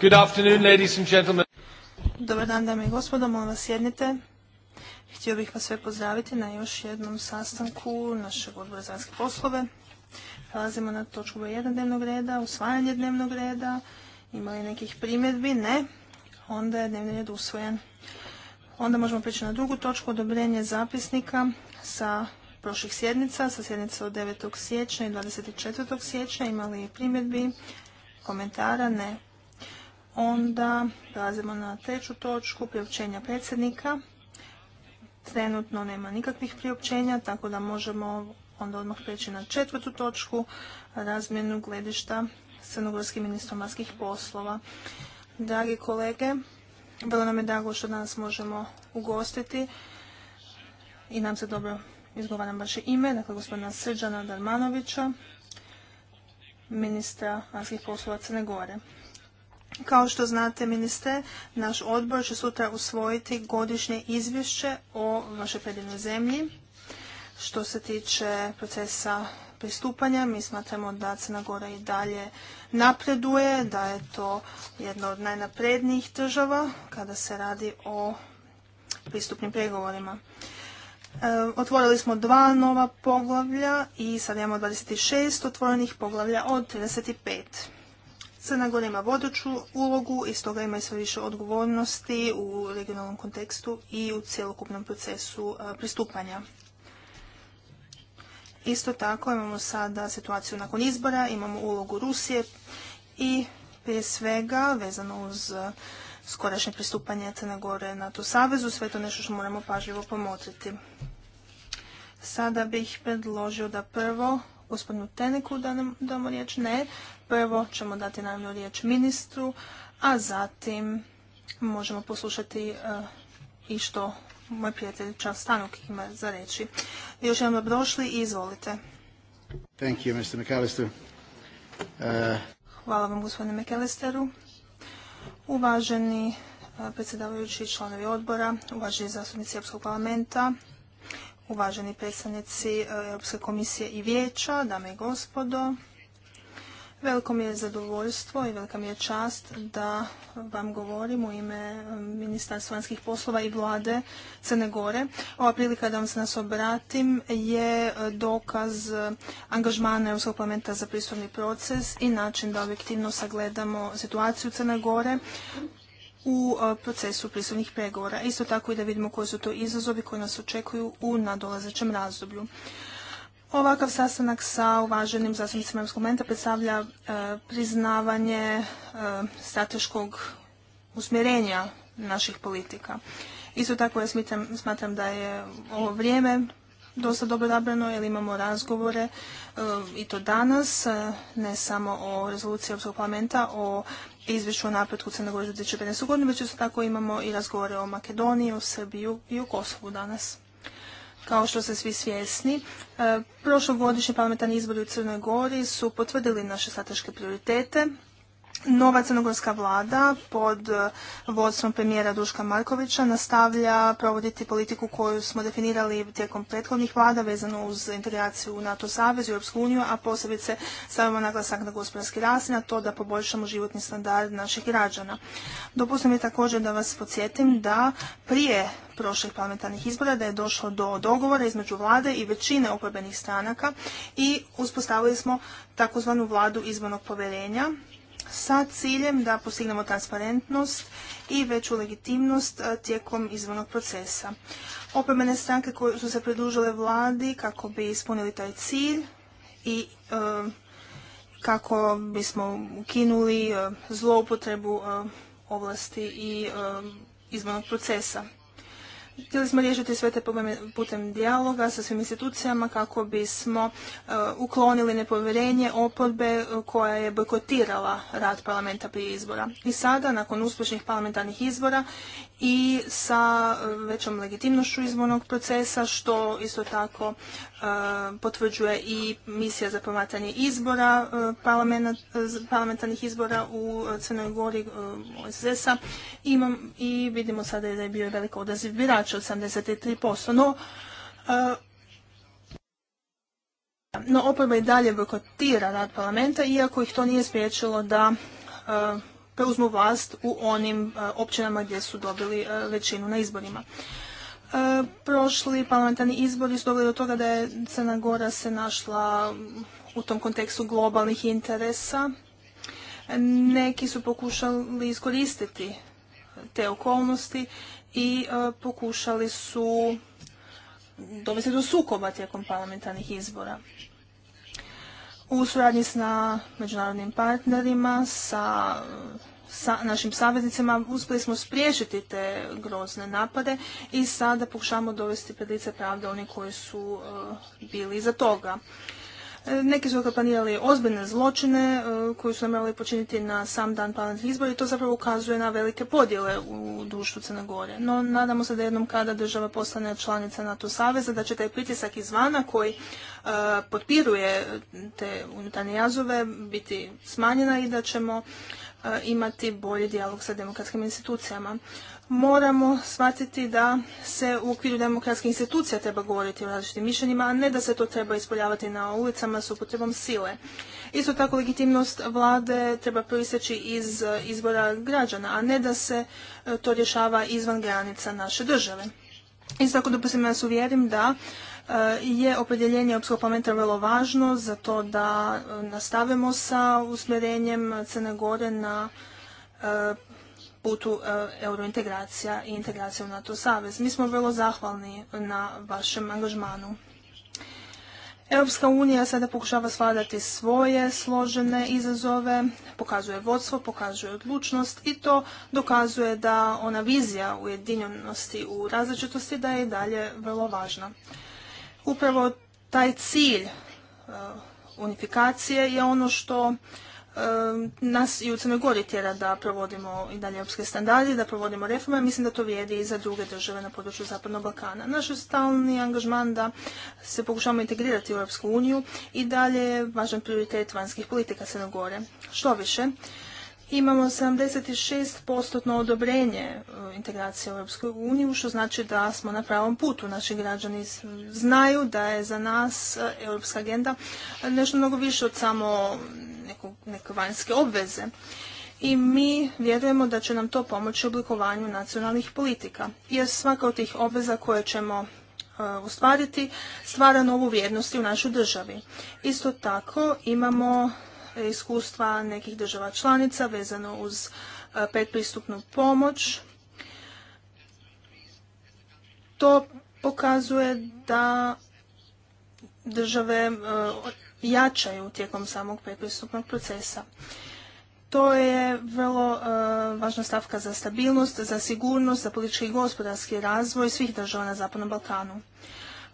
Good Dobar dan, dame i gospodo, molim vas sjednite. Htio bih vas sve pozdraviti na još jednom sastanku našeg odbora za vanjske poslove. Prelazimo na točku broj 1 dnevnog reda, usvajanje dnevnog reda. Ima li nekih primjedbi? Ne. Onda je dnevni red usvojen. Onda možemo prići na drugu točku, odobrenje zapisnika sa prošlih sjednica, sa sjednica od 9. siječnja i 24. siječnja. Imali primjedbi, komentara? Ne. Onda prelazimo na treću točku, priopćenja predsjednika. Trenutno nema nikakvih priopćenja, tako da možemo onda odmah preći na četvrtu točku, razmjenu gledišta crnogorskim ministrom poslova. Dragi kolege, bilo nam je drago što danas možemo ugostiti i nam se dobro izgovaram vaše ime, dakle gospodina Srđana Darmanovića, ministra vanjskih poslova Crne Gore. Kao što znate, ministre, naš odbor će sutra usvojiti godišnje izvješće o vašoj predivnoj zemlji. Što se tiče procesa pristupanja, mi smatramo da Crna Gora i dalje napreduje, da je to jedna od najnaprednijih država kada se radi o pristupnim pregovorima. E, otvorili smo dva nova poglavlja i sad imamo 26 otvorenih poglavlja od 35. Crna Gora ima vodoču ulogu i stoga ima i sve više odgovornosti u regionalnom kontekstu i u cjelokupnom procesu e, pristupanja. Isto tako imamo sada situaciju nakon izbora, imamo ulogu Rusije i prije svega vezano uz e, skorašnje pristupanje Crne Gore NATO savezu, sve to nešto što moramo pažljivo pomotriti. Sada bih predložio da prvo gospodinu Teneku da nam damo riječ. Ne, prvo ćemo dati naravno riječ ministru, a zatim možemo poslušati e, i što moj prijatelj Charles Stanuk ima za reći. Još jednom dobrošli i izvolite. Thank you, Mr. McAllister. Uh, Hvala vam, gospodine McAllisteru. Uvaženi uh, predsjedavajući članovi odbora, uvaženi zastupnici Europskog parlamenta, uvaženi predstavnici uh, Europske komisije i vijeća, dame i gospodo, Veliko mi je zadovoljstvo i velika mi je čast da vam govorim u ime um, Ministarstva vanjskih poslova i vlade Crne Gore. Ova prilika da vam se nas obratim je e, dokaz e, angažmana Europskog parlamenta za pristupni proces i način da objektivno sagledamo situaciju Crne Gore u e, procesu pristupnih pregovora. Isto tako i da vidimo koji su to izazovi koji nas očekuju u nadolazećem razdoblju. Ovakav sastanak sa uvaženim zastupnicima Europskog parlamenta predstavlja e, priznavanje e, strateškog usmjerenja naših politika. Isto tako ja smatram da je ovo vrijeme dosta dobro odabrano jer imamo razgovore e, i to danas, ne samo o rezoluciji Europskog parlamenta, o izvješću o napretku Crne Gore 2015. godinu, već isto tako imamo i razgovore o Makedoniji, o Srbiji i o Kosovu danas. Kao što ste svi svjesni, e, prošlogodišnji parlamentarni izbori u Crnoj Gori su potvrdili naše strateške prioritete Nova crnogorska vlada pod eh, vodstvom premijera Duška Markovića nastavlja provoditi politiku koju smo definirali tijekom prethodnih vlada vezano uz integraciju u NATO savez i Europsku uniju, a posebice stavimo naglasak na gospodarski rast na to da poboljšamo životni standard naših građana. Dopustim je također da vas podsjetim da prije prošlih parlamentarnih izbora da je došlo do dogovora između vlade i većine oporbenih stranaka i uspostavili smo takozvanu vladu izbornog povjerenja sa ciljem da postignemo transparentnost i veću legitimnost e, tijekom izvornog procesa. Opremene stranke koje su se pridružile vladi kako bi ispunili taj cilj i e, kako bismo ukinuli e, zloupotrebu ovlasti i izbornog procesa. Htjeli smo riješiti sve te putem dijaloga sa svim institucijama kako bismo e, uklonili nepovjerenje oporbe e, koja je bojkotirala rad parlamenta prije izbora. I sada, nakon uspješnih parlamentarnih izbora i sa e, većom legitimnošću izbornog procesa, što isto tako Eh, potvrđuje i misija za promatranje izbora, eh, eh, parlamentarnih izbora u Crnoj Gori OSS-a i vidimo sada da je bio velik odaziv birača od 73%. No, no oporba i dalje bojkotira rad parlamenta, iako ih to nije spriječilo da preuzmu vlast u onim općinama gdje su dobili većinu na izborima. E, prošli parlamentarni izbori su doveli do toga da je Crna Gora se našla u tom kontekstu globalnih interesa. Neki su pokušali iskoristiti te okolnosti i e, pokušali su dovesti do sukoba tijekom parlamentarnih izbora. U suradnji s međunarodnim partnerima, sa sa našim saveznicama uspjeli smo spriječiti te grozne napade i sada pokušavamo dovesti pred lice pravde oni koji su e, bili iza toga. E, neki su dakle planirali ozbiljne zločine e, koji su namjerali počiniti na sam dan planetnih izbora i to zapravo ukazuje na velike podjele u društvu Crne Gore. No, nadamo se da jednom kada država postane članica NATO saveza, da će taj pritisak izvana koji potpiruje te unutarnje jazove biti smanjena i da ćemo E, imati bolji dijalog sa demokratskim institucijama. Moramo shvatiti da se u okviru demokratskih institucija treba govoriti o različitim mišljenjima, a ne da se to treba ispoljavati na ulicama s upotrebom sile. Isto tako legitimnost vlade treba proisteći iz e, izbora građana, a ne da se e, to rješava izvan granica naše države. Isto tako dopustim da vas uvjerim da e, je opredjeljenje Europskog parlamenta vrlo važno za to da e, nastavimo sa usmjerenjem Crne Gore na e, putu eurointegracija i integracija u NATO savez. Mi smo vrlo zahvalni na vašem angažmanu. Europska unija sada pokušava svladati svoje složene izazove, pokazuje vodstvo, pokazuje odlučnost i to dokazuje da ona vizija ujedinjenosti u različitosti da je i dalje vrlo važna. Upravo taj cilj e, unifikacije je ono što nas i u Crnoj Gori tjera da provodimo i dalje europske standarde, da provodimo reforme. Mislim da to vrijedi i za druge države na području Zapadnog Balkana. Naš stalni angažman da se pokušamo integrirati u Europsku uniju i dalje je važan prioritet vanjskih politika Crne Gore. Što više, imamo 76% odobrenje e, integracije u Europskoj uniji, što znači da smo na pravom putu. Naši građani znaju da je za nas e, europska agenda e, nešto mnogo više od samo neke vanjske obveze. I mi vjerujemo da će nam to pomoći u oblikovanju nacionalnih politika, jer svaka od tih obveza koje ćemo ostvariti stvara novu vrijednost u našoj državi. Isto tako imamo iskustva nekih država članica vezano uz e, predpristupnu pomoć. To pokazuje da države e, jačaju tijekom samog predpristupnog procesa. To je vrlo e, važna stavka za stabilnost, za sigurnost, za politički i gospodarski razvoj svih država na Zapadnom Balkanu.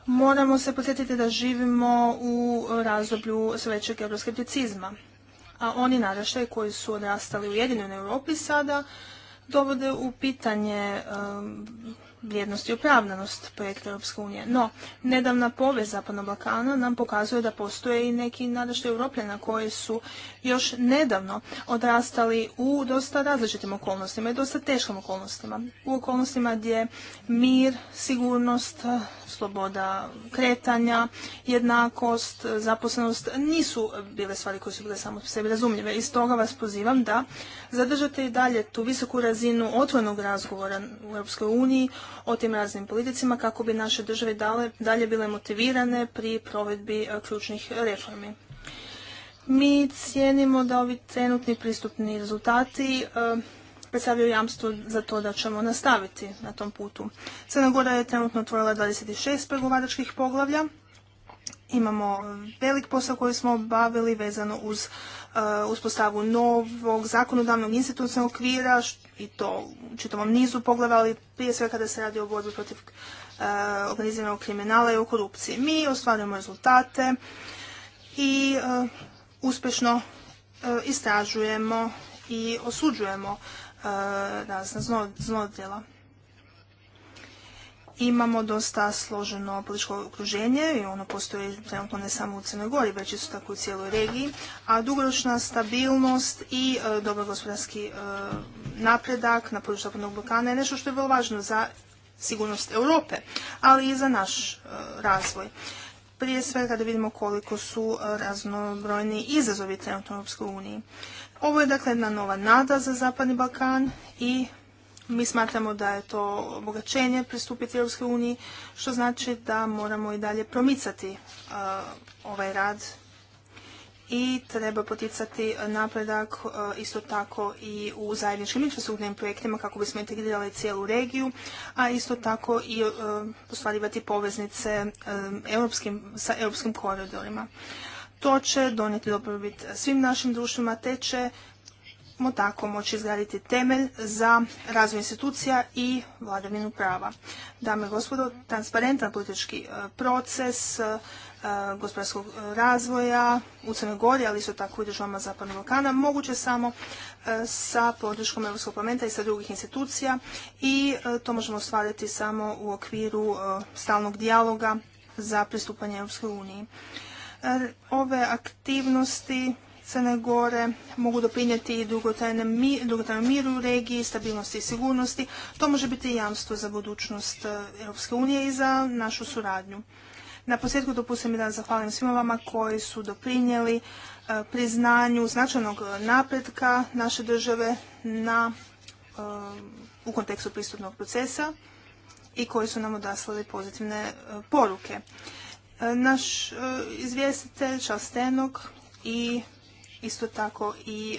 Moramo se podsjetiti da živimo u razdoblju sve većeg euroskepticizma. A oni naraštaji koji su odrastali u jedinoj Europi sada dovode u pitanje um, vrijednost i opravdanost projekta Europske unije. No, nedavna povijest Zapadnog Balkana nam pokazuje da postoje i neki nadašte europljena koji su još nedavno odrastali u dosta različitim okolnostima i dosta teškim okolnostima. U okolnostima gdje mir, sigurnost, sloboda kretanja, jednakost, zaposlenost nisu bile stvari koje su bile samo sebi razumljive. I stoga vas pozivam da zadržate i dalje tu visoku razinu otvorenog razgovora u Europskoj uniji o tim raznim politicima kako bi naše države dalje bile motivirane pri provedbi e, ključnih reformi. Mi cijenimo da ovi trenutni pristupni rezultati e, predstavljaju jamstvo za to da ćemo nastaviti na tom putu. Crna Gora je trenutno otvorila 26 pregovaračkih poglavlja. Imamo velik posao koji smo obavili vezano uz Uh, uspostavu novog zakonodavnog institucionalnog okvira i to u čitavom nizu poglava, ali prije svega kada se radi o borbi protiv uh, organiziranog kriminala i o korupciji. Mi ostvarujemo rezultate i uh, uspješno istražujemo i osuđujemo razna znodjela imamo dosta složeno političko okruženje i ono postoji trenutno ne samo u Crnoj Gori, već isto tako u cijeloj regiji, a dugoročna stabilnost i dobro e, dobar gospodarski e, napredak na području Zapadnog Balkana je nešto što je vrlo važno za sigurnost Europe, ali i za naš e, razvoj. Prije svega kada vidimo koliko su raznobrojni izazovi trenutno u Europskoj uniji. Ovo je dakle jedna nova nada za Zapadni Balkan i mi smatramo da je to obogaćenje pristupiti Europskoj uniji, što znači da moramo i dalje promicati e, ovaj rad i treba poticati napredak e, isto tako i u zajedničkim infrastrukturnim projektima kako bismo integrirali cijelu regiju, a isto tako i uh, ostvarivati poveznice sa europskim koridorima. To će donijeti dobrobit svim našim društvima, te će ćemo tako moći izgraditi temelj za razvoj institucija i vladavinu prava. Dame i gospodo, transparentan politički e, proces e, e, gospodarskog razvoja u Crnoj Gori, ali isto tako i državama Zapadnog Balkana, moguće samo sa podrškom Europskog parlamenta i sa drugih institucija i to možemo ostvariti samo u okviru stalnog dijaloga za pristupanje Europskoj uniji. Ove aktivnosti Crne Gore mogu doprinijeti i dugotrajnom miru u regiji, stabilnosti i sigurnosti. To može biti jamstvo za budućnost e, Europske unije i za našu suradnju. Na posljedku dopustim mi da zahvalim svima vama koji su doprinijeli e, priznanju značajnog napretka naše države na, e, u kontekstu pristupnog procesa i koji su nam odaslali pozitivne poruke. Naš izvjestitelj Charles i isto tako i e,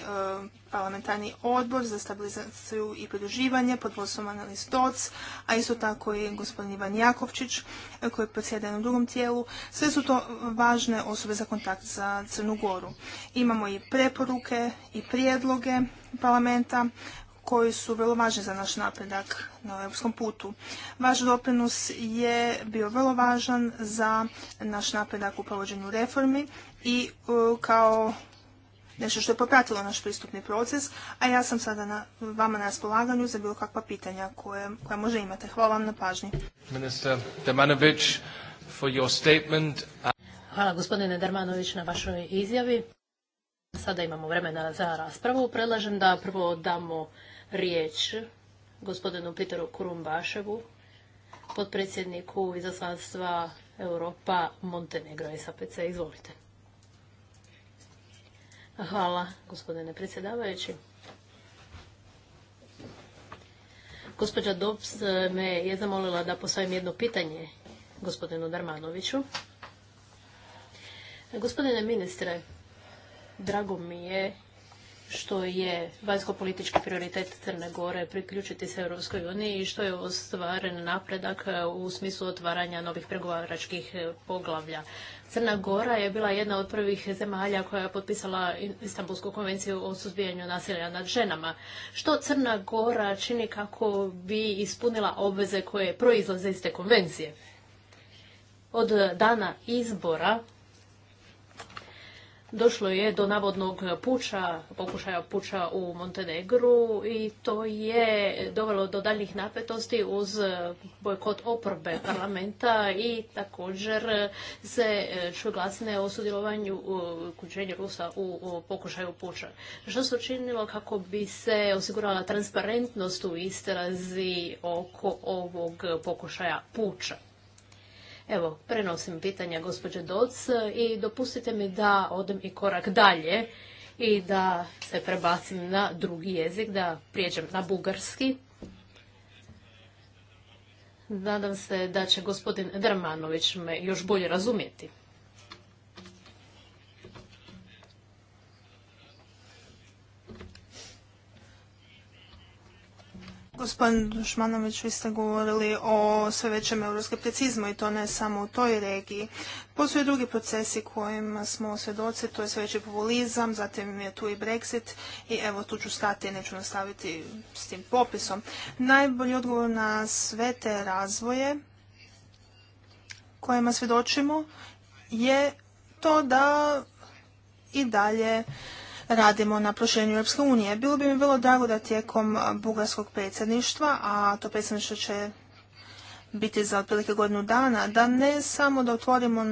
parlamentarni odbor za stabilizaciju i pridruživanje pod vodstvom Annelies Doc, a isto tako i gospodin Ivan Jakovčić e, koji predsjeda u drugom tijelu. Sve su to važne osobe za kontakt za Crnu Goru. Imamo i preporuke i prijedloge parlamenta koji su vrlo važni za naš napredak na europskom putu. Vaš doprinos je bio vrlo važan za naš napredak u provođenju reformi i e, kao nešto što je popratilo naš pristupni proces, a ja sam sada na, vama na raspolaganju za bilo kakva pitanja koje, koja može imate. Hvala vam na pažnji. for your statement. Hvala gospodine Darmanović na vašoj izjavi. Sada imamo vremena za raspravu. Predlažem da prvo damo riječ gospodinu Peteru Kurumbaševu, podpredsjedniku izaslanstva Europa Montenegro SAPC. Izvolite. Hvala, gospodine predsjedavajući. Gospođa Dobbs me je zamolila da postavim jedno pitanje gospodinu Darmanoviću. Gospodine ministre, drago mi je što je vanjsko-politički prioritet Crne Gore priključiti se Europskoj uniji i što je ostvaren napredak e, u smislu otvaranja novih pregovaračkih e, poglavlja. Crna Gora je bila jedna od prvih zemalja koja je potpisala Istanbulsku konvenciju o suzbijanju nasilja nad ženama. Što Crna Gora čini kako bi ispunila obveze koje proizlaze iz te konvencije? Od dana izbora došlo je do navodnog puča, pokušaja puča u Montenegru i to je dovelo do daljih napetosti uz bojkot oporbe parlamenta i također se e, čuje glasne o sudjelovanju kućenja Rusa u, pokušaju puča. Što se učinilo kako bi se osigurala transparentnost u istrazi oko ovog pokušaja puča? Evo, prenosim pitanja gospođe Doc i dopustite mi da odem i korak dalje i da se prebacim na drugi jezik, da prijeđem na bugarski. Nadam se da će gospodin Drmanović me još bolje razumjeti. Gospodin Dušmanović, vi ste govorili o sve većem euroskepticizmu i to ne samo u toj regiji. Postoje drugi procesi kojima smo svedoci, to je sve veći populizam, zatim je tu i Brexit i evo tu ću stati, neću nastaviti s tim popisom. Najbolji odgovor na sve te razvoje kojima svedočimo je to da i dalje radimo na proširenju Europske unije. Bilo bi mi vrlo drago da tijekom bugarskog predsjedništva, a to predsjedništvo će biti za otprilike godinu dana, da ne samo da otvorimo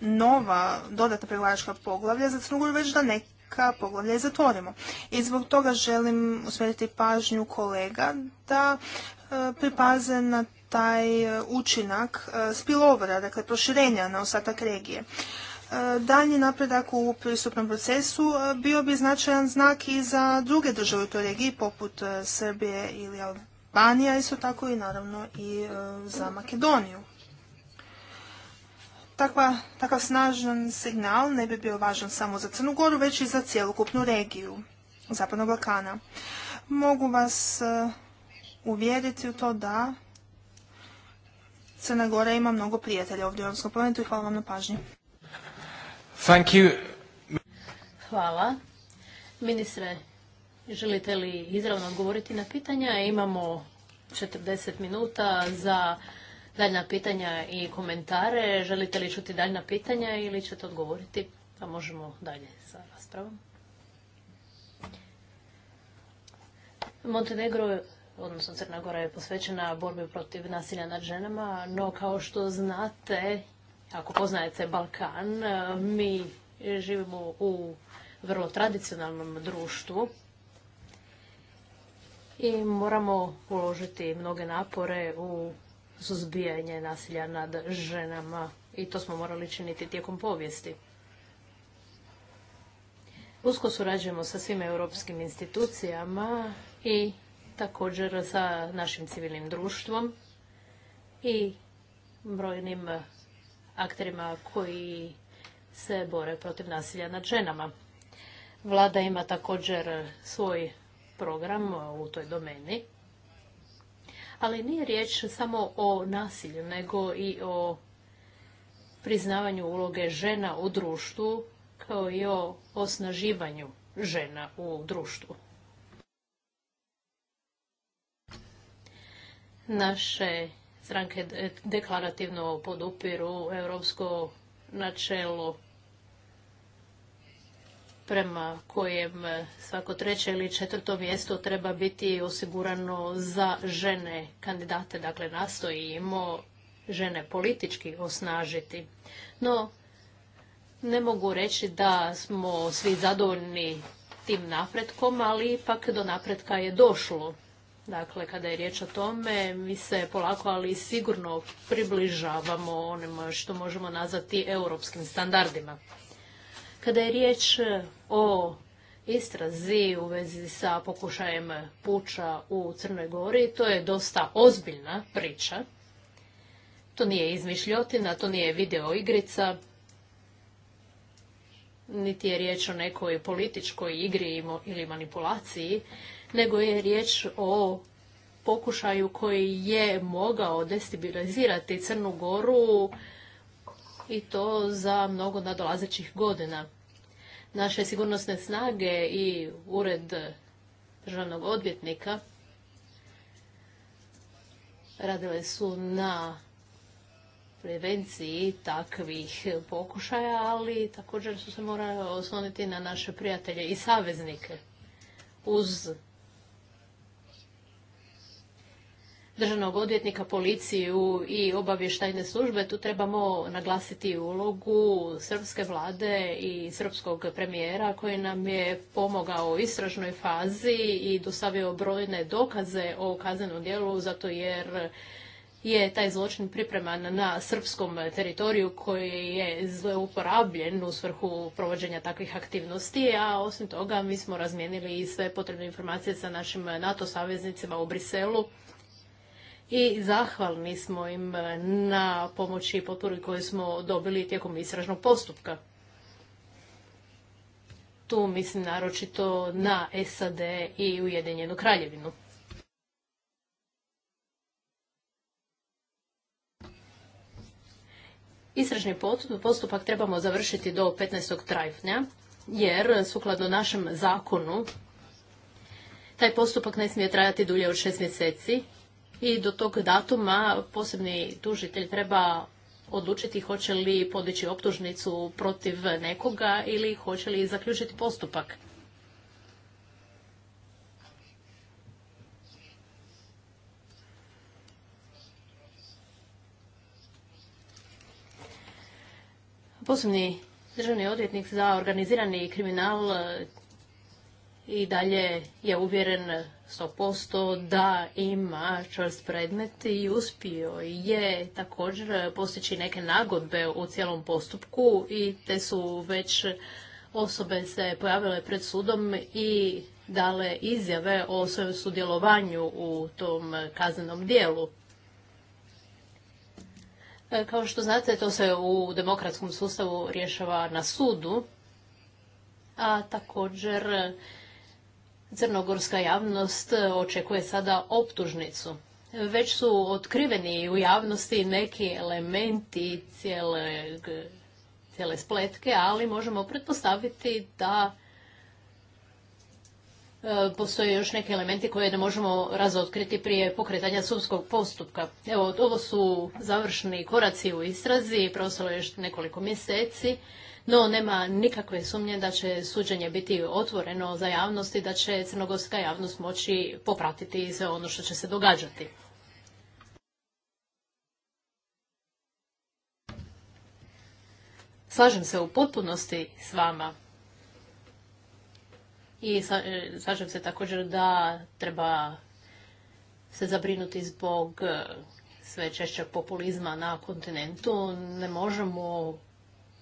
nova dodatna pregovaračka poglavlja za Crnogoru, već da neka poglavlja i zatvorimo. I zbog toga želim usmjeriti pažnju kolega da e, pripaze na taj e, učinak e, spillovera, dakle proširenja na ostatak regije. E, daljnji napredak u pristupnom procesu e, bio bi značajan znak i za druge države u toj regiji, poput e, Srbije ili Albanija, isto tako i naravno i za Makedoniju. Takva, takav snažan signal ne bi bio važan samo za Crnu Goru, već i za cjelokupnu regiju Zapadnog Balkana. Mogu vas uvjeriti u to da Crna Gora ima mnogo prijatelja ovdje u Europskom parlamentu i hvala vam na pažnji. Hvala. Ministre, želite li izravno odgovoriti na pitanja? Imamo 40 minuta za daljna pitanja i komentare. Želite li čuti daljna pitanja ili ćete odgovoriti? Pa možemo dalje sa raspravom. Montenegro, odnosno Crna Gora, je posvećena borbi protiv nasilja nad ženama, no kao što znate, ako poznajete Balkan, e, mi živimo u vrlo tradicionalnom društvu i moramo uložiti mnoge napore u suzbijanje nasilja nad ženama i to smo morali činiti tijekom povijesti. Usko surađujemo sa svim europskim institucijama i također sa našim civilnim društvom i brojnim akterima koji se bore protiv nasilja nad ženama. Vlada ima također svoj program u toj domeni, ali nije riječ samo o nasilju, nego i o priznavanju uloge žena u društvu, kao i o osnaživanju žena u društvu. Naše stranke deklarativno podupiru europsko načelo prema kojem svako treće ili četvrto mjesto treba biti osigurano za žene kandidate. Dakle, nastojimo žene politički osnažiti. No, ne mogu reći da smo svi zadovoljni tim napretkom, ali ipak do napretka je došlo. Dakle, kada je riječ o tome, mi se polako, ali sigurno približavamo onima što možemo nazvati europskim standardima. Kada je riječ o istrazi u vezi sa pokušajem puča u Crnoj Gori, to je dosta ozbiljna priča. To nije izmišljotina, to nije videoigrica, igrica, niti je riječ o nekoj političkoj igri ili manipulaciji nego je riječ o pokušaju koji je mogao destabilizirati Crnu Goru i to za mnogo nadolazećih godina. Naše sigurnosne snage i ured državnog odvjetnika radile su na prevenciji takvih pokušaja, ali također su se morali osloniti na naše prijatelje i saveznike uz državnog odvjetnika, policiju i obavještajne službe, tu trebamo naglasiti ulogu srpske vlade i srpskog premijera koji nam je pomogao u istražnoj fazi i dostavio brojne dokaze o kaznenom djelu zato jer je taj zločin pripreman na srpskom teritoriju koji je zlouporabljen u svrhu provođenja takvih aktivnosti, a osim toga mi smo razmijenili i sve potrebne informacije sa našim NATO saveznicima u Briselu i zahvalni smo im eh, na pomoći i potpori koju smo dobili tijekom istražnog postupka. Tu mislim naročito na SAD i Ujedinjenu kraljevinu. Istražni postupak trebamo završiti do 15. travnja, jer sukladno našem zakonu taj postupak ne smije trajati dulje od šest mjeseci i do tog datuma posebni tužitelj treba odlučiti hoće li podići optužnicu protiv nekoga ili hoće li zaključiti postupak. Posebni državni odvjetnik za organizirani kriminal i dalje je uvjeren 100% da ima čvrst predmet i uspio je također postići neke nagodbe u cijelom postupku i te su već osobe se pojavile pred sudom i dale izjave o svojem sudjelovanju u tom kaznenom dijelu. E, kao što znate, to se u demokratskom sustavu rješava na sudu, a također crnogorska javnost e, očekuje sada optužnicu. Već su otkriveni u javnosti neki elementi cijele, spletke, ali možemo pretpostaviti da e, postoje još neki elementi koje ne možemo razotkriti prije pokretanja sudskog postupka. Evo, ovo su završni koraci u istrazi, prosilo je još nekoliko mjeseci no, nema nikakve sumnje da će suđenje biti otvoreno za javnost i da će crnogorska javnost moći popratiti sve ono što će se događati. Slažem se u potpunosti s vama. I e, slažem se također da treba se zabrinuti zbog e, sve češćeg populizma na kontinentu. Ne možemo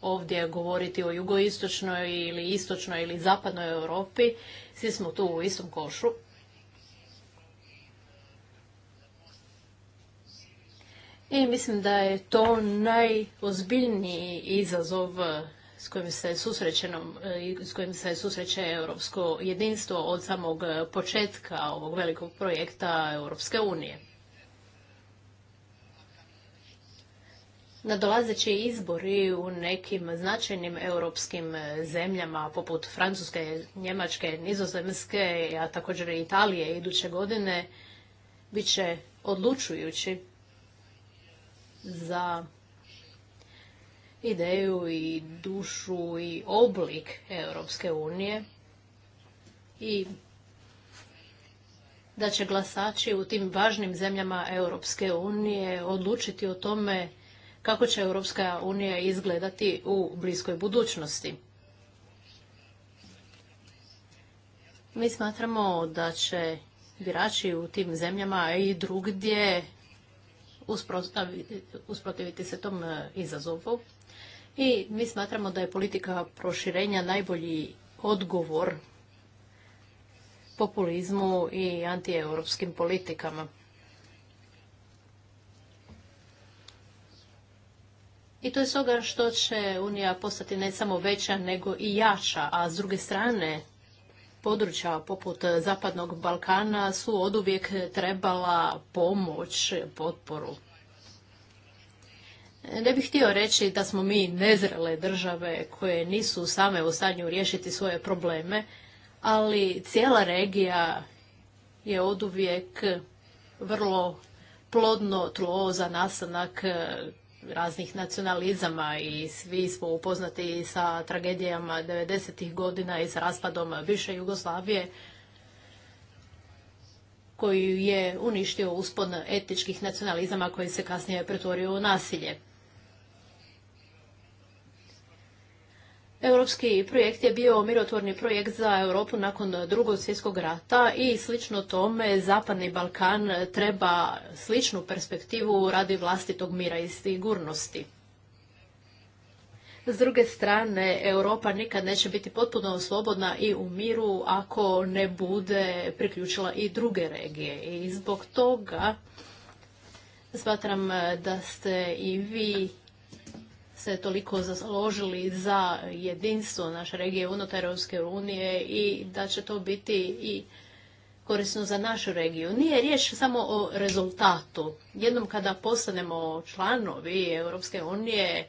ovdje govoriti o jugoistočnoj ili istočnoj ili zapadnoj Europi. Svi smo tu u istom košu. I mislim da je to najozbiljniji izazov eh, s kojim se eh, s kojim se susreće europsko jedinstvo od samog eh, početka ovog velikog projekta Europske unije. nadolazeći izbori u nekim značajnim europskim zemljama poput Francuske, Njemačke, Nizozemske, a također i Italije iduće godine, bit će odlučujući za ideju i dušu i oblik Europske unije i da će glasači u tim važnim zemljama Europske unije odlučiti o tome kako će Europska unija izgledati u bliskoj budućnosti. Mi smatramo da će birači u tim zemljama i drugdje usprotiviti se tom e, izazovu. I mi smatramo da je politika proširenja najbolji odgovor populizmu i antieuropskim politikama. I to je stoga što će Unija postati ne samo veća nego i jača, a s druge strane područja poput Zapadnog Balkana su oduvijek trebala pomoć, potporu. Ne bih htio reći da smo mi nezrele države koje nisu same u stanju riješiti svoje probleme, ali cijela regija je oduvijek vrlo plodno tlo za nastanak raznih nacionalizama i svi smo upoznati sa tragedijama 90. godina i sa raspadom više Jugoslavije koji je uništio uspon etničkih nacionalizama koji se kasnije pretvorio u nasilje. Europski projekt je bio mirotvorni projekt za Europu nakon drugog svjetskog rata i slično tome Zapadni Balkan treba sličnu perspektivu radi vlastitog mira i sigurnosti. S druge strane, Europa nikad neće biti potpuno slobodna i u miru ako ne bude priključila i druge regije. I zbog toga smatram da ste i vi se toliko založili za jedinstvo naše regije unutar Europske unije i da će to biti i korisno za našu regiju. Nije riječ samo o rezultatu. Jednom kada postanemo članovi Europske unije,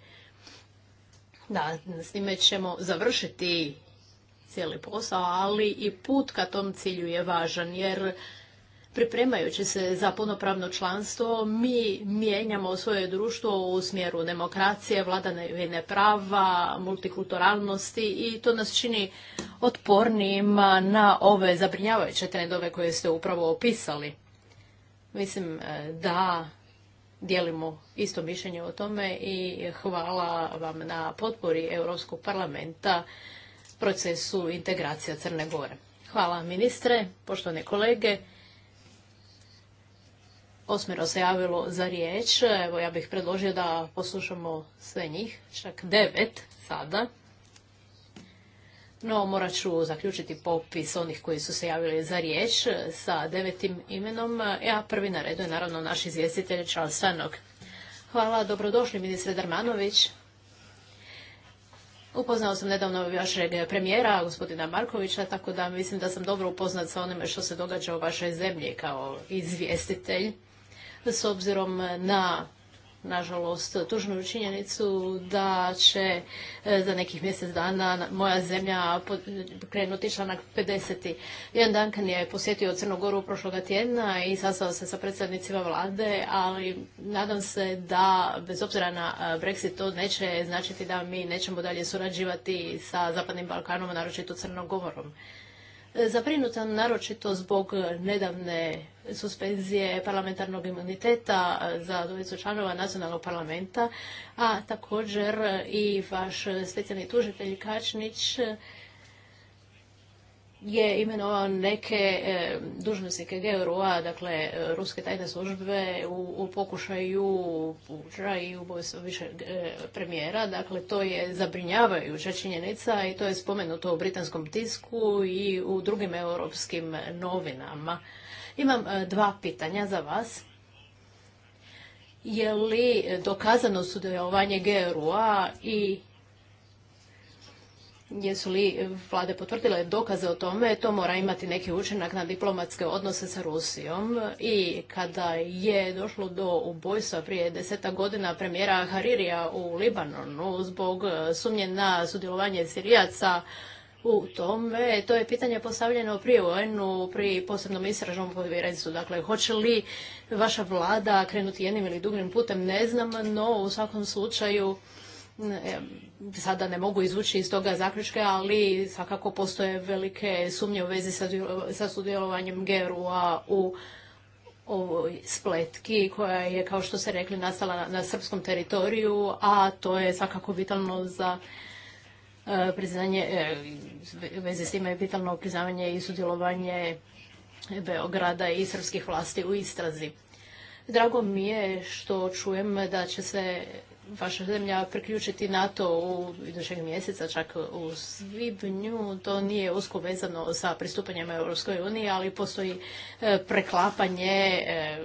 da, s time ćemo završiti cijeli posao, ali i put ka tom cilju je važan, jer pripremajući se za punopravno članstvo, mi mijenjamo svoje društvo u smjeru demokracije, vladavine prava, multikulturalnosti i to nas čini otpornijima na ove zabrinjavajuće trendove koje ste upravo opisali. Mislim e, da dijelimo isto mišljenje o tome i hvala vam na potpori Europskog parlamenta procesu integracija Crne Gore. Hvala ministre, poštovane kolege osmero se javilo za riječ. Evo, ja bih predložio da poslušamo sve njih, čak devet sada. No, morat ću zaključiti popis onih koji su se javili za riječ sa devetim imenom. Ja prvi na redu je naravno naš izvjestitelj Charles Hvala, dobrodošli ministre Darmanović. Upoznao sam nedavno vašeg premijera, gospodina Markovića, tako da mislim da sam dobro upoznat sa onime što se događa u vašoj zemlji kao izvjestitelj s obzirom na nažalost, tužnu činjenicu da će e, za nekih mjesec dana moja zemlja krenuti članak 50. dan kad je posjetio Crnogoru prošloga tjedna i sastao se sa predstavnicima vlade, ali nadam se da, bez obzira na e, Brexit, to neće značiti da mi nećemo dalje surađivati sa Zapadnim Balkanom, naročito Crnogorom. E, Zaprinutan naročito zbog nedavne suspenzije parlamentarnog imuniteta za dvojicu članova nacionalnog parlamenta, a također i vaš specijalni tužitelj Kačnić je imenovao neke dužnostnike dužnosnike GRU-a, dakle ruske tajne službe u, pokušaju puđa i ubojstva više e, premijera. Dakle, to je zabrinjavajuća činjenica i to je spomenuto u britanskom tisku i u drugim europskim novinama. Imam e, dva pitanja za vas. Je li dokazano sudjelovanje GRU-a i jesu li vlade potvrdile dokaze o tome, to mora imati neki učinak na diplomatske odnose sa Rusijom. I kada je došlo do ubojstva prije deseta godina premijera Haririja u Libanonu zbog e, sumnje na sudjelovanje Sirijaca u tome. To je pitanje postavljeno prije un pri posebnom istražnom povjerenstvu. Dakle, hoće li vaša vlada krenuti jednim ili dugim putem, ne znam, no u svakom slučaju sada ne mogu izvući iz toga zaključke, ali svakako postoje velike sumnje u vezi sa sudjelovanjem GRU-a u ovoj spletki koja je, kao što ste rekli, nastala na srpskom teritoriju, a to je svakako vitalno za priznanje, e, veze s time je vitalno priznavanje i sudjelovanje Beograda i srpskih vlasti u istrazi. Drago mi je što čujem da će se vaša zemlja priključiti NATO u idućeg mjeseca, čak u svibnju. To nije usko vezano sa pristupanjem Europskoj uniji, ali postoji e, preklapanje e,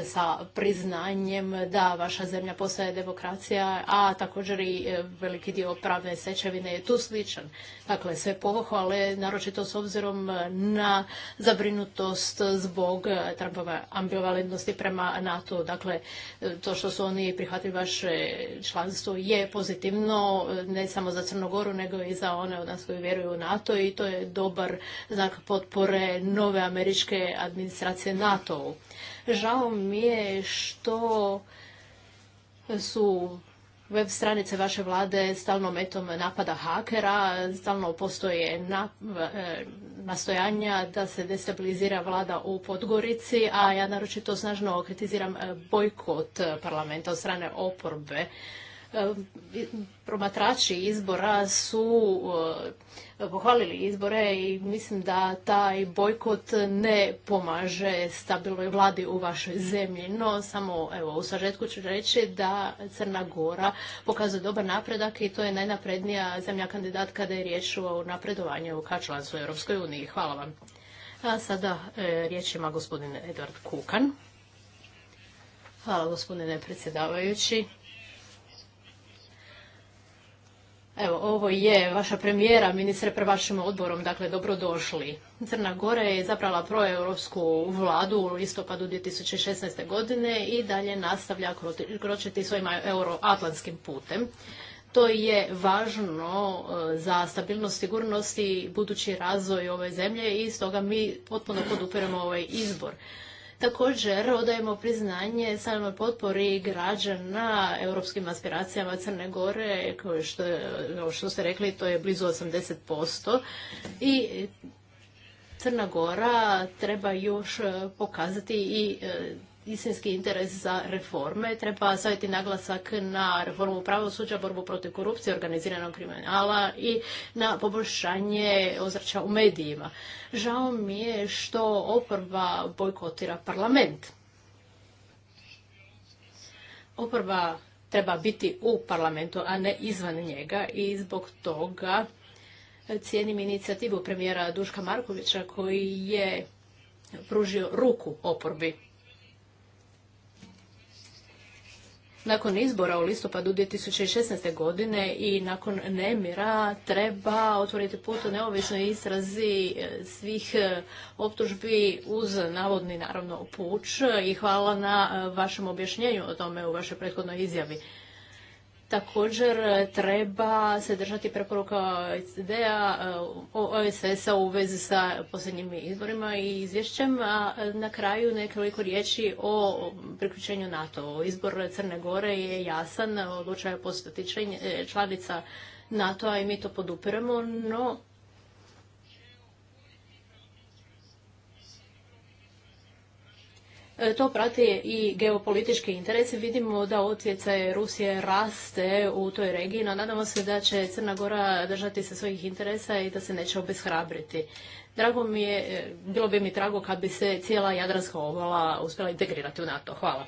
sa priznanjem da vaša zemlja postaje demokracija, a također i e, veliki dio pravne sečevine je tu sličan. Dakle, sve pohvale, naročito s obzirom na zabrinutost zbog e, Trumpove ambivalentnosti prema NATO. Dakle, e, to što su oni prihvatili vaše članstvo je pozitivno, ne samo za Crnogoru, nego i za one od nas koji vjeruju u NATO i to je dobar znak potpore nove američke administracije NATO-u. Žao mi je što su web stranice vaše vlade stalno metom napada hakera, stalno postoje e, nastojanja da se destabilizira vlada u Podgorici, a ja naročito snažno kritiziram bojkot parlamenta od strane oporbe E, promatrači izbora su e, pohvalili izbore i mislim da taj bojkot ne pomaže stabilnoj vladi u vašoj zemlji. No, samo evo, u sažetku ću reći da Crna Gora pokazuje dobar napredak i to je najnaprednija zemlja kandidat kada je riječ o napredovanju ka članstvu Europskoj uniji. Hvala vam. A sada e, riječ ima gospodin Edward Kukan. Hvala gospodine predsjedavajući. Evo, ovo je vaša premijera, ministre, pre vašim odborom, dakle, dobrodošli. Crna Gora je zaprala proeuropsku vladu u listopadu 2016. godine i dalje nastavlja kročiti svojim euroatlantskim putem. To je važno e, za stabilnost, sigurnost i budući razvoj ove zemlje i stoga mi potpuno podupiramo ovaj izbor. Također odajemo priznanje samoj potpori građana europskim aspiracijama Crne Gore, kao što, što ste rekli, to je blizu 80%. I Crna Gora treba još pokazati i e, istinski interes za reforme. Treba staviti naglasak na reformu pravosuđa, borbu protiv korupcije, organiziranog kriminala i na poboljšanje ozračja u medijima. Žao mi je što oporba bojkotira parlament. Oporba treba biti u parlamentu, a ne izvan njega i zbog toga cijenim inicijativu premijera Duška Markovića koji je pružio ruku oporbi. nakon izbora u listopadu 2016. godine i nakon nemira treba otvoriti put u neovisnoj istrazi e, svih e, optužbi uz navodni naravno puć i hvala na e, vašem objašnjenju o tome u vašoj prethodnoj izjavi. Također e, treba se držati preporuka OECD-a, e, OSS-a u vezi sa posljednjim izborima i izvješćem. A e, na kraju nekoliko riječi o priključenju NATO. Izbor Crne Gore je jasan, odlučaju postati članica NATO-a i mi to podupiremo, no E, to prati i geopolitički interesi. Vidimo da utjecaj Rusije raste u toj regiji, no nadamo se da će Crna Gora držati se svojih interesa i da se neće obeshrabriti. Drago mi je, e, bilo bi mi drago kad bi se cijela Jadranska obala uspjela integrirati u NATO. Hvala.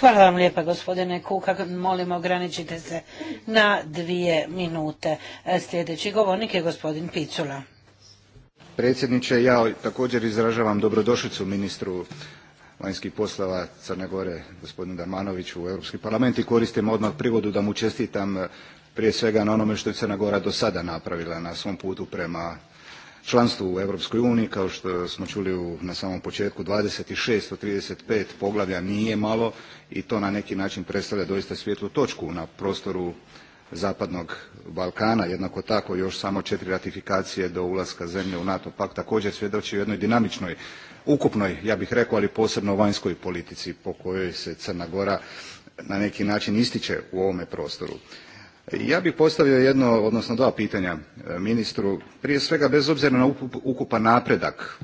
Hvala vam lijepa gospodine Kuka, molim ograničite se na dvije minute. E, sljedeći govornik je gospodin Picula predsjedniče. Ja također izražavam dobrodošlicu ministru vanjskih poslova Crne Gore, gospodinu Darmanoviću u Europski parlament i koristim odmah prigodu da mu čestitam eh, prije svega na onome što je Crna Gora do sada napravila na svom putu prema članstvu u Europskoj uniji. Kao što smo čuli na samom početku, 26 od pet poglavlja nije malo i to na neki način predstavlja doista svijetlu točku na prostoru zapadnog balkana jednako tako još samo četiri ratifikacije do ulaska zemlje u nato pak također svjedoči u jednoj dinamičnoj ukupnoj ja bih rekao ali posebno vanjskoj politici po kojoj se crna gora na neki način ističe u ovome prostoru. ja bih postavio jedno odnosno dva pitanja e, ministru prije svega bez obzira na ukupan napredak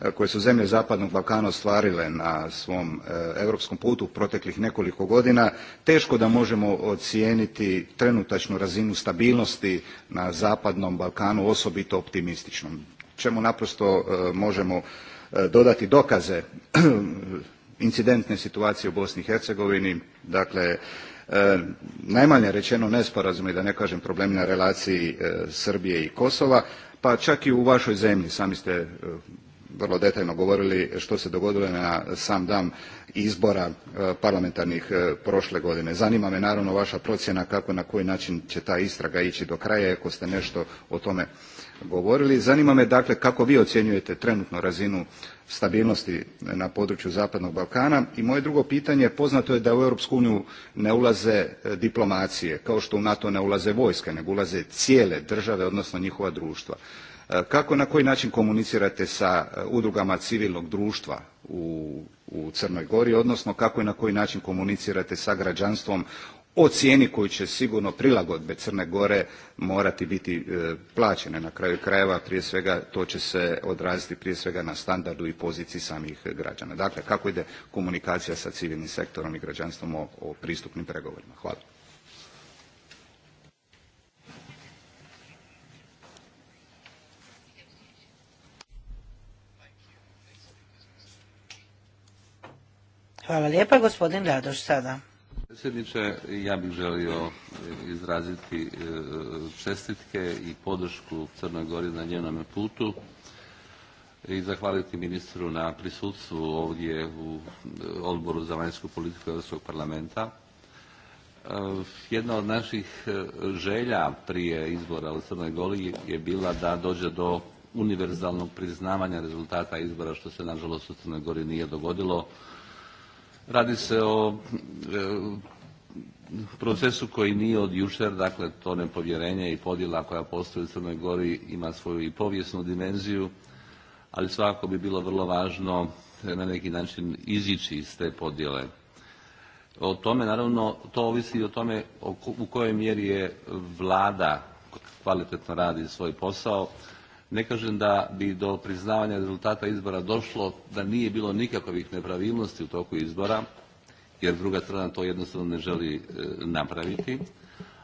E, koje su zemlje zapadnog balkana ostvarile na svom europskom putu u proteklih nekoliko godina teško da možemo ocijeniti trenutačnu razinu stabilnosti na zapadnom balkanu osobito optimističnom čemu naprosto e, možemo e, dodati dokaze incidentne situacije u bosni i hercegovini dakle najmanje rečeno nesporazumi da ne kažem problemi na relaciji srbije i kosova pa čak i u vašoj zemlji sami ste vrlo detaljno govorili što se dogodilo na sam dan izbora e, parlamentarnih e, prošle godine. Zanima me naravno vaša procjena kako na koji način će ta istraga ići do kraja ako ste nešto o tome govorili. Zanima me dakle kako vi ocjenjujete trenutnu razinu stabilnosti na području Zapadnog Balkana i moje drugo pitanje poznato je da u Europsku uniju ne ulaze e, diplomacije kao što u NATO ne ulaze vojske nego ulaze cijele države odnosno njihova društva. E, kako na koji način komunicirate sa e, udrugama civilnog društva u, crnoj gori odnosno kako i na koji način komunicirate sa građanstvom o cijeni koju će sigurno prilagodbe crne gore morati biti e, plaćene na kraju krajeva prije svega to će se odraziti prije svega na standardu i poziciji samih građana dakle kako ide komunikacija sa civilnim sektorom i građanstvom o, o pristupnim pregovorima hvala Hvala lijepa, gospodin Radoš sada. Predsjedniče, ja bih želio eh, izraziti eh, čestitke i podršku Crnoj Gori na njenom putu i zahvaliti ministru na prisutstvu ovdje u eh, odboru za vanjsku politiku Europskog parlamenta. Jedna od naših želja prije izbora u Crnoj Gori je bila da dođe do univerzalnog priznavanja rezultata izbora što se nažalost u Crnoj Gori nije dogodilo Radi se o e, procesu koji nije od jučer, dakle to nepovjerenje i podjela koja postoji u Crnoj Gori ima svoju i povijesnu dimenziju, ali svakako bi bilo vrlo važno na neki način izići iz te podjele. O tome naravno, to ovisi i o tome u kojoj mjeri je vlada kvalitetno radi svoj posao, ne kažem da bi do priznavanja rezultata izbora došlo da nije bilo nikakvih nepravilnosti u toku izbora, jer druga strana to jednostavno ne želi e, napraviti,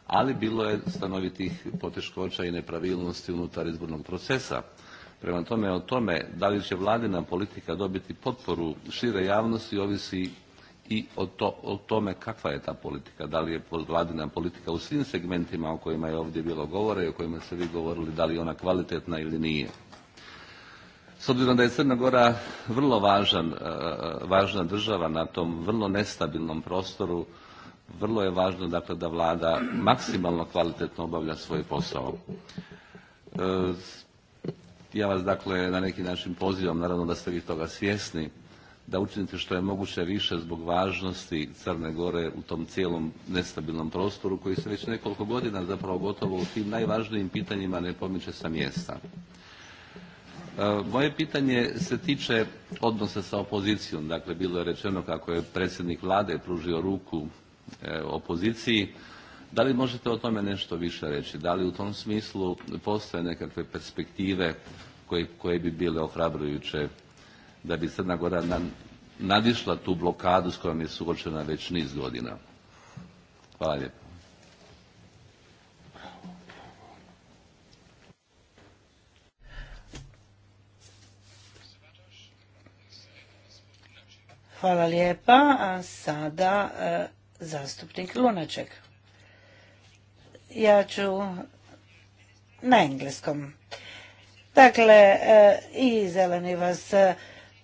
ali bilo je stanovitih poteškoća i nepravilnosti unutar izbornog procesa. Prema tome, o tome da li će vladina politika dobiti potporu šire javnosti ovisi i o, tome kakva je ta politika, da li je vladina politika u svim segmentima o kojima je ovdje bilo govore i o kojima ste vi govorili, da li je ona kvalitetna ili nije. S obzirom da je Crna Gora vrlo e, važna država na tom vrlo nestabilnom prostoru, vrlo je važno dakle, da vlada maksimalno kvalitetno obavlja svoj posao. E, ja vas dakle na neki način pozivam, naravno da ste vi toga svjesni, da učinite što je moguće više zbog važnosti Crne Gore u tom cijelom nestabilnom prostoru koji se već nekoliko godina zapravo gotovo u tim najvažnijim pitanjima ne pomiče sa mjesta. E, moje pitanje se tiče odnosa sa opozicijom. Dakle, bilo je rečeno kako je predsjednik vlade pružio ruku e, opoziciji. Da li možete o tome nešto više reći? Da li u tom smislu postoje nekakve perspektive koje bi bile ohrabrujuće da bi Crna Gora nadišla tu blokadu s kojom je suočena već niz godina. Hvala lijepo. Hvala lijepa. A sada e, zastupnik Lunaček. Ja ću na engleskom. Dakle, e, i zeleni vas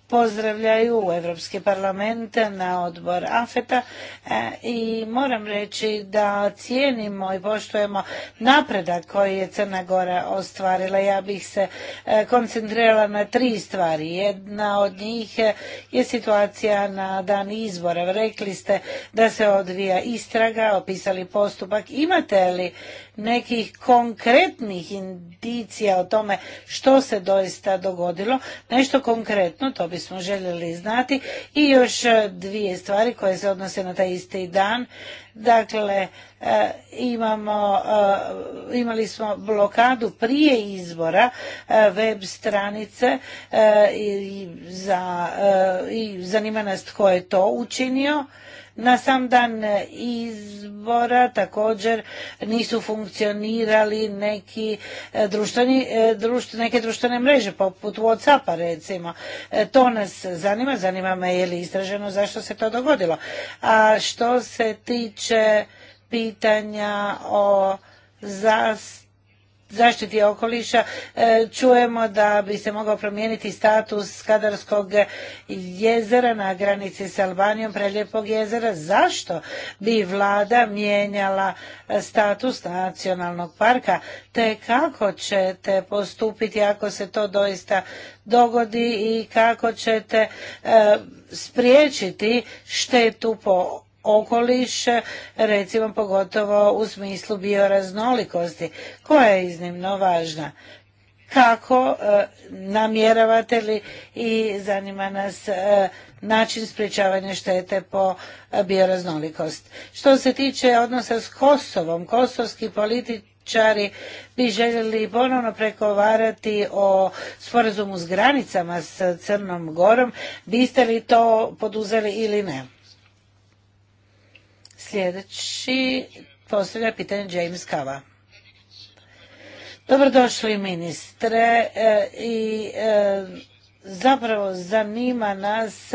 pozdravljaju u Europski parlament na odbor AFETA e, i moram reći da cijenimo i poštujemo napredak koji je Crna Gora ostvarila. Ja bih se e, koncentrirala na tri stvari. Jedna od njih e, je situacija na dan izbora. Rekli ste da se odvija istraga, opisali postupak. Imate li nekih konkretnih indicija o tome što se doista dogodilo, nešto konkretno, to bismo željeli znati. I još e, dvije stvari koje se odnose na taj isti dan. Dakle, e, imamo, e, imali smo blokadu prije izbora web stranice i, za, i zanima nas tko je to učinio na sam dan izbora također nisu funkcionirali neki e, društveni, e, neke društvene mreže poput Whatsappa recimo. E, to nas zanima, zanima me je li istraženo zašto se to dogodilo. A što se tiče pitanja o za zaštiti okoliša e, čujemo da bi se mogao promijeniti status Kadarskog jezera na granici s Albanijom, Preljepog jezera. Zašto bi vlada mijenjala e, status nacionalnog parka? Te kako ćete postupiti ako se to doista dogodi i kako ćete e, spriječiti štetu po okoliš, recimo pogotovo u smislu bioraznolikosti, koja je iznimno važna. Kako e, namjeravate li i zanima nas e, način sprječavanja štete po e, bioraznolikost. Što se tiče odnosa s Kosovom, kosovski političari bi željeli ponovno pregovarati o sporazumu s granicama s Crnom Gorom. Biste li to poduzeli ili ne? Sljedeći postavlja pitanje James Kava. Dobrodošli ministre e, i e, zapravo zanima nas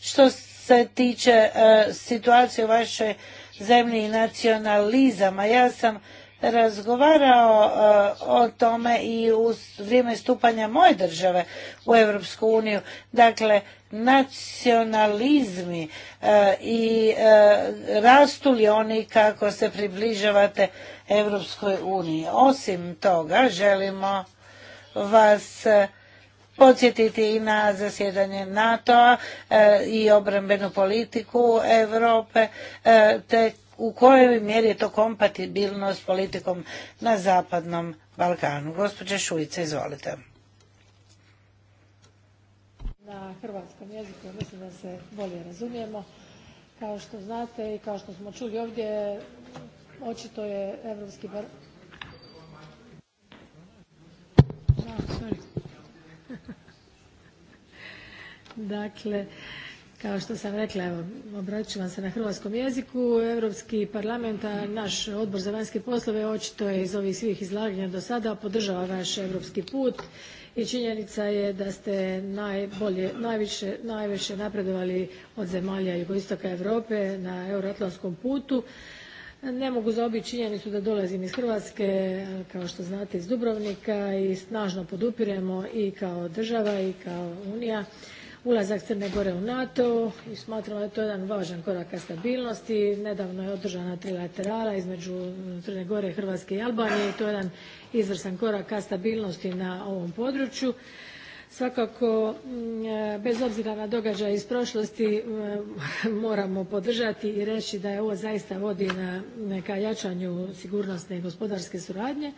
što se tiče e, situacije u vašoj zemlji i nacionalizama. Ja sam razgovarao eh, o tome i u vrijeme stupanja moje države u Europsku uniju. Dakle, nacionalizmi eh, i eh, rastu li oni kako se približavate Europskoj uniji. Osim toga, želimo vas podsjetiti i na zasjedanje NATO-a i obrambenu politiku Europe, te u kojoj mjeri je to kompatibilno s politikom na Zapadnom Balkanu. Gospođa Šujica, izvolite. Na hrvatskom jeziku mislim da se bolje razumijemo. Kao što znate i kao što smo čuli ovdje, očito je Europski bar... dakle, kao što sam rekla evo obratit ću vam se na hrvatskom jeziku europski parlament a naš odbor za vanjske poslove očito je iz ovih svih izlaganja do sada podržava vaš europski put i činjenica je da ste najbolje, najviše, najviše napredovali od zemalja jugoistoka europe na euroatlantskom putu ne mogu zaobići činjenicu da dolazim iz hrvatske kao što znate iz dubrovnika i snažno podupiremo i kao država i kao unija ulazak Crne Gore u NATO i smatramo da je to jedan važan korak ka stabilnosti. Nedavno je održana trilaterala između mm, Crne Gore, Hrvatske i Albanije i to je jedan izvrsan korak ka stabilnosti na ovom području. Svakako, mm, e, bez obzira na događaje iz prošlosti, mm, moramo podržati i reći da je ovo zaista vodi na, ka jačanju sigurnosne i gospodarske suradnje,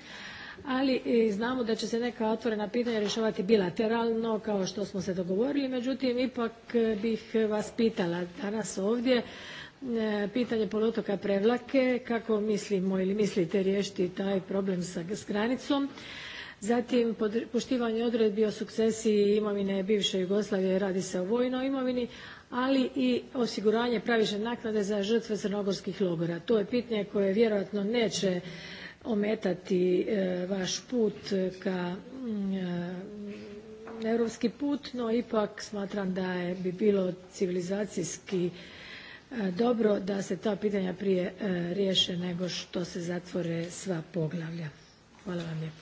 ali e, znamo da će se neka otvorena pitanja rješavati bilateralno kao što smo se dogovorili. Međutim, ipak e, bih vas pitala danas ovdje e, pitanje poluotoka Prevlake kako mislimo ili mislite riješiti taj problem s granicom. Zatim poštivanje odredbi o sukcesiji imovine bivše Jugoslavije radi se o vojnoj imovini, ali i osiguranje pravične naknade za žrtve crnogorskih logora. To je pitanje koje vjerojatno neće ometati e, vaš put ka mm, europski put, no ipak smatram da je, bi bilo civilizacijski e, dobro da se ta pitanja prije e, riješe nego što se zatvore sva poglavlja. Hvala vam lijepo.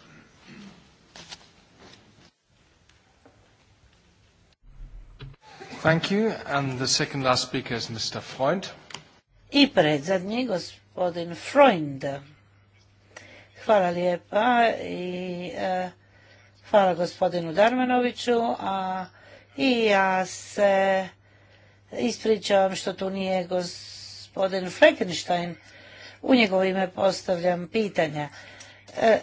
Thank you. And the I Freund. Hvala lijepa i e, hvala gospodinu Darmanoviću. A, I ja se ispričavam što tu nije gospodin Frankenstein, U njegovo ime postavljam pitanja. E,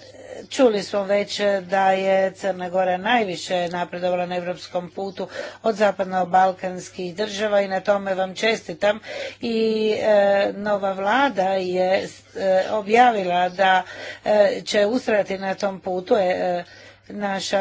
čuli smo već da je Crna Gora najviše napredovala na europskom putu od zapadno-balkanskih država i na tome vam čestitam. I e, nova vlada je e, objavila da će ustrati na tom putu naša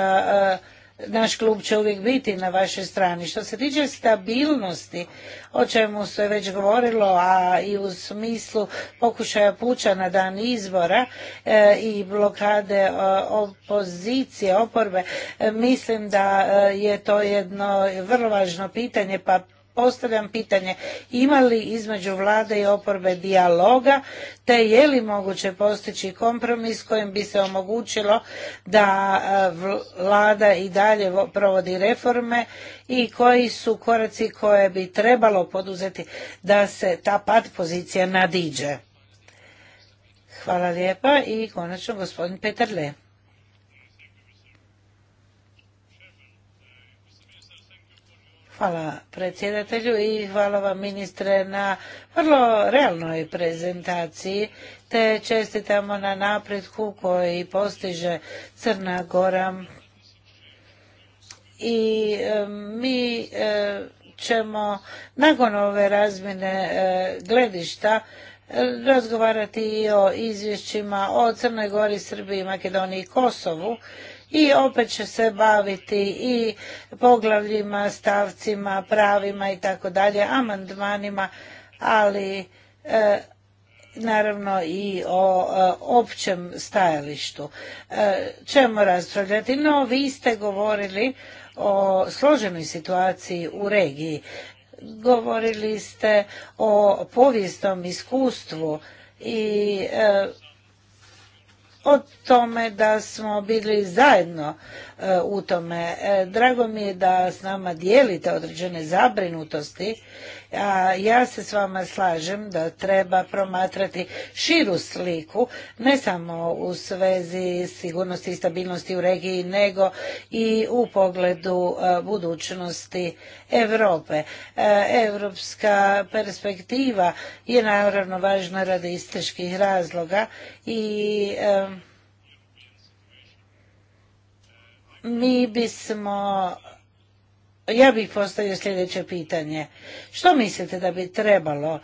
naš klub će uvijek biti na vašoj strani. Što se tiče stabilnosti, o čemu se već govorilo, a i u smislu pokušaja puća na dan izbora e, i blokade e, opozicije, oporbe, e, mislim da je to jedno vrlo važno pitanje, pa postavljam pitanje ima li između vlade i oporbe dijaloga te je li moguće postići kompromis kojim bi se omogućilo da e, vlada i dalje provodi reforme i koji su koraci koje bi trebalo poduzeti da se ta pad pozicija nadiđe. Hvala lijepa i konačno gospodin Peterle. Hvala predsjedatelju i hvala vam ministre na vrlo realnoj prezentaciji te čestitamo na napretku koji postiže Crna Gora i e, mi e, ćemo nakon ove razmjene e, gledišta razgovarati i o izvješćima o Crnoj Gori, Srbiji, Makedoniji i Kosovu i opet će se baviti i poglavljima, stavcima, pravima i tako dalje, amandmanima, ali e, naravno i o e, općem stajalištu. E, čemu ćemo raspravljati, no vi ste govorili o složenoj situaciji u regiji. Govorili ste o povijesnom iskustvu i o tome da smo bili zajedno u tome. E, drago mi je da s nama dijelite određene zabrinutosti. A ja se s vama slažem da treba promatrati širu sliku, ne samo u svezi sigurnosti i stabilnosti u regiji, nego i u pogledu e, budućnosti Europe. Europska perspektiva je naravno važna radi isteških razloga i e, mi bismo ja bih postavio sljedeće pitanje. Što mislite da bi trebalo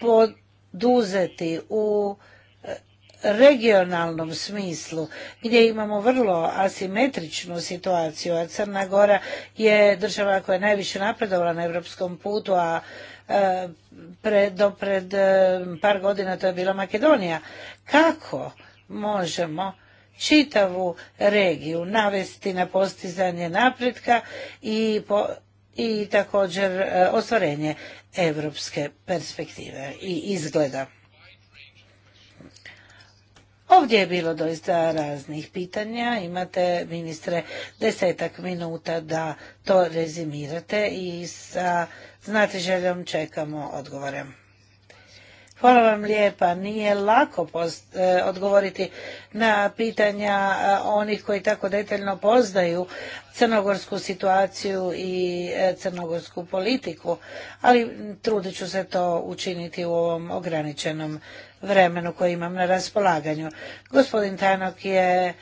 poduzeti u e, regionalnom smislu gdje imamo vrlo asimetričnu situaciju, a Crna Gora je država koja je najviše napredovala na europskom putu, a e, dopred e, par godina to je bila Makedonija. Kako možemo čitavu regiju, navesti na postizanje napretka i, i također e, ostvarenje europske perspektive i izgleda. Ovdje je bilo doista raznih pitanja. Imate, ministre, desetak minuta da to rezimirate i sa znatiželjom čekamo odgovore. Hvala vam lijepa. Nije lako e, odgovoriti na pitanja e, onih koji tako detaljno poznaju crnogorsku situaciju i e, crnogorsku politiku, ali trudit ću se to učiniti u ovom ograničenom vremenu koje imam na raspolaganju. Gospodin Tanok je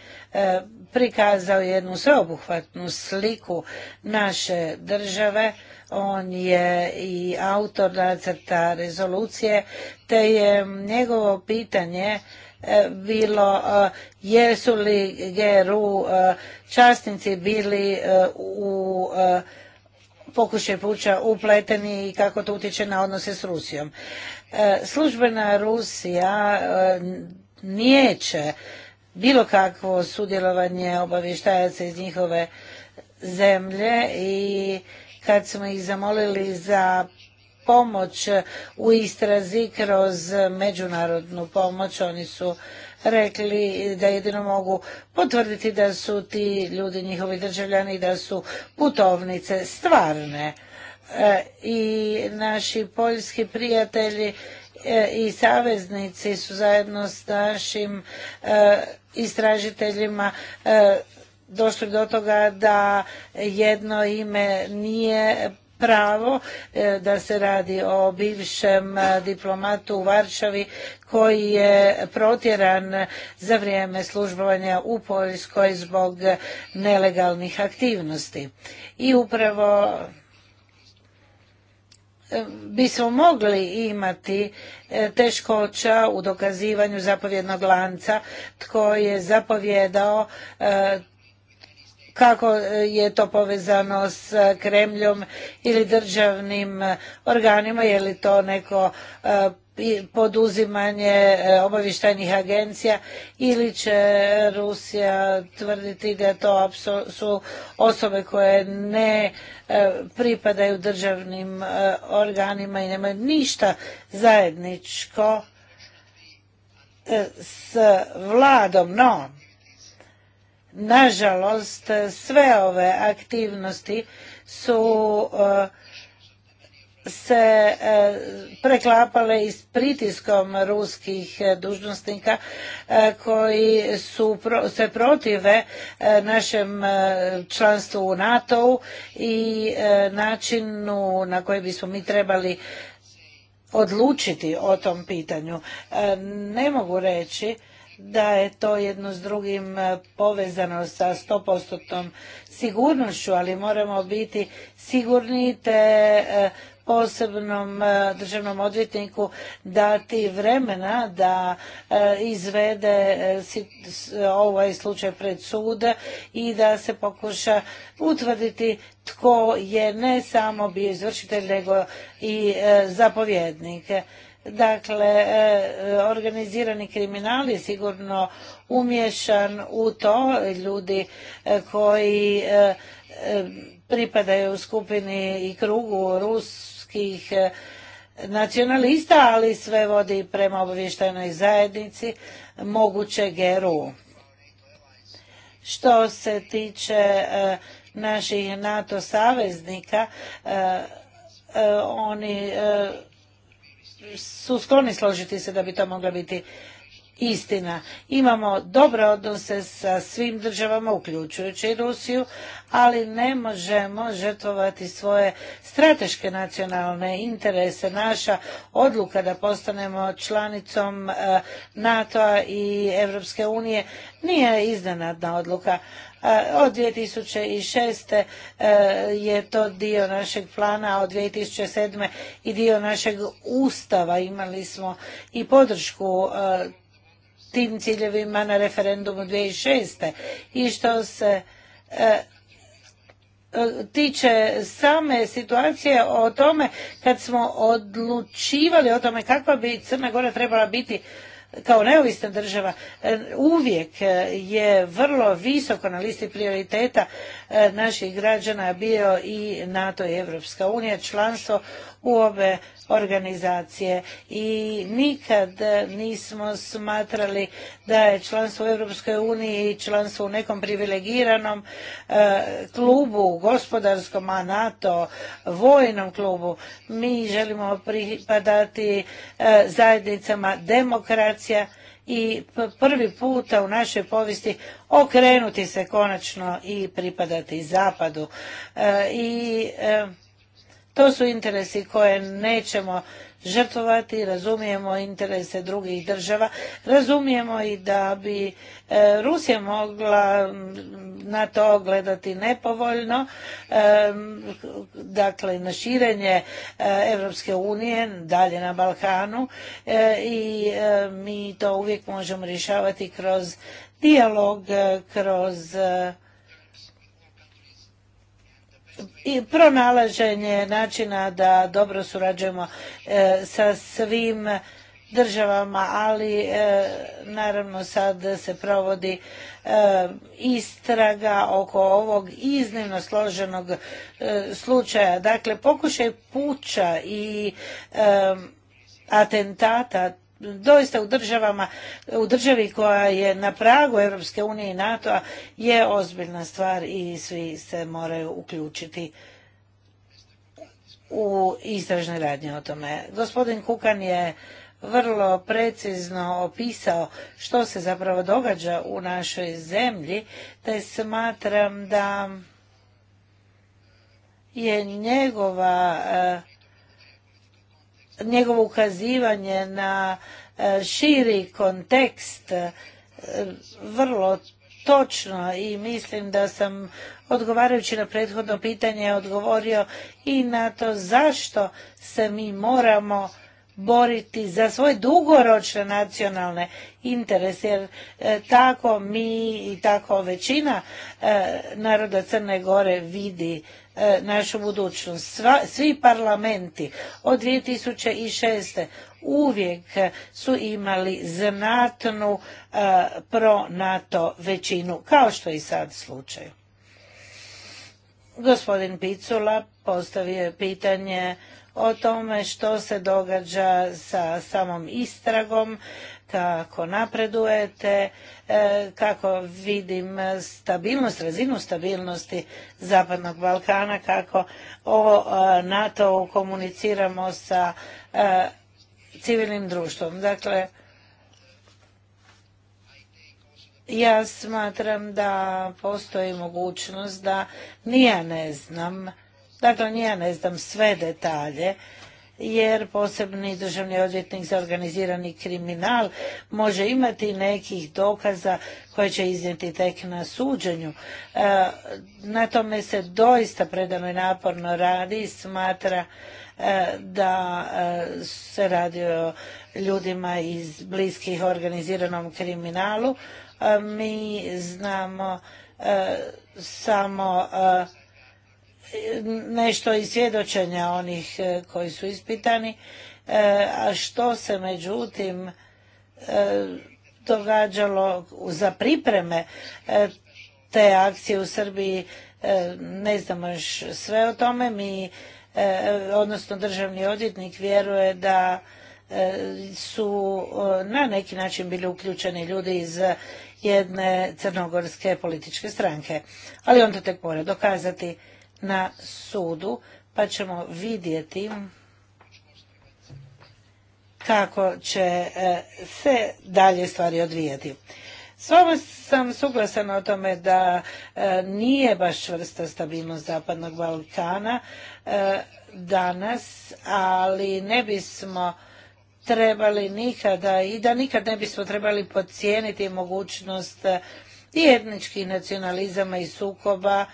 prikazao jednu sveobuhvatnu sliku naše države. On je i autor nacrta rezolucije, te je njegovo pitanje e, bilo e, jesu li GRU e, častnici bili u pokušaj puća upleteni i kako to utječe na odnose s Rusijom. Službena Rusija će bilo kakvo sudjelovanje obavještajaca iz njihove zemlje i kad smo ih zamolili za pomoć u istrazi kroz međunarodnu pomoć, oni su rekli da jedino mogu potvrditi da su ti ljudi njihovi državljani i da su putovnice stvarne. E, I naši poljski prijatelji e, i saveznici su zajedno s našim e, istražiteljima e, došli do toga da jedno ime nije pravo e, da se radi o bivšem e, diplomatu u Varšavi koji je protjeran za vrijeme službovanja u Poljskoj zbog nelegalnih aktivnosti. I upravo bismo mogli imati e, teškoća u dokazivanju zapovjednog lanca tko je zapovjedao e, kako je to povezano s Kremljom ili državnim organima, je li to neko e, poduzimanje e, obavještajnih agencija ili će Rusija tvrditi da to su osobe koje ne e, pripadaju državnim e, organima i nemaju ništa zajedničko s vladom, no nažalost sve ove aktivnosti su se e, preklapale i s pritiskom ruskih e, dužnosnika e, koji su se protive našem članstvu u NATO-u i načinu na koji bismo mi trebali odlučiti o tom pitanju. Ne mogu reći da je to jedno s drugim povezano sa stopostotnom sigurnošću, ali moramo biti sigurni te posebnom e, državnom odvjetniku dati vremena da e, izvede e, ovaj slučaj pred suda i da se pokuša utvrditi tko je ne samo bio izvršitelj nego i zapovjednik. Dakle, organizirani kriminal je sigurno umješan u to ljudi koji pripadaju skupini i krugu Rus srpskih e, nacionalista, ali sve vodi prema obavještajnoj zajednici moguće geru. Što se tiče e, naših NATO saveznika, e, oni su skloni složiti se da bi to mogla biti istina. Imamo dobre odnose sa svim državama, uključujući Rusiju, ali ne možemo žrtvovati svoje strateške nacionalne interese. Naša odluka da postanemo članicom e, NATO-a i Europske unije nije iznenadna odluka. E, od 2006. E, je to dio našeg plana, a od 2007. i dio našeg ustava imali smo i podršku tim ciljevima na referendumu 2006. I što se e, e, tiče same situacije o tome kad smo odlučivali o tome kakva bi Crna Gora trebala biti kao neovisna država e, uvijek je vrlo visoko na listi prioriteta E, naših građana bio i NATO i Evropska unija, članstvo u ove organizacije i nikad nismo smatrali da je članstvo u Europskoj uniji i članstvo u nekom privilegiranom e, klubu, gospodarskom, a NATO vojnom klubu. Mi želimo pripadati e, zajednicama demokracija i prvi puta u našoj povijesti okrenuti se konačno i pripadati zapadu. E, I e, to su interesi koje nećemo žrtvovati, razumijemo interese drugih država, razumijemo i da bi e, Rusija mogla na to gledati nepovoljno, e, dakle na širenje e, Evropske unije dalje na Balkanu i mi to uvijek možemo rješavati kroz dijalog, kroz i pronalaženje načina da dobro surađujemo e, sa svim državama, ali e, naravno sad se provodi e, istraga oko ovog iznimno složenog slučaja. Dakle, pokušaj puča i atentata doista u državama, u državi koja je na pragu Europske unije i NATO-a je ozbiljna stvar i svi se moraju uključiti u istražne radnje o tome. Gospodin Kukan je vrlo precizno opisao što se zapravo događa u našoj zemlji, te smatram da je njegova eh, njegovo ukazivanje na e, širi kontekst e, vrlo točno i mislim da sam odgovarajući na prethodno pitanje odgovorio i na to zašto se mi moramo boriti za svoje dugoročne nacionalne interese jer e, tako mi i tako većina naroda Crne Gore vidi E, našu budućnost. Svi parlamenti od 2006. uvijek su imali znatnu e, pro-NATO većinu, kao što i sad slučaj. Gospodin Picula postavio je pitanje o tome što se događa sa samom istragom kako napredujete, e, kako vidim stabilnost, razinu stabilnosti Zapadnog Balkana, kako o e, NATO komuniciramo sa e, civilnim društvom. Dakle, ja smatram da postoji mogućnost da nija ne znam, dakle nija ne znam sve detalje, jer posebni državni odvjetnik za organizirani kriminal može imati nekih dokaza koje će iznijeti tek na suđenju. E, na tome se doista predano i naporno radi i smatra e, da e, se radi o ljudima iz bliskih organiziranom kriminalu. Mi znamo samo nešto i svjedočenja onih e, koji su ispitani, e, a što se međutim e, događalo za pripreme te akcije u Srbiji, ne znamo još sve o tome, mi, odnosno državni odvjetnik vjeruje da su na neki način bili uključeni ljudi iz jedne crnogorske političke stranke. Ali on to tek mora dokazati na sudu, pa ćemo vidjeti kako će e, se dalje stvari odvijati. S vama sam suglasan o tome da e, nije baš vrsta stabilnost Zapadnog Balkana e, danas, ali ne bismo trebali nikada i da nikad ne bismo trebali podcijeniti mogućnost i etničkih nacionalizama i sukoba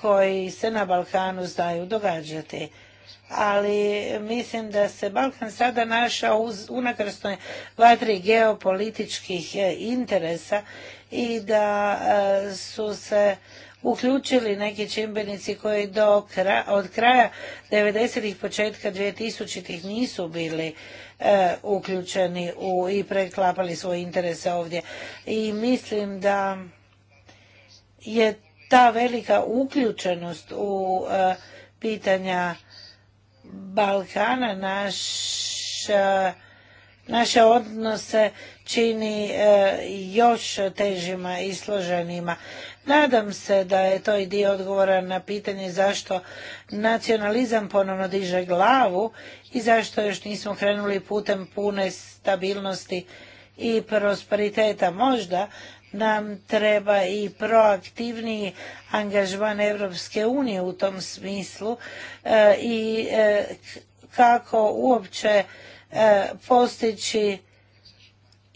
koji se na Balkanu znaju događati. Ali mislim da se Balkan sada našao u nakrsnoj vatri geopolitičkih e, interesa i da e, su se uključili neki čimbenici koji od kraja 90-ih početka 2000-ih nisu bili e, uključeni i preklapali svoje interese ovdje. I mislim da je ta velika uključenost u e, pitanja Balkana naš naše odnose čini e, još težima i složenima. Nadam se da je to i dio odgovora na pitanje zašto nacionalizam ponovno diže glavu i zašto još nismo krenuli putem pune stabilnosti i prosperiteta. Možda nam treba i proaktivniji angažman Europske unije u tom smislu e, i e, kako uopće e, postići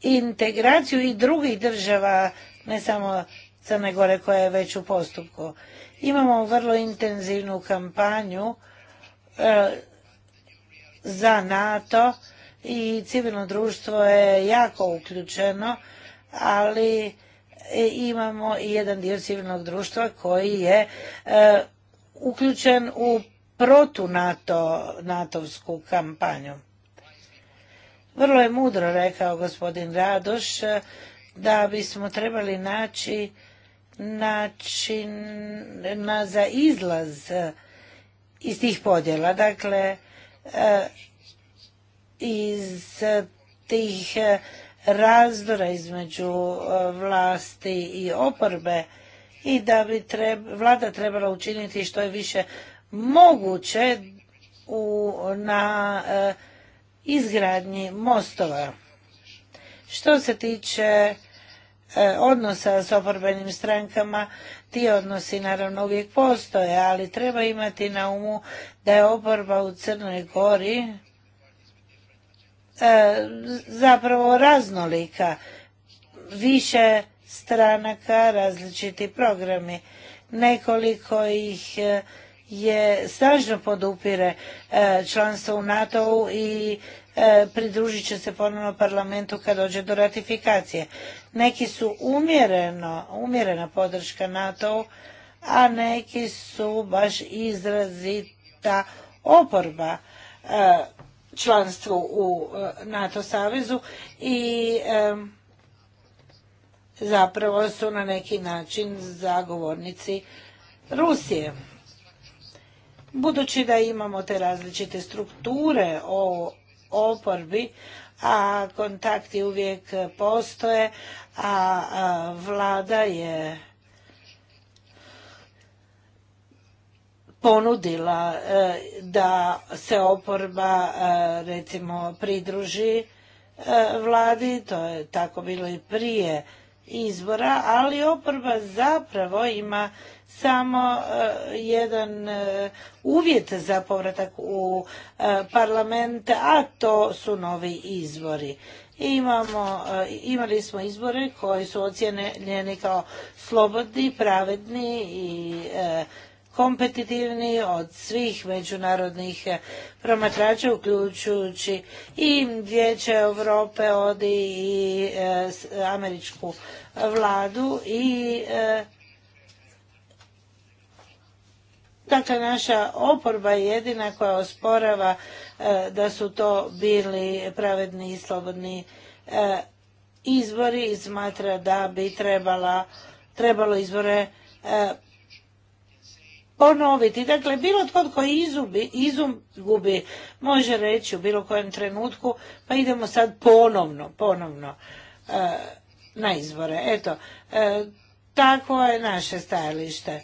integraciju i drugih država, ne samo Crne Gore koja je već u postupku. Imamo vrlo intenzivnu kampanju za NATO i civilno društvo je jako uključeno, ali E, imamo i jedan dio civilnog društva koji je e, uključen u protu NATO, natovsku kampanju. Vrlo je mudro rekao gospodin Radoš e, da bismo trebali naći način na za izlaz iz tih podjela. Dakle, iz tih razdora između e, vlasti i oporbe i da bi treba, vlada trebala učiniti što je više moguće u, na e, izgradnji mostova. Što se tiče e, odnosa s oporbenim strankama, ti odnosi naravno uvijek postoje, ali treba imati na umu da je oporba u Crnoj Gori E, zapravo raznolika. Više stranaka, različiti programi. Nekoliko ih e, je snažno podupire e, članstvo u NATO-u i pridružit će se ponovno parlamentu kad dođe do ratifikacije. Neki su umjereno, umjerena podrška NATO-u, a neki su baš izrazita oporba članstvu u e, NATO savezu i e, zapravo su na neki način zagovornici Rusije. Budući da imamo te različite strukture o oporbi, a kontakti uvijek postoje, a vlada je ponudila e, da se oporba e, recimo pridruži e, vladi, to je tako bilo i prije izbora, ali oporba zapravo ima samo jedan uvjet za povratak u parlament, a to su novi izbori. Imamo, imali smo izbore koji su ocjenjeni kao slobodni, pravedni i kompetitivni od svih međunarodnih eh, promatrača, uključujući i Vijeće Europe, ODI i eh, američku vladu i eh, Dakle, naša oporba je jedina koja osporava da su to bili pravedni i slobodni izbori i smatra da bi trebala, trebalo izbore ponoviti. Dakle, bilo tko tko izubi, izgubi može reći u bilo kojem trenutku pa idemo sad ponovno, ponovno e, na izbore. Eto, e, tako je naše stajalište.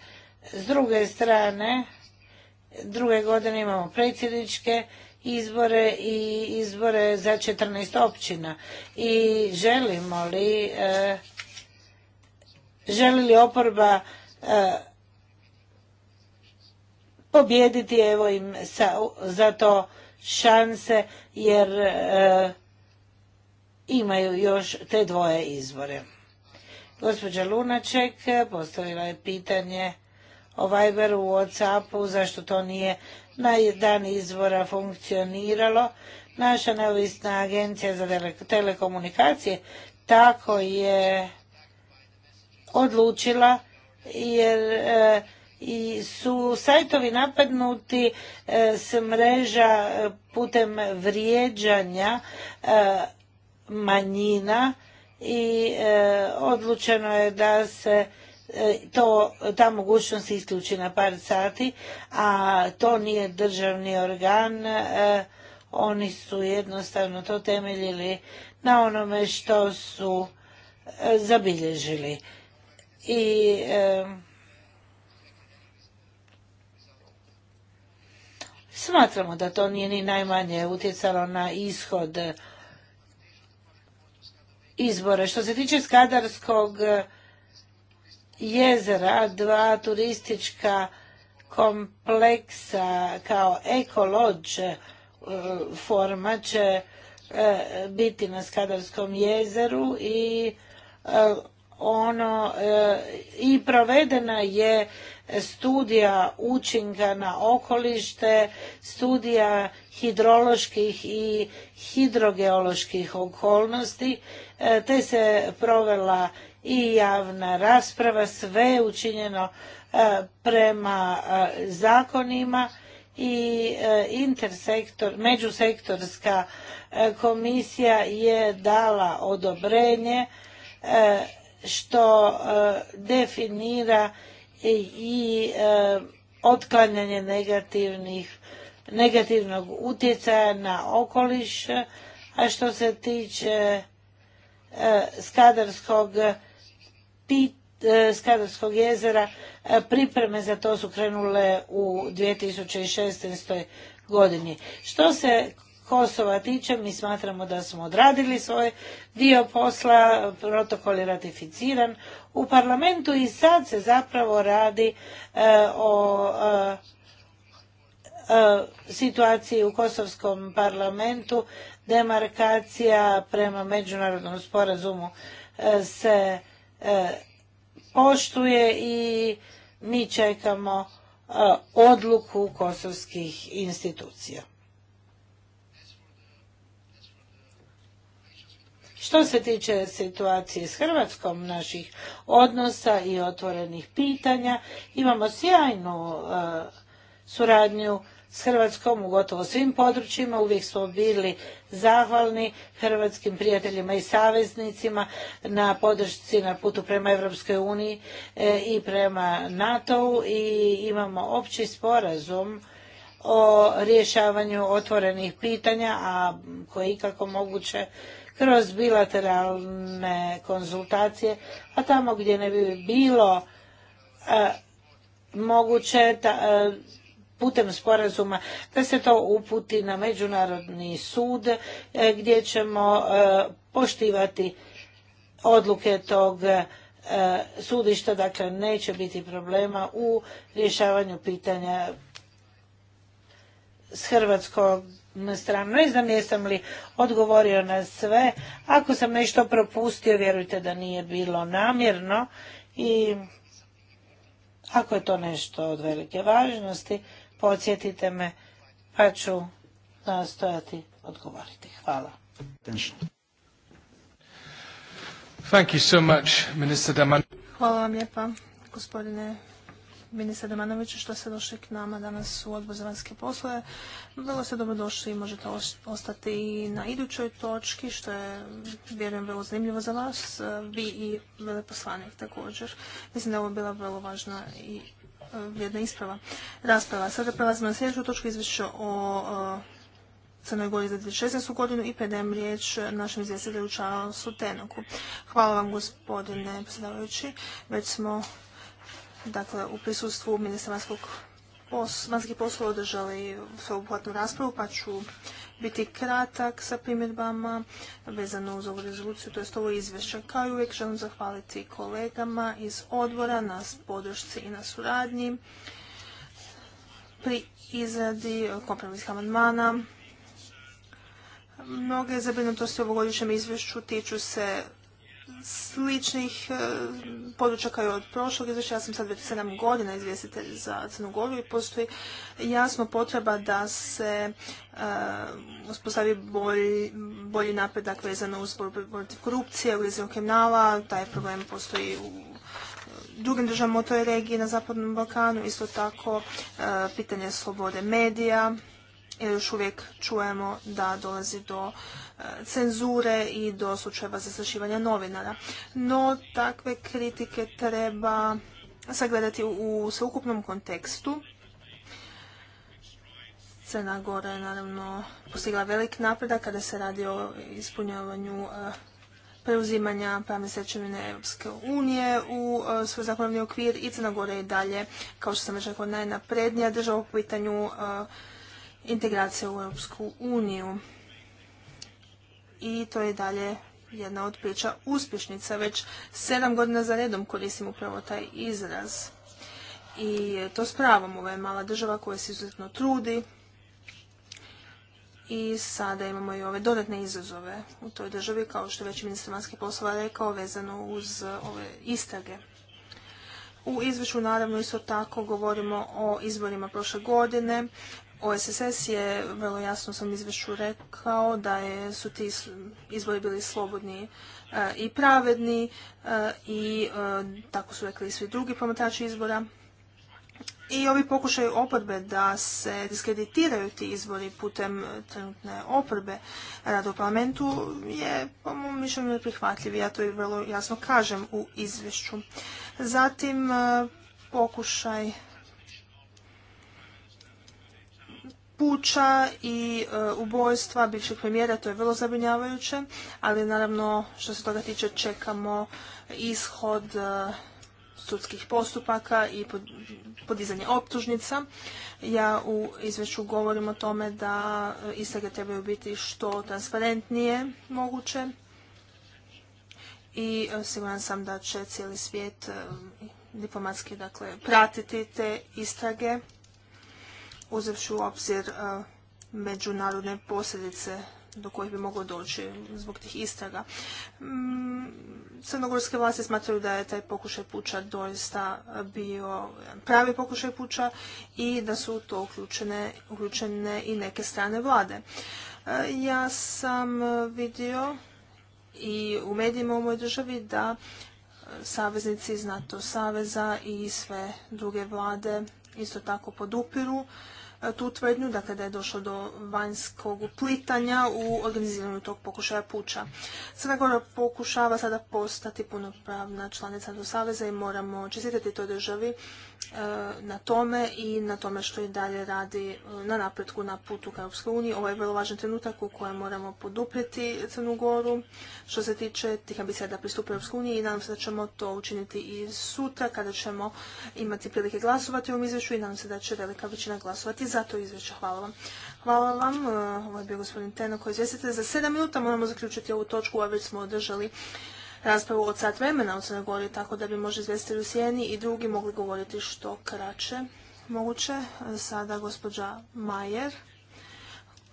S druge strane, druge godine imamo predsjedničke izbore i izbore za 14 općina. I želimo li, e, želi li oporba pobijediti, evo im za to šanse, jer e, imaju još te dvoje izvore. Gospođa Lunaček postavila je pitanje o Viberu u Whatsappu, zašto to nije na dan izvora funkcioniralo. Naša neovisna agencija za telekomunikacije tako je odlučila jer e, i su sajtovi napadnuti e, s mreža e, putem vrijeđanja e, manjina i odlučeno je da se to, ta mogućnost isključi na par sati, a to nije državni organ, oni su jednostavno to temeljili na onome što su zabilježili. I Smatramo da to nije ni najmanje utjecalo na ishod izbora. Što se tiče Skadarskog jezera, dva turistička kompleksa kao ekolođ e, forma će e, biti na Skadarskom jezeru i e, ono i provedena je studija učinka na okolište, studija hidroloških i hidrogeoloških okolnosti, e, te se provela i javna rasprava, sve je učinjeno e, prema e, zakonima i intersektor, međusektorska komisija je dala odobrenje što definira i e, otklanjanje negativnih negativnog utjecaja na okoliš, a što se tiče e, Skadarskog, e, Skadarskog jezera, pripreme za to su krenule u 2016. godini. Što se Kosova tiče, mi smatramo da smo odradili svoj dio posla, protokol je ratificiran, u parlamentu i sad se zapravo radi e, o e, e, situaciji u Kosovskom parlamentu. Demarkacija prema međunarodnom sporazumu se poštuje i mi čekamo odluku kosovskih institucija. Što se tiče situacije s Hrvatskom, naših odnosa i otvorenih pitanja, imamo sjajnu e, suradnju s Hrvatskom u gotovo svim područjima. Uvijek smo bili zahvalni hrvatskim prijateljima i saveznicima na podršci na putu prema Evropskoj uniji e, i prema NATO-u i imamo opći sporazum o rješavanju otvorenih pitanja, a koji ikako moguće kroz bilateralne konzultacije, a tamo gdje ne bi bilo e, moguće e, putem sporazuma da se to uputi na Međunarodni sud e, gdje ćemo poštivati odluke tog sudišta, dakle neće biti problema u rješavanju pitanja s hrvatskog stranu. Ne znam jesam li odgovorio na sve. Ako sam nešto propustio, vjerujte da nije bilo namjerno i ako je to nešto od velike važnosti, podsjetite me pa ću nastojati odgovoriti. Hvala. Hvala vam lijepa, gospodine ministra Domanovića što ste došli k nama danas u odbor za vanjske poslove. Vrlo ste dobro došli i možete ostati i na idućoj točki, što je, vjerujem, vrlo zanimljivo za vas, e, vi i veleposlanik također. Mislim da je ovo bila vrlo važna i e, vrijedna isprava. Rasprava. Sada prelazimo na sljedeću točku izvješća o e, Crnoj Gori za 2016. godinu i predajem riječ našem izvjestitelju Charlesu Tenoku. Hvala vam gospodine predsjedavajući. Već smo dakle, u prisustvu ministra vanjskih poslova održali sveobuhvatnu raspravu, pa ću biti kratak sa primjedbama vezano uz ovu rezoluciju, to je ovo izvješće. Kao i uvijek želim zahvaliti kolegama iz odbora na podršci i na suradnji pri izradi kompromisnih amandmana. Mnoge zabrinutosti u ovogodišnjem izvješću tiču se sličnih e, područja kao i od prošlog izvješća. Ja sam sad već 7 godina izvjestitelj za Crnu Goru i postoji jasno potreba da se e, uspostavi bolji, napredak vezano uz protiv korupcije, u lizi kriminala. Taj problem postoji u e, drugim državama u toj regiji na Zapadnom Balkanu. Isto tako pitanje slobode medija. Jer još uvijek čujemo da dolazi do cenzure i do slučajeva zastrašivanja novinara. No, takve kritike treba sagledati u sveukupnom kontekstu. Crna Gora je naravno postigla velik napredak kada se radi o ispunjavanju e, preuzimanja pravne stečevine Europske unije u e, svoj zakonovni okvir i Crna Gora je dalje, kao što sam već rekao, najnaprednija država u pitanju e, integracije u Europsku uniju i to je dalje jedna od priča uspješnica. Već sedam godina za redom koristim upravo taj izraz. I to s pravom, ovo je mala država koja se izuzetno trudi i sada imamo i ove dodatne izazove u toj državi, kao što je već ministar vanjskih poslova rekao, vezano uz ove istrage. U izvješću naravno isto tako govorimo o izborima prošle godine, OSSS je vrlo jasno u svom izvješću rekao da je, su ti izbori bili slobodni e, i pravedni e, i e, tako su rekli i svi drugi promatrači izbora. I ovi pokušaj oporbe da se diskreditiraju ti izbori putem trenutne oporbe rada u parlamentu je po mom mišljenju neprihvatljiv. Ja to i vrlo jasno kažem u izvješću. Zatim pokušaj puča i e, ubojstva bivšeg premijera, to je vrlo zabrinjavajuće, ali naravno što se toga tiče čekamo ishod e, sudskih postupaka i podizanje optužnica. Ja u izvješću govorim o tome da e, istrage trebaju biti što transparentnije moguće i siguran sam da će cijeli svijet diplomatski dakle, pratiti te istrage uzevši u obzir e, međunarodne posljedice do kojih bi moglo doći zbog tih istraga. Mm, crnogorske vlasti smatraju da je taj pokušaj puča doista bio pravi pokušaj puča i da su to uključene, uključene i neke strane vlade. E, ja sam vidio i u medijima u mojoj državi da saveznici iz NATO saveza i sve druge vlade isto tako podupiru tu tvrdnju, dakle da je došlo do vanjskog uplitanja u organiziranju tog pokušaja puča. Crna Gora pokušava sada postati punopravna članica do saveza i moramo čestitati toj državi E, na tome i na tome što i dalje radi e, na napretku na putu ka Europskoj uniji. Ovo je vrlo važan trenutak u kojem moramo poduprijeti Crnu Goru što se tiče tih ambicija da pristupe Europskoj uniji i nadam se da ćemo to učiniti i sutra kada ćemo imati prilike glasovati u ovom izvješću i nadam se da će velika većina glasovati za to izvješće. Hvala vam. Hvala vam. E, ovo je bio gospodin Teno koji izvjestite. Za sedam minuta moramo zaključiti ovu točku, a već smo održali raspravu od sat vremena u Crnoj Gori, tako da bi možda izvjestitelj u Sjeni i drugi mogli govoriti što kraće moguće. Sada gospođa Majer,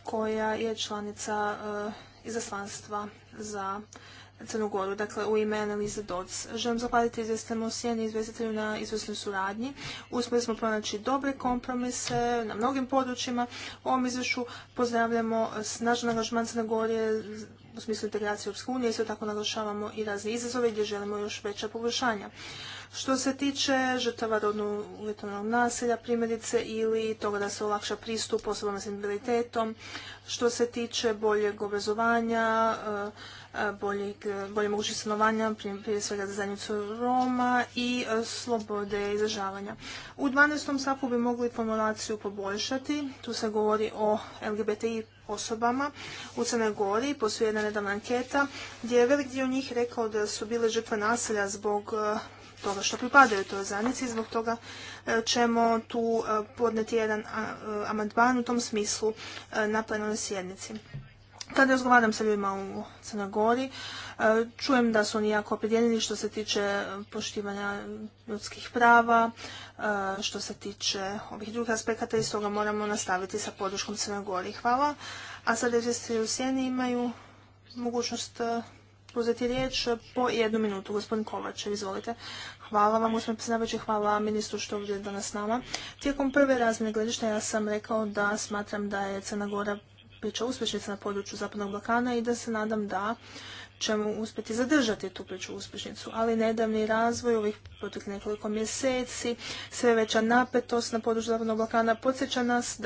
koja je članica e, izaslanstva za Crnu Goru, dakle u ime analize DOC. Želim zahvaliti izvjestitelju Sjeni i izvjestitelju na izvrsnoj suradnji. Uspjeli smo pronaći dobre kompromise na mnogim područjima. U ovom izvješću pozdravljamo snažan angažman Crne Gore u smislu integracije Europske unije, isto tako naglašavamo i razne izazove gdje želimo još veća poboljšanja. Što se tiče žrtava rodno uvjetovanog naselja, primjerice, ili toga da se olakša pristup osobama s invaliditetom, što se tiče boljeg obrazovanja, bolje mogućnosti stanovanja, prije svega za zajednicu Roma i e, slobode izražavanja. U 12. stavku bi mogli formulaciju poboljšati. Tu se govori o LGBTI osobama u Crnoj Gori. Postoji jedna nedavna anketa gdje je velik dio njih rekao da su bile žrtve nasilja zbog e, toga što pripadaju toj zajednici i zbog toga e, ćemo tu podneti jedan amandman u tom smislu na plenarnoj sjednici. Kada razgovaram sa ljudima u Crnoj Gori, e, čujem da su oni jako opredjeljeni što se tiče poštivanja ljudskih prava, e, što se tiče ovih drugih aspekata i stoga moramo nastaviti sa podrškom Crnoj Gori. Hvala. A sada se u Sjeni imaju mogućnost e, uzeti riječ po jednu minutu. Gospodin Kovačev, izvolite. Hvala vam, gospodin i hvala ministru što ovdje danas s nama. Tijekom prve razmjene gledišta ja sam rekao da smatram da je Crna Gora priča uspješnica na području Zapadnog Balkana i da se nadam da ćemo uspjeti zadržati tu priču uspješnicu, ali nedavni razvoj ovih proteklih nekoliko mjeseci, sve veća napetost na području Zapadnog Balkana podsjeća nas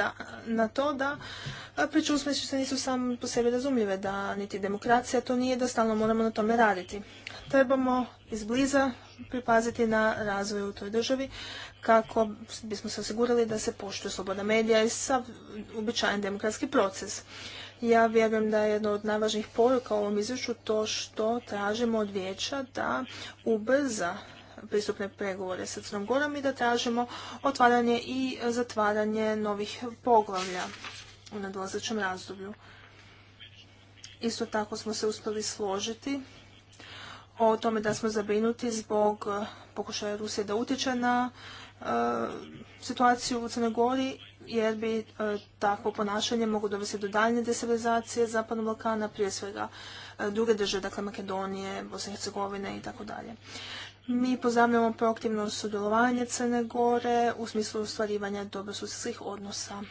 na to da priče uspješnice nisu samo po sebi razumljive, da niti demokracija to nije, da stalno moramo na tome raditi. Trebamo izbliza pripaziti na razvoj u toj državi, kako bismo se osigurali da se poštuje sloboda medija i sav uobičajen demokratski proces. Ja vjerujem da je jedno od najvažnijih poruka u ovom izvješću to što tražimo od vijeća da ubrza pristupne pregovore sa Crnom Gorom i da tražimo otvaranje i zatvaranje novih poglavlja u nadolazećem razdoblju. Isto tako smo se uspjeli složiti o tome da smo zabrinuti zbog pokušaja Rusije da utječe na E, situaciju u Crnoj Gori jer bi e, takvo ponašanje moglo dovesti do daljnje destabilizacije Zapadnog Balkana, prije svega e, druge države, dakle Makedonije, Bosne i Hercegovine i tako dalje. Mi pozdravljamo proaktivno sudjelovanje Crne Gore u smislu ostvarivanja dobrosusjedskih odnosa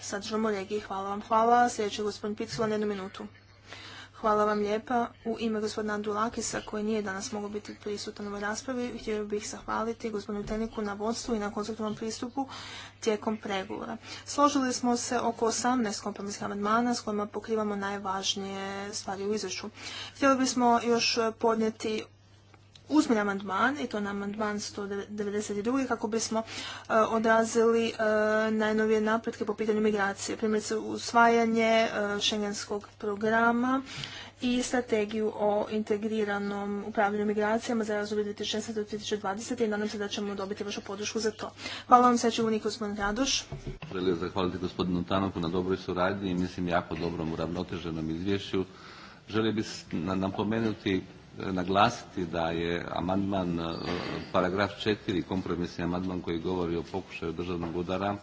sa državom regiji. Hvala vam, hvala. Sljedeći je gospodin Picula na jednu minutu. Hvala vam lijepa. U ime gospodina Dulakisa, koji nije danas mogao biti prisutan u ovoj raspravi, htio bih zahvaliti gospodinu Teniku na vodstvu i na konstruktivnom pristupu tijekom pregovora. Složili smo se oko 18 kompromisnih amandmana s kojima pokrivamo najvažnije stvari u izvješću. Htjeli bismo još podnijeti uzmili amandman, i to na amandman 192. kako bismo e, odrazili e, najnovije napretke po pitanju migracije. Primjerice usvajanje e, Schengenskog šengenskog programa i strategiju o integriranom upravljanju migracijama za razdoblje 2016. do 2020. i nadam se da ćemo dobiti vašu podršku za to. Hvala vam sveće unik gospodin Radoš. Želio zahvaliti gospodinu Tanoku na dobroj suradnji i mislim jako dobrom uravnoteženom izvješću. Želio bih napomenuti naglasiti da je amandman e, paragraf 4, kompromisni amandman koji govori o pokušaju državnog udara,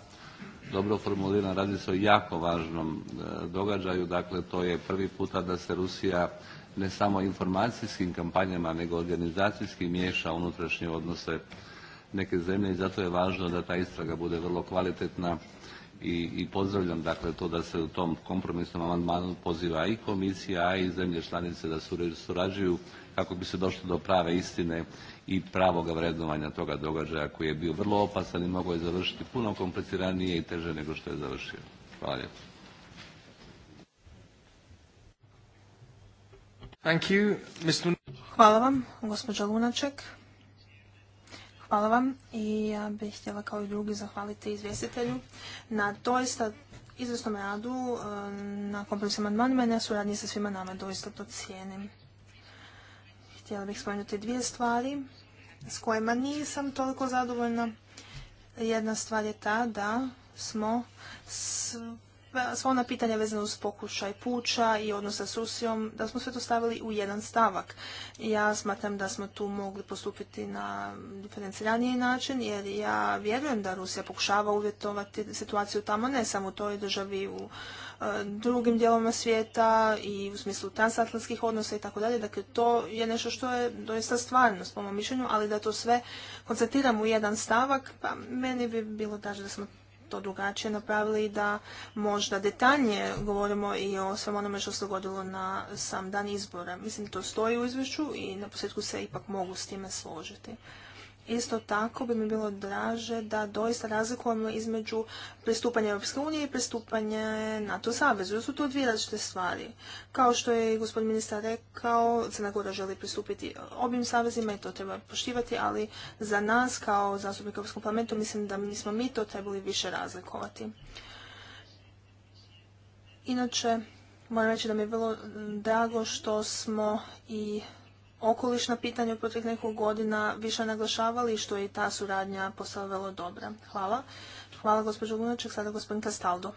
dobro formuliran, radi se o jako važnom e, događaju, dakle to je prvi puta da se Rusija ne samo informacijskim kampanjama nego organizacijski miješa unutrašnje odnose neke zemlje i zato je važno da ta istraga bude vrlo kvalitetna i, i pozdravljam dakle to da se u tom kompromisnom amandmanu poziva i komisija a i zemlje članice da surađuju kako bi se došlo do prave istine i pravog vrednovanja toga događaja koji je bio vrlo opasan i mogao je završiti puno kompliciranije i teže nego što je završio. Hvala lijepo. Hvala vam, gospođa Lunaček. Hvala vam i ja bih htjela kao i drugi zahvaliti izvjestitelju na doista izvrsnom radu, eh, na kompleksnim amandmanima i na suradnji sa svima nama. Doista to cijenim htjela bih spomenuti dvije stvari s kojima nisam toliko zadovoljna. Jedna stvar je ta da smo s sva ona pitanja vezana uz pokušaj puča i odnosa s Rusijom, da smo sve to stavili u jedan stavak. Ja smatram da smo tu mogli postupiti na diferenciraniji način, jer ja vjerujem da Rusija pokušava uvjetovati situaciju tamo, ne samo u toj državi, u e, drugim dijelovima svijeta i u smislu transatlantskih odnosa i tako dalje. Dakle, to je nešto što je doista stvarno po mom mišljenju, ali da to sve koncentriramo u jedan stavak, pa meni bi bilo daže da smo to drugačije napravili i da možda detaljnije govorimo i o svem onome što se dogodilo na sam dan izbora. Mislim, to stoji u izvješću i na posljedku se ipak mogu s time složiti. Isto tako bi mi bilo draže da doista razlikujemo između pristupanja Europske unije i pristupanja NATO savezu. Jer su to dvije različite stvari. Kao što je gospodin ministar rekao, Crna Gora želi pristupiti obim savezima i to treba poštivati, ali za nas kao zastupnika Europskom parlamentu mislim da nismo mi to trebali više razlikovati. Inače, moram reći da mi je bilo drago što smo i okolišna pitanja u proteklih nekog godina više naglašavali, što je i ta suradnja postala vrlo dobra. Hvala. Hvala gospođo Lunaček, sada gospodin Castaldo.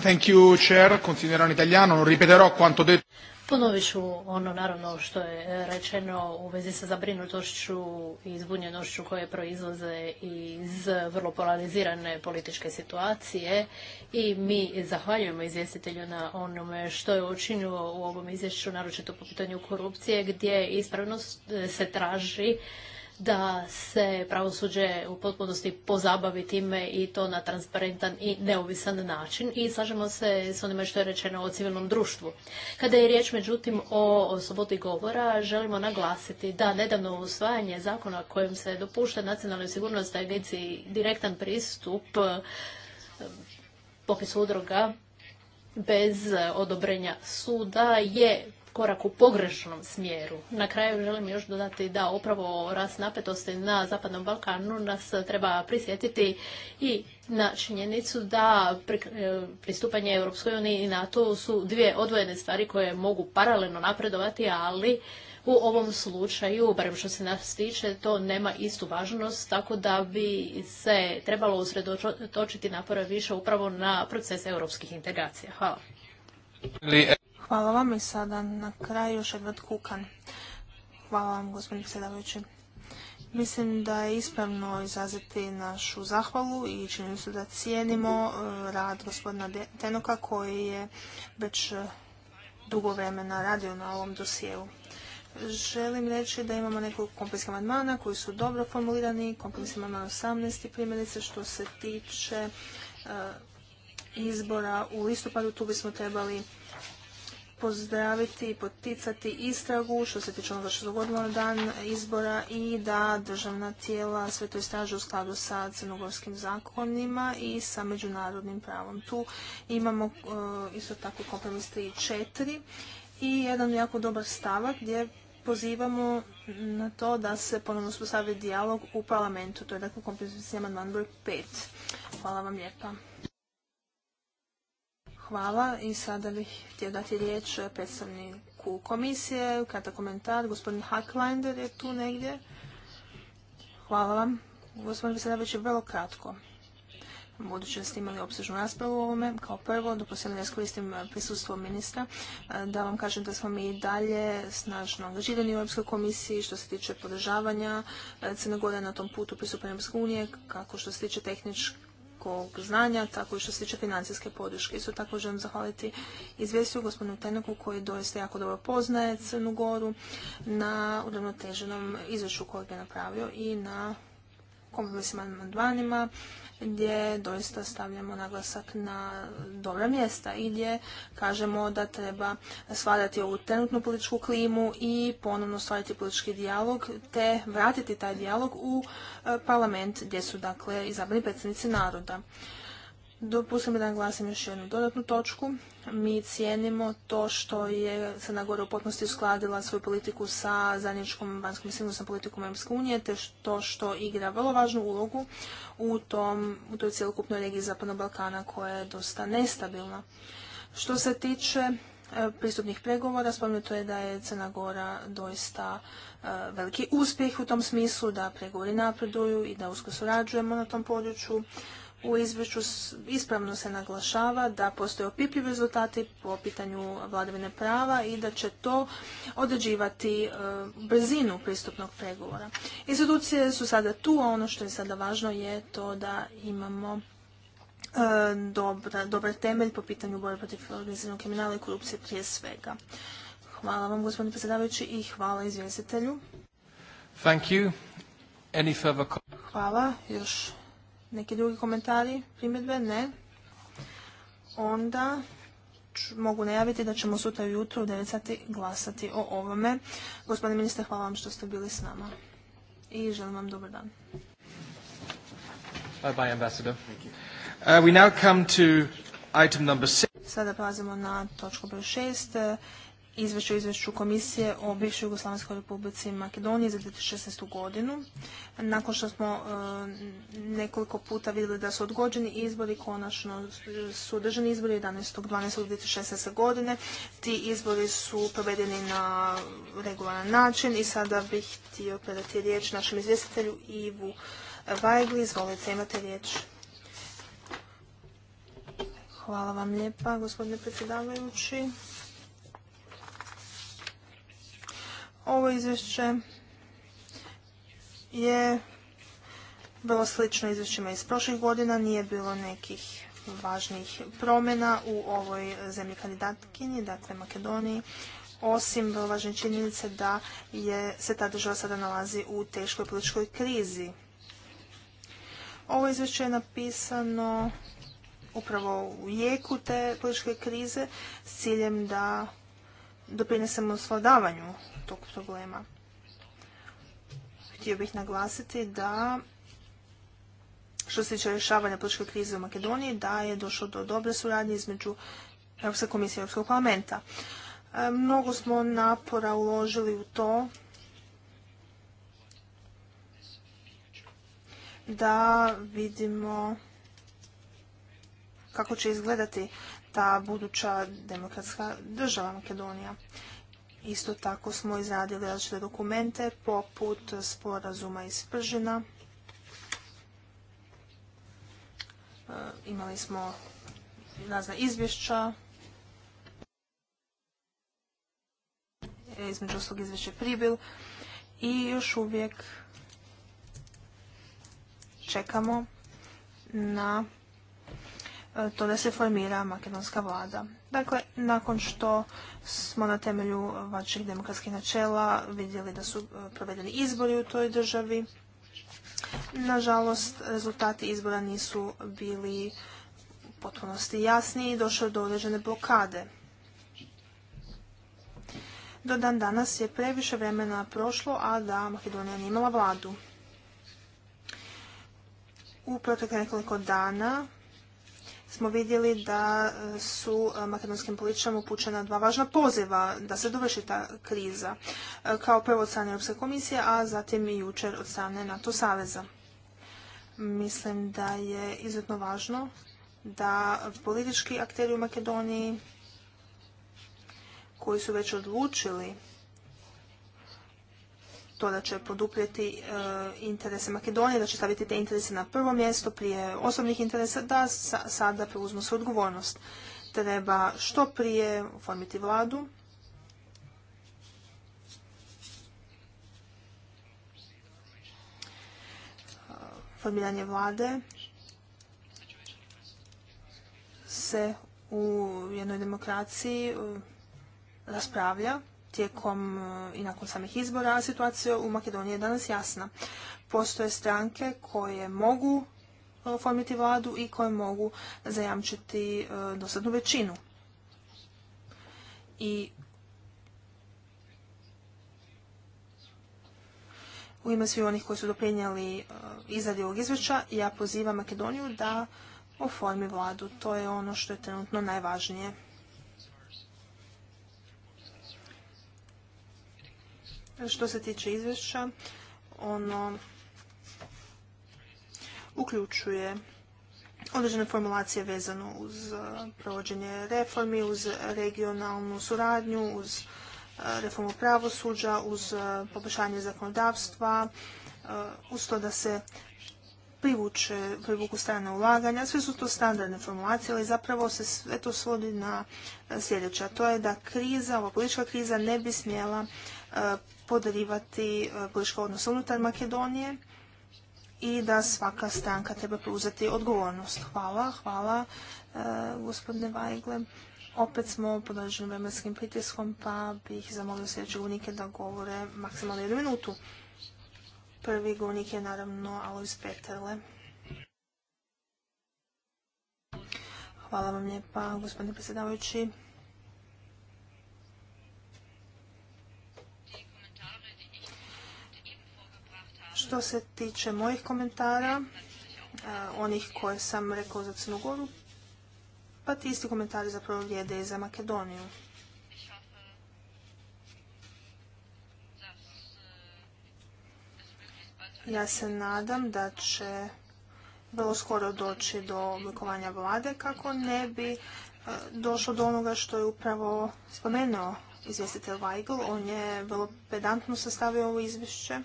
Thank you, chair. Continuerò in italiano, non ripeterò quanto detto. Ponovit ću ono naravno što je e, rečeno u vezi sa zabrinutošću i zbunjenošću koje proizlaze iz vrlo polarizirane političke situacije i mi zahvaljujemo izvjestitelju na onome što je učinio u ovom izvješću, naročito po pitanju korupcije, gdje ispravnost e, se traži da se pravosuđe u potpunosti pozabavi time i to na transparentan i neovisan način i slažemo se s onime što je rečeno o civilnom društvu. Kada je riječ međutim o slobodi govora, želimo naglasiti da nedavno usvajanje zakona kojim se dopušta nacionalnoj sigurnosti agenciji direktan pristup e, popisu udruga bez odobrenja suda je korak u pogrešnom smjeru. Na kraju želim još dodati da upravo rast napetosti na Zapadnom Balkanu nas treba prisjetiti i na činjenicu da e, pristupanje Europskoj uniji i NATO su dvije odvojene stvari koje mogu paralelno napredovati, ali u ovom slučaju, barem što se nas tiče, to nema istu važnost, tako da bi se trebalo usredotočiti napore više upravo na proces europskih integracija. Hvala. Hvala vam i sada na kraju još Edvard Kukan. Hvala vam, gospodine predsjedavajući. Mislim da je ispravno izraziti našu zahvalu i činim se da cijenimo e, rad gospodina Tenoka koji je već e, dugo vremena radio na ovom dosjeu. Želim reći da imamo nekoliko kompleksa amandmana koji su dobro formulirani, kompleks amandman 18. primjerice što se tiče e, izbora u listopadu, tu bismo trebali pozdraviti i poticati istragu što se tiče onoga što se dogodilo na dan izbora i da državna tijela sve to istraže u skladu sa crnogorskim zakonima i sa međunarodnim pravom. Tu imamo e, isto tako kompromis 3 i 4 i jedan jako dobar stavak gdje pozivamo na to da se ponovno uspostavi dijalog u parlamentu. To je dakle kompromis amandman broj 5. Hvala vam lijepa. Hvala i sada bih htio dati riječ predstavniku komisije. Kada komentar, gospodin Hacklinder je tu negdje. Hvala vam. Gospodin predsjedavajući, vrlo kratko. Budući da ste imali obsežnu raspravu o ovome, kao prvo, dopustite da prisustvom iskoristim prisustvo ministra, da vam kažem da smo mi i dalje snažno angažirani u Europskoj komisiji što se tiče podržavanja eh, Crne Gore na tom putu pristupanja Europske unije, kako što se tiče tehničke visokog znanja, tako i što se tiče financijske podrške. Isto tako želim zahvaliti izvijestiju gospodinu Teneku koji doista jako dobro poznaje Crnu Goru na uravnoteženom izvješću kojeg je napravio i na kompromisnim amandmanima gdje doista stavljamo naglasak na dobra mjesta i gdje kažemo da treba stvarati ovu trenutnu političku klimu i ponovno stvarati politički dijalog te vratiti taj dijalog u e, parlament gdje su dakle izabrani predsjednici naroda. Dopustite mi da naglasim još jednu dodatnu točku. Mi cijenimo to što je Crna Gora u potpunosti uskladila svoju politiku sa zajedničkom vanjskom i sigurnosnom politikom Europske unije, te to što igra vrlo važnu ulogu u, tom, u toj cjelokupnoj regiji Zapadnog Balkana koja je dosta nestabilna. Što se tiče e, pristupnih pregovora. Spomenuto je da je Crna Gora doista e, veliki uspjeh u tom smislu, da pregovori napreduju i da usko surađujemo na tom području. U izvješću ispravno se naglašava da postoje opipljivi rezultati po pitanju vladavine prava i da će to određivati e, brzinu pristupnog pregovora. Institucije su sada tu, a ono što je sada važno je to da imamo e, dobar temelj po pitanju borbe protiv organiziranog kriminala i korupcije prije svega. Hvala vam gospodine predsjedavajući i hvala izvjestitelju. Hvala. Još neki drugi komentari, primjedbe? Ne. Onda mogu najaviti da ćemo sutra ujutro u 9 sati glasati o ovome. Gospodine ministre, hvala vam što ste bili s nama. I želim vam dobar dan. Bye bye, ambassador. Sada prazimo na točku broj šest izvješću izvješću Komisije o bivšoj Jugoslavenskoj republici Makedoniji za 2016. godinu. Nakon što smo e, nekoliko puta vidjeli da su odgođeni izbori, konačno su održani izbori 11.12.2016. godine. Ti izbori su provedeni na regularan način i sada bih htio predati riječ našem izvjestitelju Ivu Vajgli. Izvolite, imate riječ. Hvala vam lijepa, gospodine predsjedavajući. Ovo izvješće je vrlo slično izvješćima iz prošlih godina, nije bilo nekih važnih promjena u ovoj zemlji kandidatkinji, dakle Makedoniji, osim vrlo važne činjenice da je, se ta država sada nalazi u teškoj političkoj krizi. Ovo izvješće je napisano upravo u jeku te političke krize s ciljem da doprinesemo svladavanju tog problema. Htio bih naglasiti da što se tiče rješavanja političke krize u Makedoniji, da je došlo do dobre suradnje između Europske komisije i Europskog parlamenta. E, mnogo smo napora uložili u to da vidimo kako će izgledati ta buduća demokratska država Makedonija. Isto tako smo izradili različite dokumente poput sporazuma iz Pržina. E, imali smo nazva izvješća. E, između oslog izvješće pribil. I još uvijek čekamo na E, to da se formira makedonska vlada. Dakle, nakon što smo na temelju vaših demokratskih načela vidjeli da su e, provedeni izbori u toj državi, nažalost, rezultati izbora nisu bili potpunosti jasni i došlo do određene blokade. Do dan danas je previše vremena prošlo, a da Makedonija nije imala vladu. U protekle nekoliko dana smo vidjeli da e, su e, makedonskim političarima upućena dva važna poziva da se dovrši ta kriza, e, kao prvo od strane Europske komisije, a zatim i jučer od strane NATO saveza. Mislim da je izuzetno važno da politički akteri u Makedoniji koji su već odlučili to da će poduprijeti e, interese Makedonije, da će staviti te interese na prvo mjesto prije osobnih interesa, da sada preuzmu se odgovornost. Treba što prije formiti vladu, formiranje vlade se u jednoj demokraciji e, raspravlja tijekom e, i nakon samih izbora, a situacija u Makedoniji je danas jasna. Postoje stranke koje mogu e, formiti vladu i koje mogu zajamčiti e, dosadnu većinu. I u ime svih onih koji su doprinijeli izradi ovog izvješća, ja pozivam Makedoniju da oformi vladu. To je ono što je trenutno najvažnije. Što se tiče izvješća, ono uključuje određene formulacije vezano uz uh, provođenje reformi, uz regionalnu suradnju, uz uh, reformu pravosuđa, uz uh, poboljšanje zakonodavstva, uz to da se privuče, privuku strane ulaganja. Sve su to standardne formulacije, ali zapravo se sve to svodi na sljedeće. To je da kriza, ova politička kriza ne bi smjela podarivati e, političku odnos unutar Makedonije i da svaka stranka treba preuzeti odgovornost. Hvala, hvala e, gospodine Vajgle. Opet smo podrženi vremenskim pritiskom, pa bih zamolio sljedeće govornike da govore maksimalno jednu minutu. Prvi govornik je naravno Alois Peterle. Hvala vam lijepa, gospodine predsjedavajući. Što se tiče mojih komentara, e, onih koje sam rekao za Crnu pa ti isti komentari zapravo vrijede i za Makedoniju. Ja se nadam da će vrlo skoro doći do oblikovanja vlade kako ne bi e, došlo do onoga što je upravo spomenuo izvjestitelj Weigl. On je vrlo pedantno sastavio ovo izvješće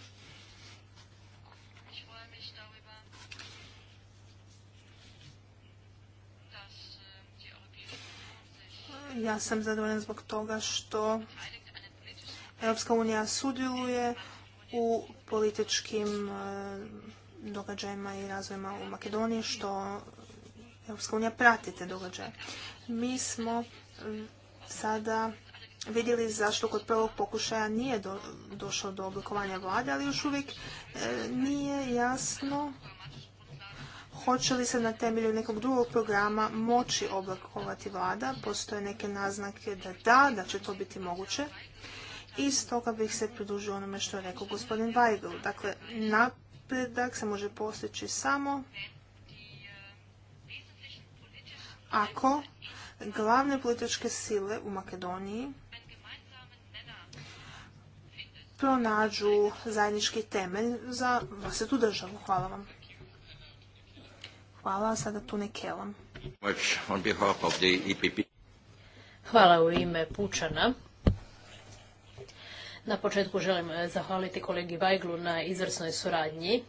Ja sam zadovoljan zbog toga što Europska unija sudjeluje u političkim e, događajima i razvojima u Makedoniji, što Europska unija prati te događaje. Mi smo sada vidjeli zašto kod prvog pokušaja nije došlo do oblikovanja vlade, ali još uvijek e, nije jasno Hoće li se na temelju nekog drugog programa moći oblikovati vlada? Postoje neke naznake da da, da će to biti moguće. I stoga bih se pridružio onome što je rekao gospodin Weigel. Dakle, napredak se može postići samo ako glavne političke sile u Makedoniji pronađu zajednički temelj za vlastitu državu. Hvala vam. Hvala, sada tu ne Hvala u ime Pučana. Na početku želim eh, zahvaliti kolegi Vajglu na izvrsnoj suradnji.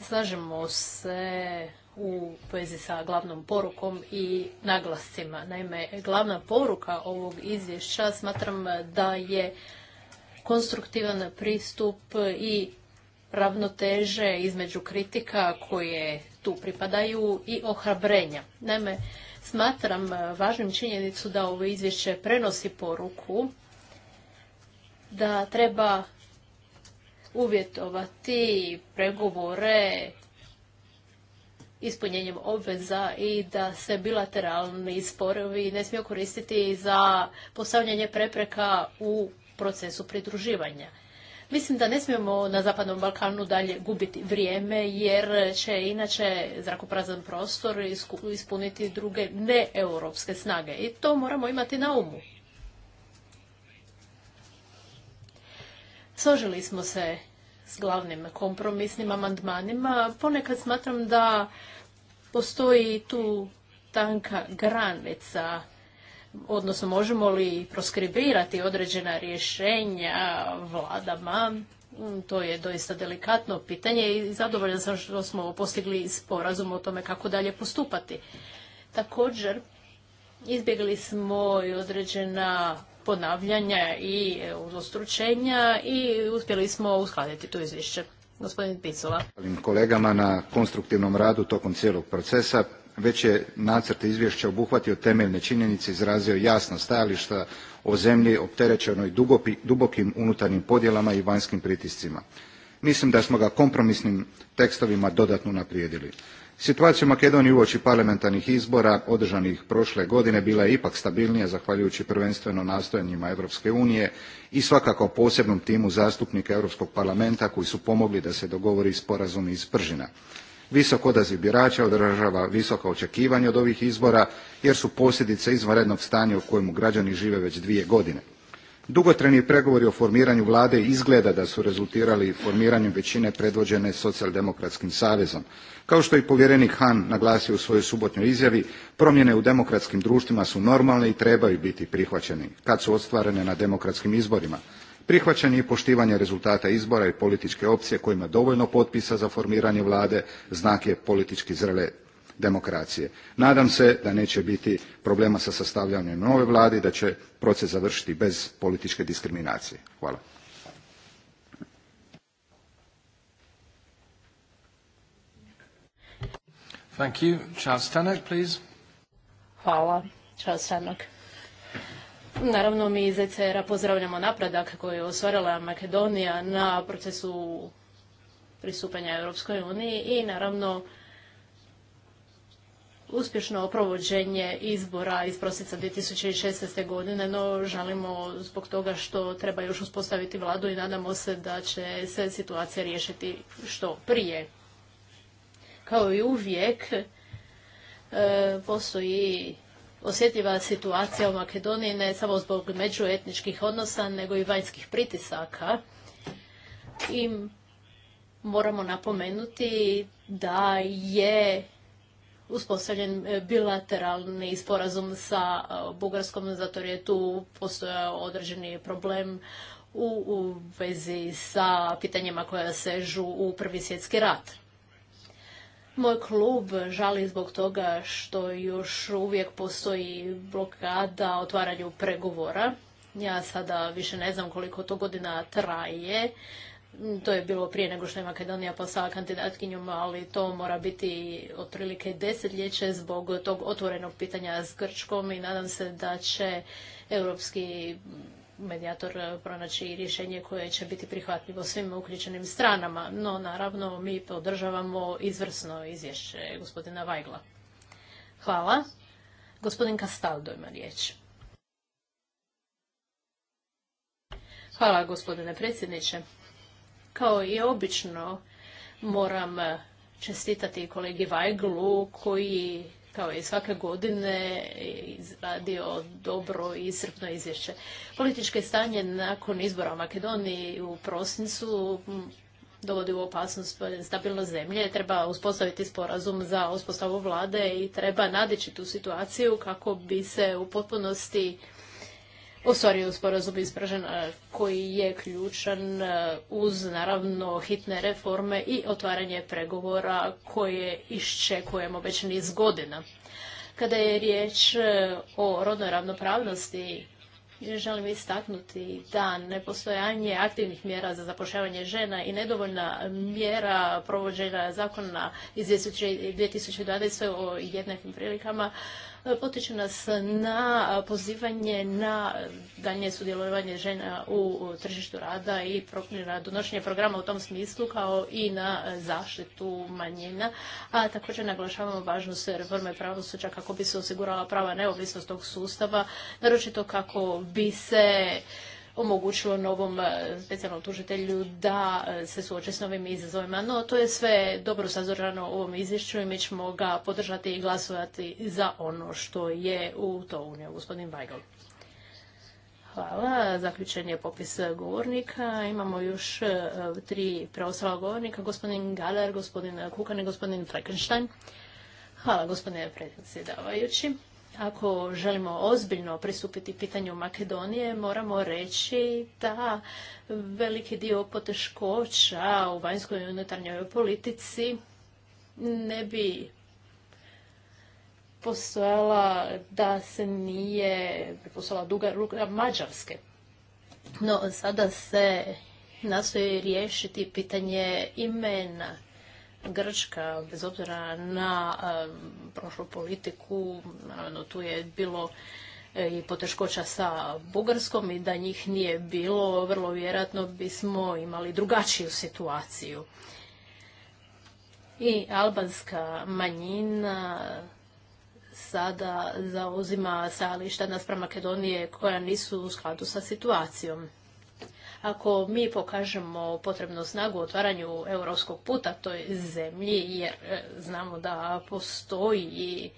Slažemo se u vezi sa glavnom porukom i naglascima. Naime, glavna poruka ovog izvješća smatram da je konstruktivan pristup i ravnoteže između kritika koje tu pripadaju i ohrabrenja. Naime, smatram važnim činjenicu da ovo izvješće prenosi poruku da treba uvjetovati pregovore ispunjenjem obveza i da se bilateralni sporovi ne smiju koristiti za postavljanje prepreka u procesu pridruživanja. Mislim da ne smijemo na Zapadnom Balkanu dalje gubiti vrijeme jer će inače zrakoprazan prostor ispuniti druge neeuropske snage i to moramo imati na umu. Složili smo se s glavnim kompromisnim amandmanima. Ponekad smatram da postoji tu tanka granica odnosno možemo li proskribirati određena rješenja vladama, mm, to je doista delikatno pitanje i zadovoljan sam što smo postigli sporazum o tome kako dalje postupati. Također, izbjegli smo i određena ponavljanja i uzostručenja i uspjeli smo uskladiti to izvješće. Gospodin Picova. Kolegama na konstruktivnom radu tokom cijelog procesa već je nacrt izvješća obuhvatio temeljne činjenice izrazio jasna stajališta o zemlji opterećenoj dubokim unutarnjim podjelama i vanjskim pritiscima. mislim da smo ga kompromisnim tekstovima dodatno unaprijedili. situacija u makedoniji uoči parlamentarnih izbora održanih prošle godine bila je ipak stabilnija zahvaljujući prvenstveno nastojanjima europske unije i svakako posebnom timu zastupnika europskog parlamenta koji su pomogli da se dogovori sporazum iz pržina. Visok odaziv birača odražava visoka očekivanja od ovih izbora jer su posljedice izvanrednog stanja u kojemu građani žive već dvije godine. Dugotrajni pregovori o formiranju vlade izgleda da su rezultirali formiranjem većine predvođene socijaldemokratskim savezom. Kao što je i povjerenik Han naglasio u svojoj subotnjoj izjavi, promjene u demokratskim društvima su normalne i trebaju biti prihvaćene kad su ostvarene na demokratskim izborima prihvaćanje i poštivanje rezultata izbora i političke opcije koja ima dovoljno potpisa za formiranje vlade znak je politički zrele demokracije. nadam se da neće biti problema sa sastavljanjem nove vlade i da će proces završiti bez političke diskriminacije. hvala. Hvala. Naravno, mi iz ECR-a pozdravljamo napredak koji je ostvarila Makedonija na procesu pristupanja Europskoj uniji i naravno uspješno provođenje izbora iz prosinca 2016. godine, no žalimo zbog toga što treba još uspostaviti vladu i nadamo se da će se situacija riješiti što prije. Kao i uvijek, e, postoji osjetljiva situacija u Makedoniji ne samo zbog međuetničkih odnosa, nego i vanjskih pritisaka. I moramo napomenuti da je uspostavljen e, bilateralni sporazum sa e, Bugarskom, zato jer je tu postojao određeni problem u, u vezi sa pitanjima koja sežu u Prvi svjetski rat. Moj klub žali zbog toga što još uvijek postoji blokada otvaranju pregovora. Ja sada više ne znam koliko to godina traje. To je bilo prije nego što je Makedonija postala kandidatkinjom, ali to mora biti otprilike desetljeće zbog tog otvorenog pitanja s Grčkom i nadam se da će europski medijator eh, pronaći rješenje koje će biti prihvatljivo svim uključenim stranama. No, naravno, mi podržavamo izvrsno izvješće gospodina Vajgla. Hvala. Gospodin Kastaldo ima riječ. Hvala gospodine predsjedniče. Kao i obično moram eh, čestitati kolegi Vajglu koji kao i svake godine izradio dobro i srpno izvješće. Političke stanje nakon izbora u Makedoniji u prosincu dovodi u opasnost stabilnost zemlje, treba uspostaviti sporazum za uspostavu vlade i treba nadići tu situaciju kako bi se u potpunosti stvari sporazum iz koji je ključan uz naravno hitne reforme i otvaranje pregovora koje iščekujemo već niz godina. Kada je riječ o rodnoj ravnopravnosti, želim istaknuti da nepostojanje aktivnih mjera za zapošljavanje žena i nedovoljna mjera provođenja zakona iz 2020. o jednakim prilikama potiču nas na pozivanje na dalje sudjelovanje žena u tržištu rada i na donošenje programa u tom smislu kao i na zaštitu manjina. A također naglašavamo važnost reforme pravosuđa kako bi se osigurala prava neovisnost tog sustava, naročito kako bi se omogućilo novom e, specijalnom tužitelju da e, se suoče s novim izazovima. No, to je sve dobro sazorano u ovom izvješću i mi ćemo ga podržati i glasovati za ono što je u to unio gospodin Weigl. Hvala. Zaključen je popis govornika. Imamo još e, tri preostala govornika. Gospodin Galer, gospodin Kukan i gospodin Frankenstein. Hvala gospodine predsjedavajući ako želimo ozbiljno pristupiti pitanju Makedonije, moramo reći da veliki dio poteškoća u vanjskoj i unutarnjoj politici ne bi postojala da se nije postojala duga ruka Mađarske. No, sada se nastoji riješiti pitanje imena Grčka, bez obzira na e, prošlu politiku, naravno tu je bilo e, i poteškoća sa Bugarskom i da njih nije bilo, vrlo vjerojatno bismo imali drugačiju situaciju. I albanska manjina sada zauzima stajališta naspram Makedonije koja nisu u skladu sa situacijom ako mi pokažemo potrebnu snagu otvaranju europskog puta toj zemlji, jer e, znamo da postoji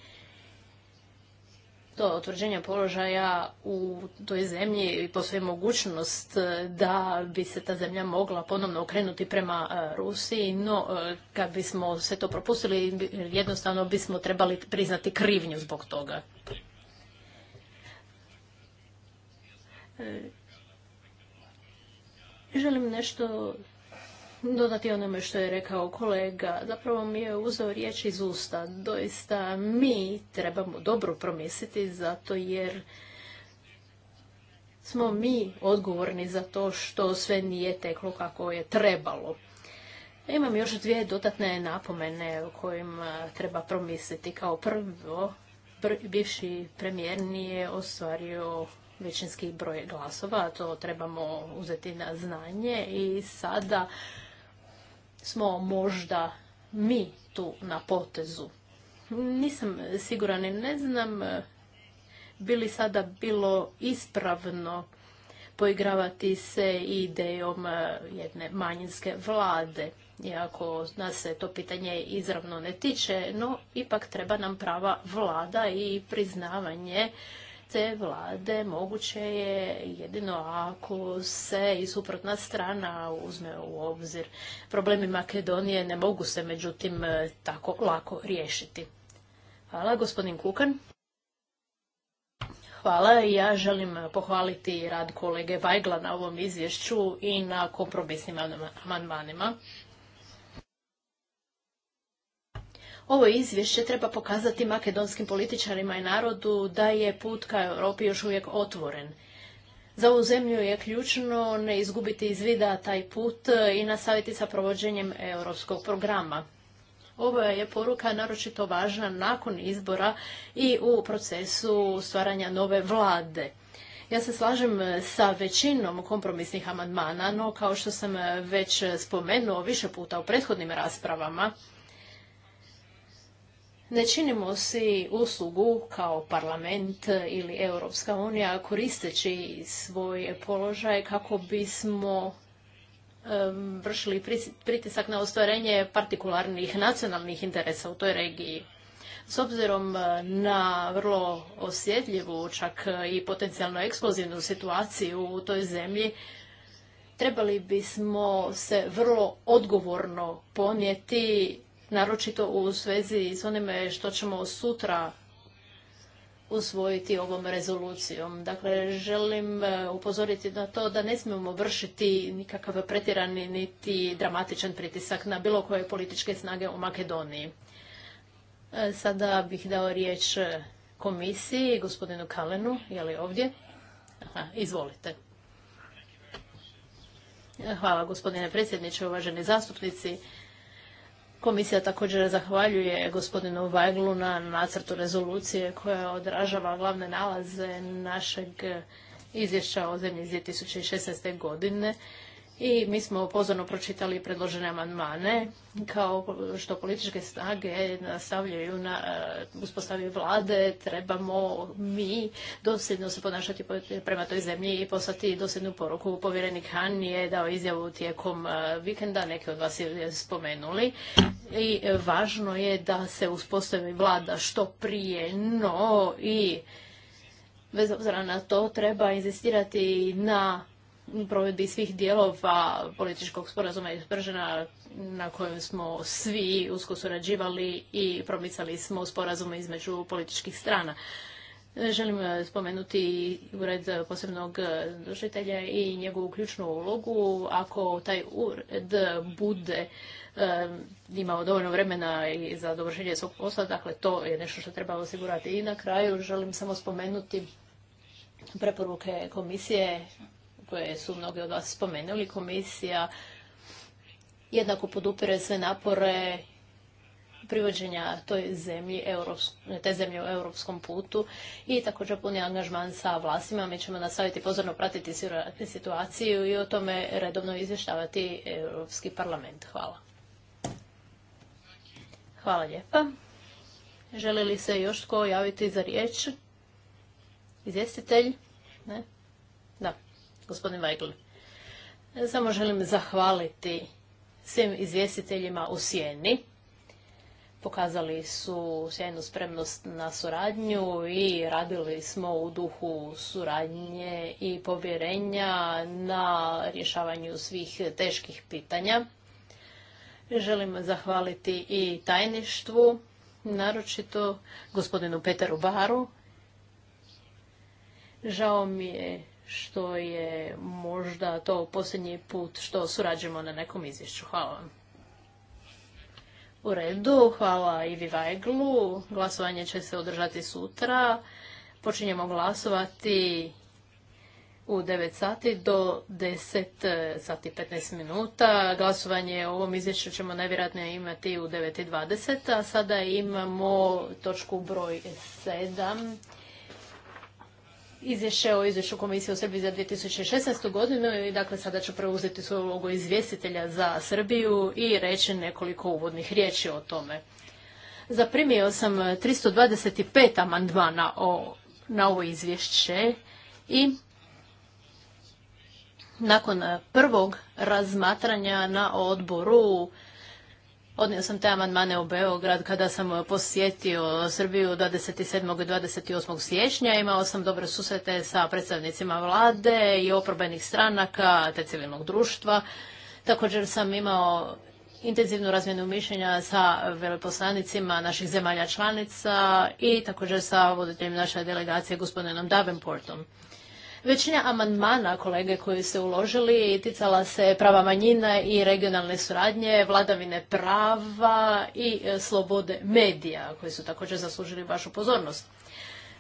to otvrđenje položaja u toj zemlji i postoji mogućnost e, da bi se ta zemlja mogla ponovno okrenuti prema e, Rusiji, no kad bismo sve to propustili, jednostavno bismo trebali priznati krivnju zbog toga. Želim nešto dodati onome što je rekao kolega. Zapravo mi je uzeo riječ iz usta. Doista mi trebamo dobro promisliti zato jer smo mi odgovorni za to što sve nije teklo kako je trebalo. Imam još dvije dodatne napomene o kojima treba promisliti. Kao prvo, bivši premijer nije ostvario većinski broj glasova, to trebamo uzeti na znanje i sada smo možda mi tu na potezu. Nisam siguran i ne znam e, bi li sada bilo ispravno poigravati se idejom e, jedne manjinske vlade. Iako nas se to pitanje izravno ne tiče, no ipak treba nam prava vlada i priznavanje te vlade moguće je jedino ako se i suprotna strana uzme u obzir. Problemi Makedonije ne mogu se međutim e, tako lako riješiti. Hvala, gospodin Kukan. Hvala i ja želim pohvaliti rad kolege Vajgla na ovom izvješću i na kompromisnim amandmanima. Ovo izvješće treba pokazati makedonskim političarima i narodu da je put ka Europi još uvijek otvoren. Za ovu zemlju je ključno ne izgubiti iz vida taj put i nastaviti sa provođenjem europskog programa. Ovo je poruka naročito važna nakon izbora i u procesu stvaranja nove vlade. Ja se slažem sa većinom kompromisnih amandmana, no kao što sam već spomenuo više puta u prethodnim raspravama, ne činimo si uslugu kao parlament ili Europska unija koristeći svoj položaj kako bismo vršili pritisak na ostvarenje partikularnih nacionalnih interesa u toj regiji. S obzirom e, na vrlo osjetljivu, čak i potencijalno eksplozivnu situaciju u toj zemlji, trebali bismo se vrlo odgovorno ponijeti naročito u svezi s onime što ćemo sutra usvojiti ovom rezolucijom. Dakle, želim e, upozoriti na to da ne smijemo vršiti nikakav pretjerani niti dramatičan pritisak na bilo koje političke snage u Makedoniji. E, sada bih dao riječ komisiji, gospodinu Kalenu, je li ovdje? Aha, izvolite. E, hvala gospodine predsjedniče, uvaženi zastupnici. Komisija također zahvaljuje gospodinu Vajglu na nacrtu rezolucije koja odražava glavne nalaze našeg izvješća o zemlji iz 2016. godine i mi smo pozorno pročitali predložene amandmane kao što političke snage nastavljaju na uspostavi vlade, trebamo mi dosljedno se ponašati prema toj zemlji i poslati dosljednu poruku. Povjerenik Han je dao izjavu tijekom e, vikenda, neki od vas je spomenuli i važno je da se uspostavi vlada što prije, no i bez obzira na to treba inzistirati na provedbi svih dijelova političkog sporazuma iz Bržena na kojem smo svi usko surađivali i promicali smo sporazume između političkih strana. Želim e, spomenuti ured posebnog dužitelja i njegovu ključnu ulogu. Ako taj ured bude e, imao dovoljno vremena i za dovršenje svog posla, dakle to je nešto što treba osigurati. I na kraju želim samo spomenuti preporuke komisije koje su mnogi od vas spomenuli, komisija jednako podupire sve napore privođenja toj zemlji, te zemlje u europskom putu i također puni angažman sa vlastima. Mi ćemo nastaviti pozorno pratiti situaciju i o tome redovno izvještavati Europski parlament. Hvala. Hvala lijepa. Želi li se još tko javiti za riječ? Izvjestitelj? Ne? gospodin Weigl. Samo želim zahvaliti svim izvjestiteljima u Sjeni. Pokazali su sjajnu spremnost na suradnju i radili smo u duhu suradnje i povjerenja na rješavanju svih teških pitanja. Želim zahvaliti i tajništvu, naročito gospodinu Peteru Baru. Žao mi je što je možda to posljednji put što surađujemo na nekom izvješću. Hvala vam. U redu, hvala Ivi Vajglu. Glasovanje će se održati sutra. Počinjemo glasovati u 9 sati do 10 sati 15 minuta. Glasovanje o ovom izvješću ćemo najvjerojatnije imati u 9.20, a sada imamo točku broj 7 izvješće o izvješću Komisije o Srbiji za 2016. godinu i dakle sada ću preuzeti svoju ulogu izvjestitelja za Srbiju i reći nekoliko uvodnih riječi o tome. Zaprimio sam 325 amandmana na ovo izvješće i nakon prvog razmatranja na odboru Odnio sam te amandmane u Beograd kada sam e, posjetio Srbiju 27. i 28. siječnja. Imao sam dobre susrete sa predstavnicima vlade i oprobenih stranaka te civilnog društva. Također sam imao intenzivnu razmjenu mišljenja sa veleposlanicima naših zemalja članica i također sa voditeljem naše delegacije gospodinom Davenportom. Većina amandmana kolege koji ste uložili ticala se prava manjina i regionalne suradnje, vladavine prava i e, slobode medija koji su također zaslužili vašu pozornost.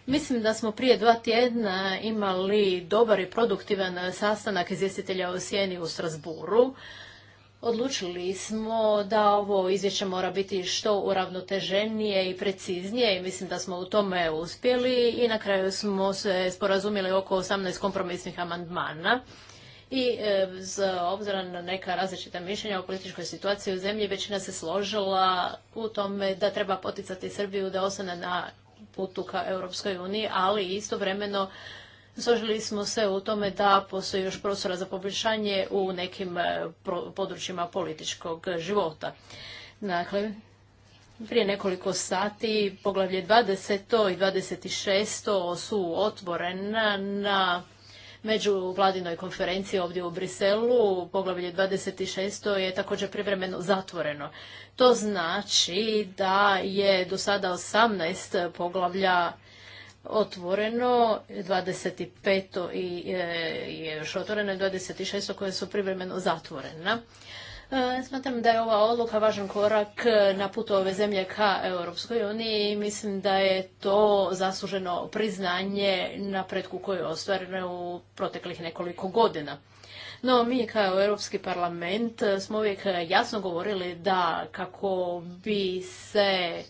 Mislim da smo prije dva tjedna imali dobar i produktivan sastanak izvjestitelja o sjeni u Strasburu, Odlučili smo da ovo izvješće mora biti što uravnoteženije i preciznije i mislim da smo u tome uspjeli i na kraju smo se sporazumili oko 18 kompromisnih amandmana. I e, s obzirom na neka različita mišljenja o političkoj situaciji u zemlji, većina se složila u tome da treba poticati Srbiju da ostane na putu ka Europskoj uniji, ali istovremeno Složili smo se u tome da postoji još prostora za poboljšanje u nekim e, područjima političkog života. Dakle, prije nekoliko sati poglavlje 20. i 26. su otvorena na međuvladinoj konferenciji ovdje u Briselu. Poglavlje 26. je također privremeno zatvoreno. To znači da je do sada 18 poglavlja otvoreno 25. i e, je još otvoreno 26. koje su privremeno zatvorena. E, smatram da je ova odluka važan korak na putu ove zemlje ka Europskoj uniji i mislim da je to zasluženo priznanje napretku koje je ostvareno u proteklih nekoliko godina. No, mi kao Europski parlament smo uvijek jasno govorili da kako bi se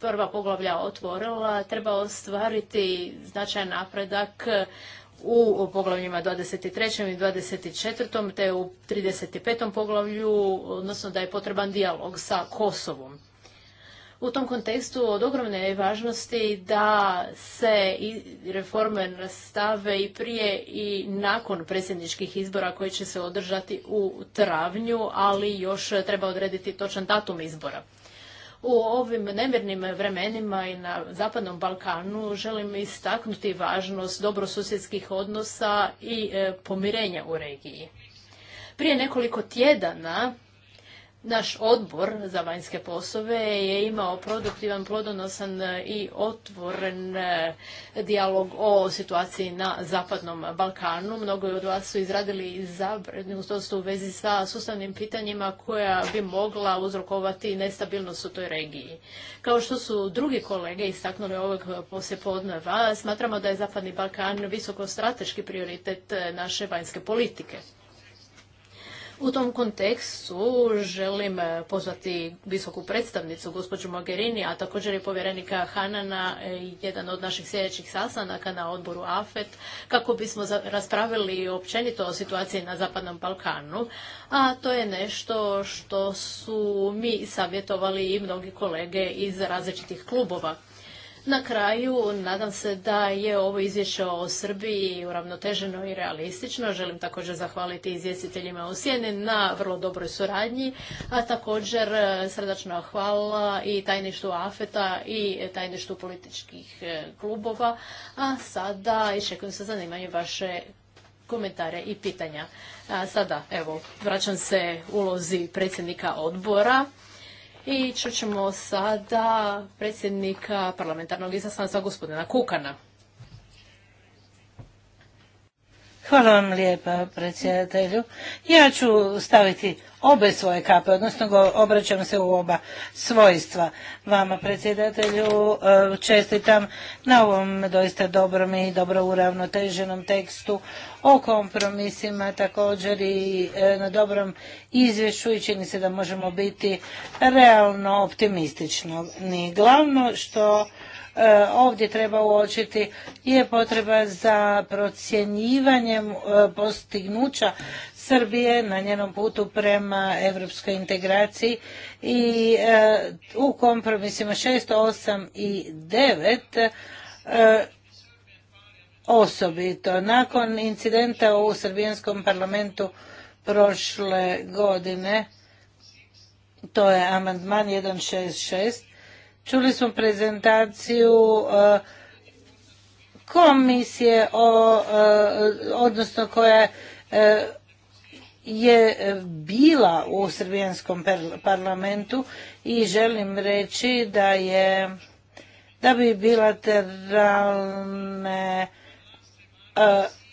prva poglavlja otvorila, treba ostvariti značajan napredak u poglavljima 23. i 24. te u 35. poglavlju, odnosno da je potreban dijalog sa Kosovom. U tom kontekstu od ogromne je važnosti da se reforme nastave i prije i nakon predsjedničkih izbora koji će se održati u travnju, ali još treba odrediti točan datum izbora. U ovim nemirnim vremenima i na Zapadnom Balkanu želim istaknuti važnost dobrosusjedskih odnosa i e, pomirenja u regiji. Prije nekoliko tjedana naš odbor za vanjske poslove je imao produktivan, plodonosan i otvoren eh, dijalog o situaciji na Zapadnom Balkanu. Mnogo od vas su izradili zabrednost u vezi sa sustavnim pitanjima koja bi mogla uzrokovati nestabilnost u toj regiji. Kao što su drugi kolege istaknuli ovog poslijepodneva, smatramo da je Zapadni Balkan visoko strateški prioritet eh, naše vanjske politike. U tom kontekstu želim eh, pozvati visoku predstavnicu gospođu Mogherini, a također i povjerenika Hanana, eh, jedan od naših sljedećih sastanaka na odboru AFET, kako bismo raspravili općenito o situaciji na Zapadnom Balkanu, a to je nešto što su mi savjetovali i mnogi kolege iz različitih klubova. Na kraju, nadam se da je ovo izvješće o Srbiji uravnoteženo i realistično. Želim također zahvaliti izvjestiteljima u Sjeni na vrlo dobroj suradnji, a također e, srdačno hvala i tajništu AFETA i tajništu političkih e, klubova. A sada iščekujem se zanimanjem vaše komentare i pitanja. sada, evo, vraćam se ulozi predsjednika odbora. I čućemo sada predsjednika parlamentarnog izaslanstva gospodina Kukana. Hvala vam lijepa, predsjedatelju. Ja ću staviti obe svoje kape, odnosno obraćam se u oba svojstva. Vama, predsjedatelju, e, čestitam na ovom doista dobrom i dobro uravnoteženom tekstu o kompromisima, također i e, na dobrom izvješću i čini se da možemo biti realno optimistično. Ni glavno što E, ovdje treba uočiti je potreba za procjenjivanjem e, postignuća Srbije na njenom putu prema europskoj integraciji i e, u kompromisima 6, 8 i 9 osobito. Nakon incidenta u srbijanskom parlamentu prošle godine, to je amandman 166, Čuli smo prezentaciju e, komisije o, e, odnosno koja e, je bila u srbijanskom parlamentu i želim reći da je da bi bilateralne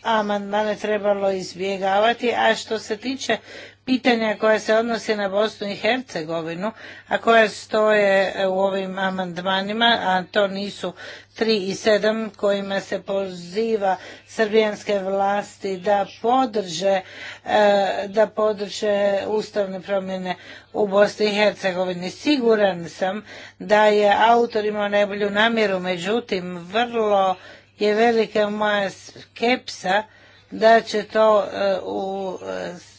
amandmane trebalo izbjegavati, a što se tiče pitanja koja se odnose na Bosnu i Hercegovinu, a koja stoje u ovim amandmanima, a to nisu 3 i 7 kojima se poziva srbijanske vlasti da podrže, e, da podrže ustavne promjene u Bosni i Hercegovini. Siguran sam da je autor imao najbolju namjeru, međutim vrlo je velika moja skepsa da će to e, u e,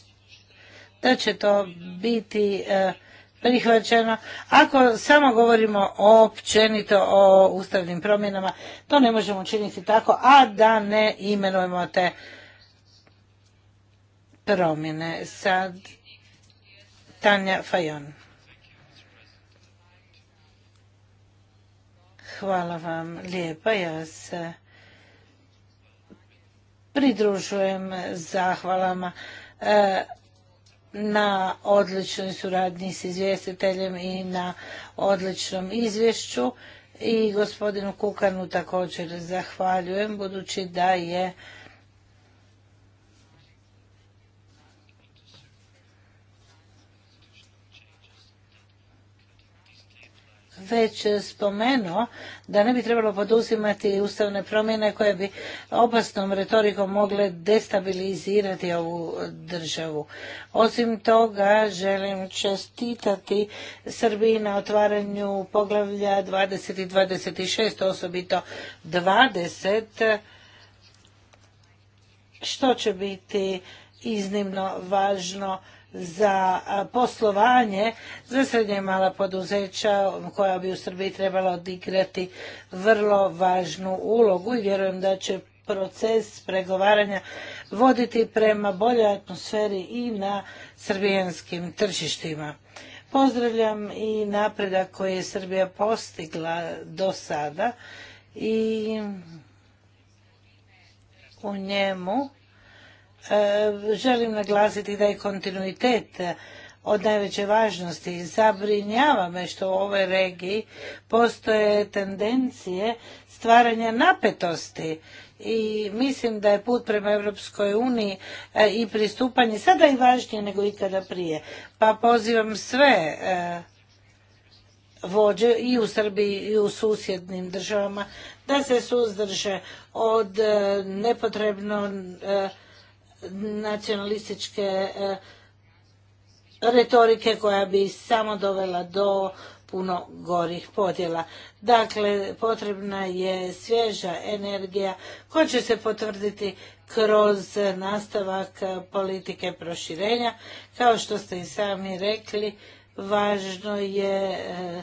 da će to biti e, prihvaćeno. Ako samo govorimo općenito o ustavnim promjenama, to ne možemo činiti tako, a da ne imenujemo te promjene. Sad Tanja Fajon. Hvala vam lijepa. Ja se pridružujem zahvalama e, na odličnoj suradnji s izvjestiteljem i na odličnom izvješću i gospodinu Kukanu također zahvaljujem budući da je već spomenuo da ne bi trebalo poduzimati ustavne promjene koje bi opasnom retorikom mogle destabilizirati ovu državu. Osim toga želim čestitati Srbiji na otvaranju poglavlja 20 i 26, osobito 20, što će biti iznimno važno za poslovanje za srednje mala poduzeća koja bi u Srbiji trebala odigrati vrlo važnu ulogu i vjerujem da će proces pregovaranja voditi prema boljoj atmosferi i na srbijanskim tržištima. Pozdravljam i napredak koji je Srbija postigla do sada i u njemu E, želim naglasiti da je kontinuitet od najveće važnosti. Zabrinjava me što u ovoj regiji postoje tendencije stvaranja napetosti i mislim da je put prema Europskoj uniji e, i pristupanje sada i važnije nego ikada prije. Pa pozivam sve e, vođe i u Srbiji i u susjednim državama da se suzdrže od nepotrebno nacionalističke eh, retorike koja bi samo dovela do puno gorih podjela. Dakle, potrebna je svježa energija koja će se potvrditi kroz nastavak politike proširenja. Kao što ste i sami rekli, važno je eh,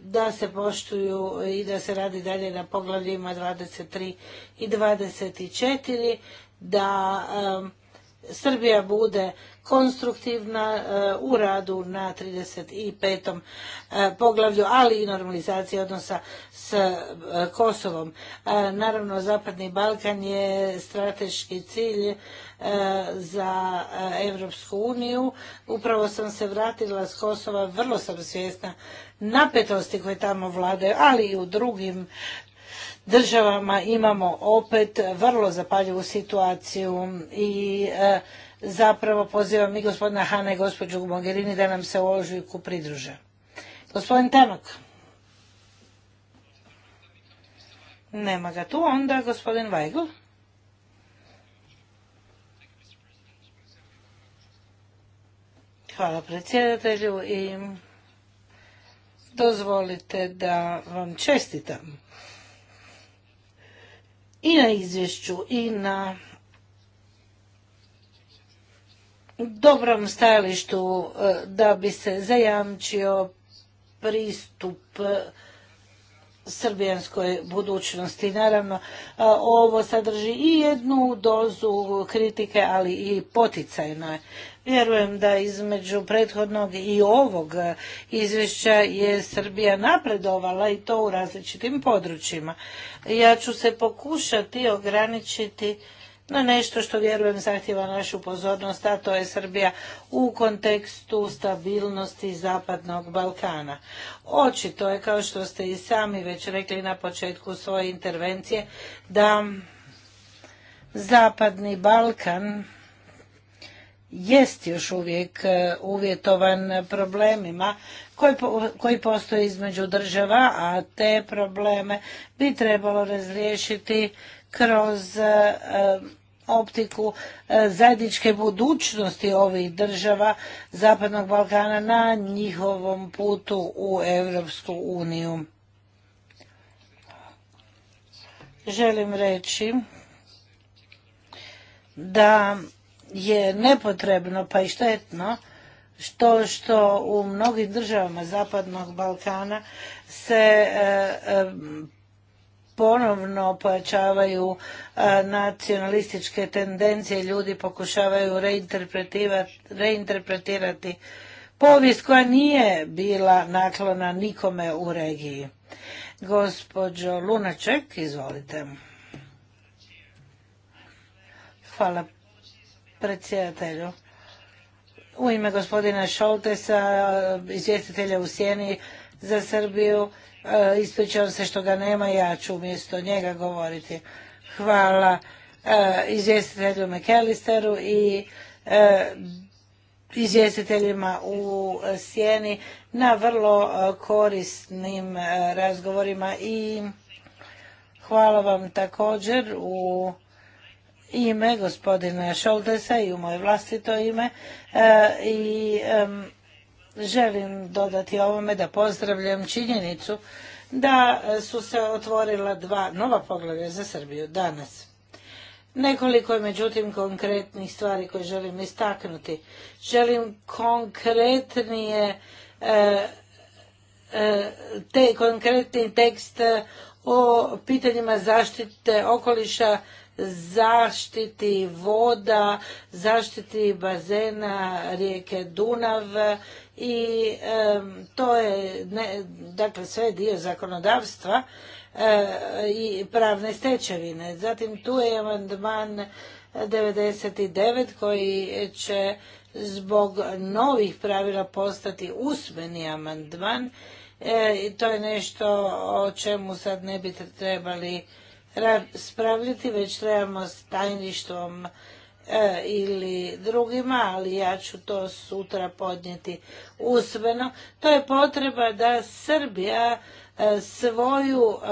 da se poštuju i da se radi dalje na poglavljima 23 i 24 da Srbija bude konstruktivna eh, u radu na 35. Eh, poglavlju, ali i normalizacija odnosa s eh, Kosovom. Naravno, Zapadni Balkan je strateški cilj za Evropsku uniju. Upravo sam se vratila s Kosova, vrlo sam svjesna napetosti koje tamo vladaju, ali i u drugim državama imamo opet vrlo zapaljivu situaciju i e, zapravo pozivam i gospodina hane i gospođu Mogherini da nam se u ožujku pridruže. Gospodin Tanok. Nema ga tu, onda gospodin Weigl. Hvala predsjedatelju i dozvolite da vam čestitam i na izvješću i na dobrom stajalištu e, da bi se zajamčio pristup e, srbijanskoj budućnosti. Naravno, e, ovo sadrži i jednu dozu kritike, ali i poticajno Vjerujem da između prethodnog i ovog izvješća je Srbija napredovala i to u različitim područjima. Ja ću se pokušati ograničiti na nešto što vjerujem zahtjeva našu pozornost, a to je Srbija u kontekstu stabilnosti Zapadnog Balkana. Očito je, kao što ste i sami već rekli na početku svoje intervencije, da Zapadni Balkan jest još uvijek e, uvjetovan problemima koji, postoje između država, a te probleme bi trebalo razriješiti kroz e, e, optiku zajedničke budućnosti ovih država Zapadnog Balkana na njihovom putu u Europsku uniju. Želim reći da je nepotrebno pa i štetno što što u mnogim državama zapadnog Balkana se e, e, ponovno pojačavaju e, nacionalističke tendencije, ljudi pokušavaju reinterpretirati povijest koja nije bila naklona nikome u regiji. Gospođo Lunaček, izvolite. Hvala predsjedatelju. U ime gospodina Šoltesa, izvjestitelja u Sjeni za Srbiju, e, ispričavam se što ga nema, ja ću umjesto njega govoriti. Hvala e, izvjestitelju McAllisteru i e, izvjestiteljima u Sjeni na vrlo korisnim razgovorima i hvala vam također u ime gospodina Šoldesa i u moje vlastito ime e, i želim dodati ovome da pozdravljam činjenicu da su se otvorila dva nova poglavlja za Srbiju danas. Nekoliko je međutim konkretnih stvari koje želim istaknuti. Želim konkretnije e, e, te, konkretni tekst o pitanjima zaštite okoliša zaštiti voda, zaštiti bazena rijeke Dunav i to je dakle sve dio zakonodavstva eh, i pravne stečevine. Zatim tu je amandman 99 koji će zbog novih pravila postati usmeni amandman eh, i to je nešto o čemu sad ne bi trebali raspravljati, već trebamo s tajništvom e, ili drugima, ali ja ću to sutra podnijeti usmeno To je potreba da Srbija e, svoju e,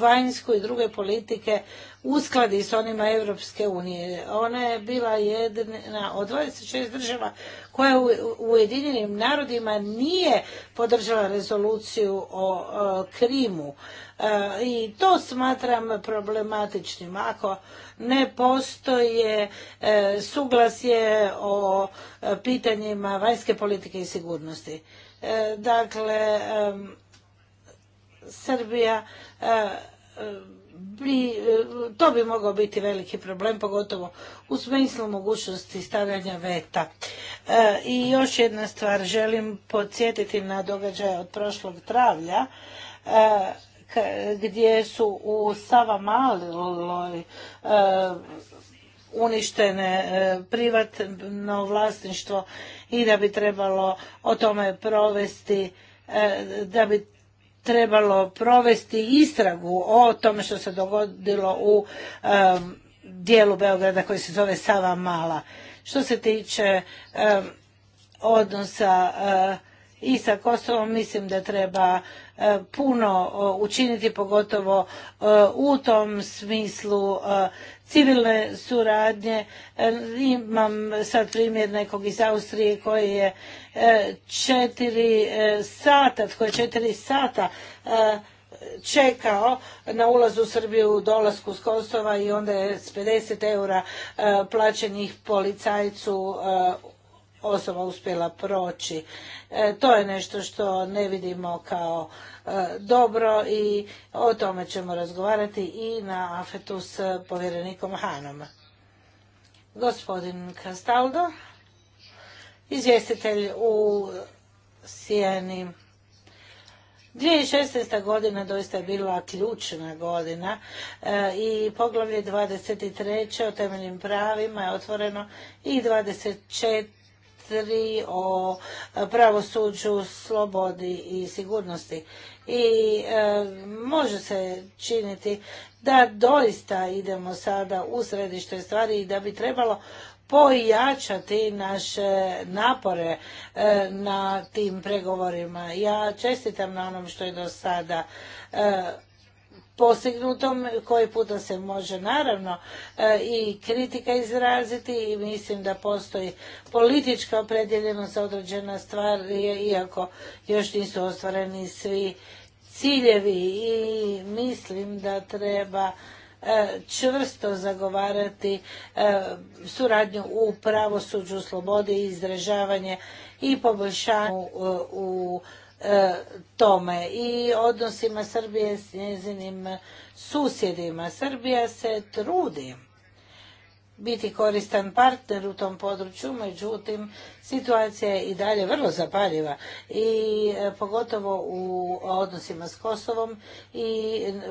vanjsku i druge politike uskladi s onima Europske unije. Ona je bila jedna od 26 država koja u Ujedinjenim narodima nije podržala rezoluciju o Krimu. E, I to smatram problematičnim. Ako ne postoje e, suglasje o e, pitanjima vanjske politike i sigurnosti. Dakle, Srbija bi, e, to bi mogao biti veliki problem, pogotovo u smislu mogućnosti stavljanja veta. E, I još jedna stvar, želim podsjetiti na događaje od prošlog travlja, e, gdje su u Sava Maliloj e, uništene privatno vlasništvo i da bi trebalo o tome provesti da bi trebalo provesti istragu o tome što se dogodilo u dijelu Beograda koji se zove Sava Mala. Što se tiče odnosa eh, i sa Kosovom mislim da treba eh, puno eh, učiniti, pogotovo u tom smislu civilne suradnje. E, imam sad primjer nekog iz Austrije koji je e, četiri e, sata, tko je četiri sata čekao na ulazu u Srbiju u dolasku s Kosova i onda je s 50 eura plaćenih policajcu osoba uspjela proći. E, to je nešto što ne vidimo kao e, dobro i o tome ćemo razgovarati i na afetu s povjerenikom Hanom. Gospodin Kastaldo, izvjestitelj u Sijeni. 2016. godina doista je bila ključna godina e, i poglavlje 23. o temeljnim pravima je otvoreno i 24 o pravosuđu, slobodi i sigurnosti. I e, može se činiti da doista idemo sada u središte stvari i da bi trebalo pojačati naše napore e, na tim pregovorima. Ja čestitam na onom što je do sada e, postignutom koji puta se može naravno e, i kritika izraziti i mislim da postoji politička opredjeljenost za određena stvar iako još nisu ostvareni svi ciljevi i mislim da treba e, čvrsto zagovarati e, suradnju u pravosuđu, slobodi i izražavanje i poboljšanju u E, tome i odnosima Srbije s njezinim susjedima. Srbija se trudi biti koristan partner u tom području, međutim situacija je i dalje vrlo zapaljiva i e, pogotovo u odnosima s Kosovom i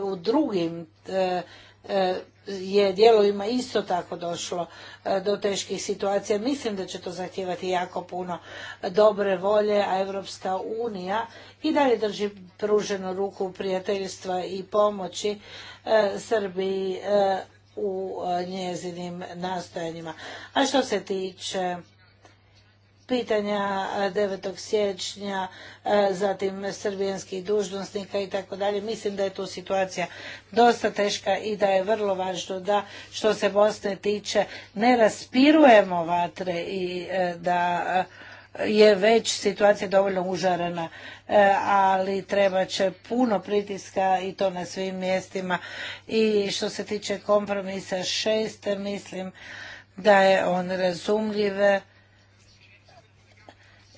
u drugim e, Eh, je dijelovima isto tako došlo eh, do teških situacija. Mislim da će to zahtijevati jako puno dobre volje, a Evropska unija i dalje drži pruženu ruku prijateljstva i pomoći eh, Srbiji u njezinim nastojanjima. A što se tiče pitanja 9. siječnja, zatim srbijanskih dužnosnika i tako dalje. Mislim da je tu situacija dosta teška i da je vrlo važno da što se Bosne tiče ne raspirujemo vatre i e, da je već situacija dovoljno užarana, e, ali treba će puno pritiska i to na svim mjestima. I što se tiče kompromisa šest, mislim da je on razumljiv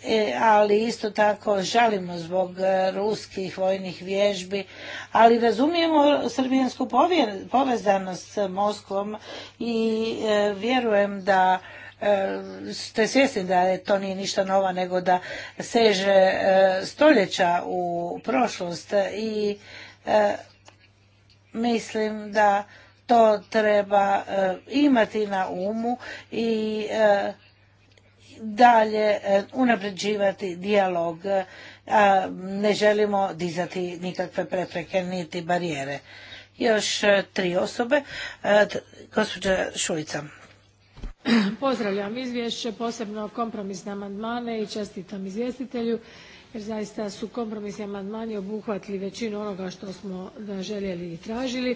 E, ali isto tako žalimo zbog e, ruskih vojnih vježbi, ali razumijemo srbijansku povezanost s Moskvom i e, vjerujem da ste svjesni da to nije ništa nova nego da seže stoljeća u prošlost i mislim da to treba imati na umu i dalje e, unapređivati dijalog. E, ne želimo dizati nikakve prepreke niti barijere. Još e, tri osobe. Gospođa Šulica. Pozdravljam izvješće, posebno kompromisne amandmane i čestitam izvjestitelju jer zaista su kompromisni amandmani obuhvatili većinu onoga što smo željeli i tražili.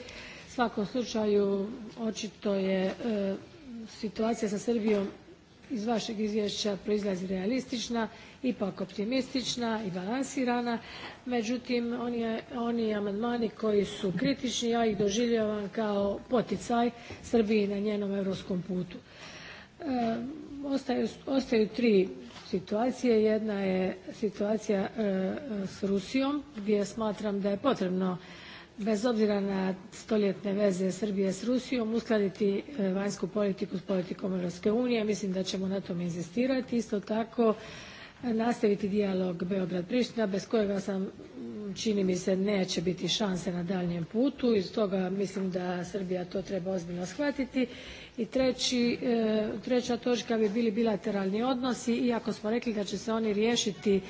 U svakom slučaju očito je situacija sa Srbijom iz vašeg izvješća proizlazi realistična ipak optimistična i balansirana međutim oni amandmani koji su kritični ja ih doživljavam kao poticaj srbiji na njenom europskom putu. E, ostaju, ostaju tri situacije jedna je situacija e, s rusijom gdje smatram da je potrebno bez obzira na stoljetne veze Srbije s Rusijom uskladiti e, vanjsku politiku s politikom Europske unije. Mislim da ćemo na tome inzistirati. Isto tako e, nastaviti dijalog Beograd Priština bez kojega sam čini mi se neće biti šanse na daljnjem putu i stoga mislim da Srbija to treba ozbiljno shvatiti. I treći, e, treća točka bi bili bilateralni odnosi iako smo rekli da će se oni riješiti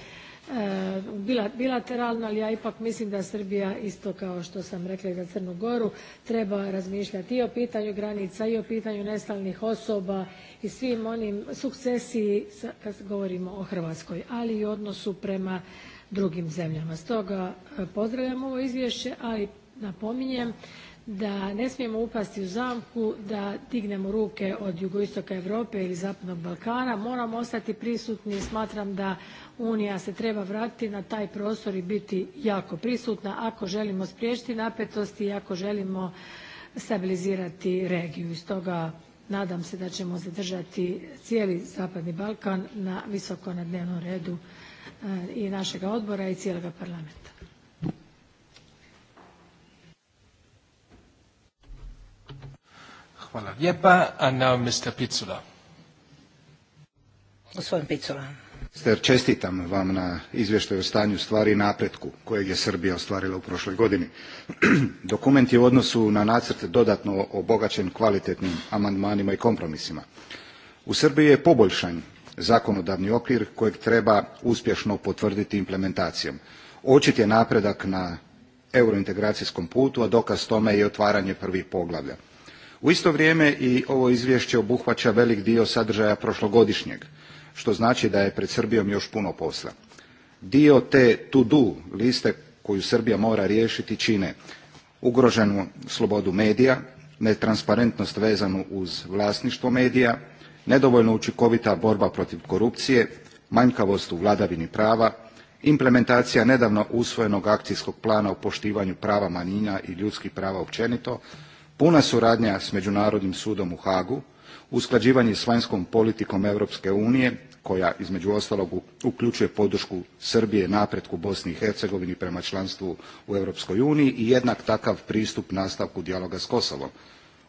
E, bilateralno, ali ja ipak mislim da Srbija isto kao što sam rekla i za Crnu Goru treba razmišljati i o pitanju granica i o pitanju nestalnih osoba i svim onim sukcesiji kad govorimo o Hrvatskoj, ali i odnosu prema drugim zemljama. Stoga e, pozdravljam ovo izvješće, ali napominjem da ne smijemo upasti u zamku da dignemo ruke od jugoistoka Europe ili zapadnog Balkana. Moramo ostati prisutni i smatram da unija se treba vratiti na taj prostor i biti jako prisutna ako želimo spriječiti napetosti i ako želimo stabilizirati regiju i stoga nadam se da ćemo zadržati cijeli zapadni balkan na visoko na dnevnom redu eh, i našega odbora i cijeloga parlamenta Hvala lijepa. Picula. Ster, čestitam vam na izvještaju o stanju stvari i napretku kojeg je Srbija ostvarila u prošloj godini. Dokument je u odnosu na nacrt dodatno obogaćen kvalitetnim amandmanima i kompromisima. U Srbiji je poboljšan zakonodavni okvir kojeg treba uspješno potvrditi implementacijom. Očit je napredak na eurointegracijskom putu, a dokaz tome je otvaranje prvih poglavlja. U isto vrijeme i ovo izvješće obuhvaća velik dio sadržaja prošlogodišnjeg što znači da je pred Srbijom još puno posla. Dio te to do liste koju Srbija mora riješiti čine ugroženu slobodu medija, netransparentnost vezanu uz vlasništvo medija, nedovoljno učinkovita borba protiv korupcije, manjkavost u vladavini prava, implementacija nedavno usvojenog akcijskog plana o poštivanju prava manjina i ljudskih prava općenito, puna suradnja s Međunarodnim sudom u Hagu, usklađivanje s vanjskom politikom Europske unije koja između ostalog uključuje podršku Srbije napretku Bosni i Hercegovini prema članstvu u Europskoj uniji i jednak takav pristup nastavku dijaloga s Kosovom.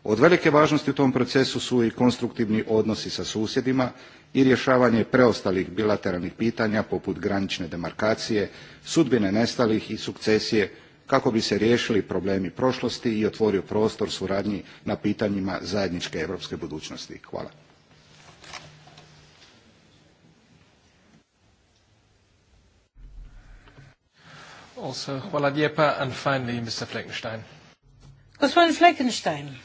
Od velike važnosti u tom procesu su i konstruktivni odnosi sa susjedima i rješavanje preostalih bilateralnih pitanja poput granične demarkacije, sudbine nestalih i sukcesije kako bi se riješili problemi prošlosti i otvorio prostor suradnji na pitanjima zajedničke europske budućnosti. Hvala. hvala lijepa. Gospodin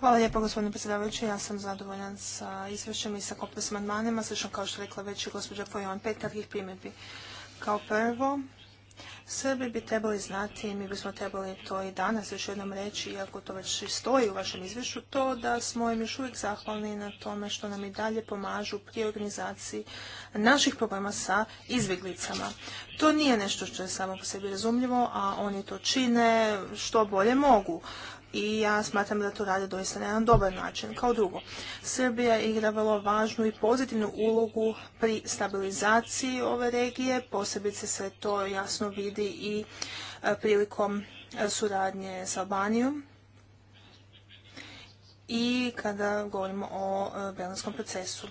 Hvala lijepa gospodine predsjedavajući. Ja sam zadovoljan sa izvješćem i sa s amandmanima, slično kao što rekla već i gospođa Pojon, pet kratkih primjedbi. Kao prvo, Srbi bi trebali znati mi bismo trebali to i danas još jednom reći, iako to već stoji u vašem izvješću, to da smo im još uvijek zahvalni na tome što nam i dalje pomažu pri organizaciji naših problema sa izbjeglicama. To nije nešto što je samo po sebi razumljivo, a oni to čine što bolje mogu i ja smatram da to rade doista na jedan dobar način. Kao drugo, Srbija igra vrlo važnu i pozitivnu ulogu pri stabilizaciji ove regije, posebice se to jasno vidi i e, prilikom e, suradnje s Albanijom i kada govorimo o e, belanskom procesu.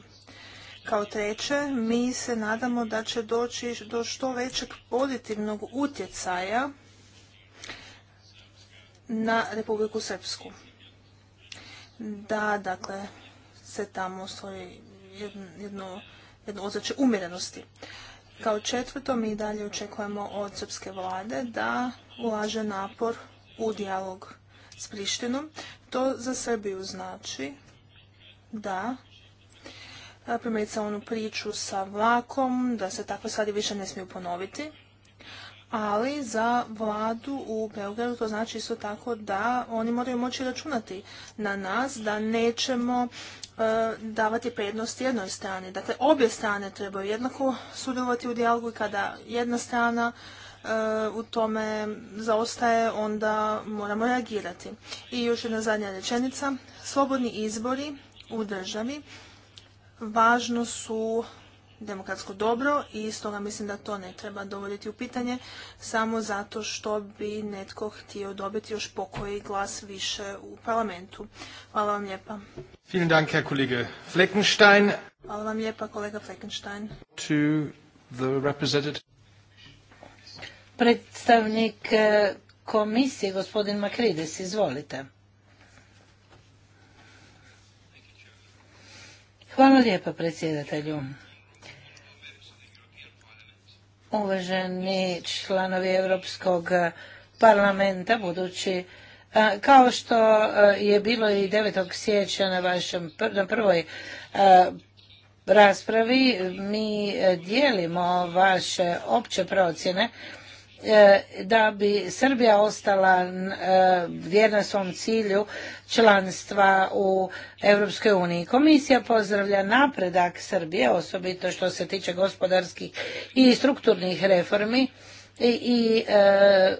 Kao treće, mi se nadamo da će doći do što većeg pozitivnog utjecaja na Republiku Srpsku. Da, dakle, se tamo stvori jedno, jedno ozračje umjerenosti. Kao četvrto, mi dalje očekujemo od srpske vlade da ulaže napor u dijalog s Prištinom. To za Srbiju znači da primjerica onu priču sa vlakom, da se takve stvari više ne smiju ponoviti ali za vladu u Beogradu to znači isto tako da oni moraju moći računati na nas da nećemo e, davati prednost jednoj strani. Dakle, obje strane trebaju jednako sudjelovati u dijalogu i kada jedna strana e, u tome zaostaje, onda moramo reagirati. I još jedna zadnja rečenica. Slobodni izbori u državi važno su demokratsko dobro i stoga mislim da to ne treba dovoditi u pitanje samo zato što bi netko htio dobiti još pokoji glas više u parlamentu. Hvala vam lijepa. Vielen Dank, Herr Kollege Fleckenstein. Hvala vam lijepa, kolega Fleckenstein. To the Predstavnik eh, komisije, gospodin Makrides, izvolite. Hvala lijepa predsjedatelju uvaženi članovi Europskog eh, parlamenta, budući eh, kao što eh, je bilo i 9. siječnja na, vašem, na prvoj raspravi, mi dijelimo vaše opće procjene E, da bi Srbija ostala e, vjerna svom cilju članstva u Europskoj uniji. Komisija pozdravlja napredak Srbije, osobito što se tiče gospodarskih i strukturnih reformi i, i e,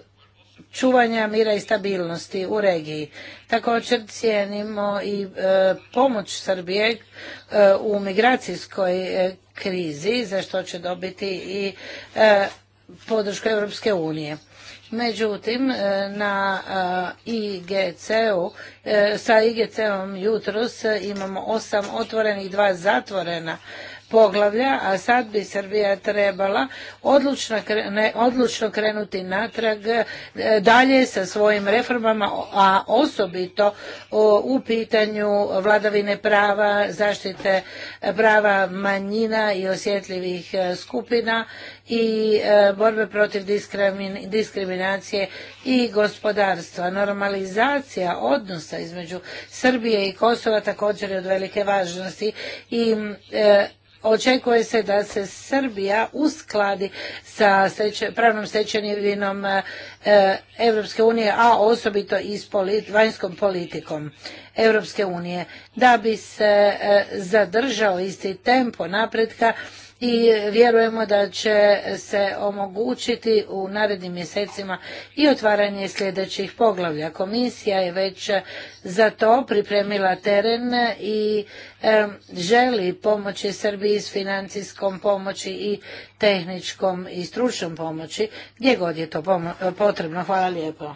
čuvanja mira i stabilnosti u regiji. Također cijenimo i pomoć Srbije u migracijskoj krizi, za što će dobiti i podršku Europske unije. Međutim, e, na e, IGC-u, e, sa IGC-om jutros imamo osam otvorenih, dva zatvorena poglavlja, a sad bi Srbija trebala odlučno, krenuti natrag e, dalje sa svojim reformama, a osobito u pitanju vladavine prava, zaštite e, prava manjina i osjetljivih e, skupina i borbe protiv diskriminacije i gospodarstva. Normalizacija odnosa između Srbije i Kosova također je od velike važnosti i očekuje se da se Srbija uskladi sa pravnom stečevinom Europske eh, unije, a osobito i s vanjskom politikom Europske unije. Da bi se eh, zadržao isti tempo napretka, i vjerujemo da će se omogućiti u narednim mjesecima i otvaranje sljedećih poglavlja. Komisija je već za to pripremila teren i želi pomoći Srbiji s financijskom pomoći i tehničkom i stručnom pomoći gdje god je to potrebno. Hvala lijepo.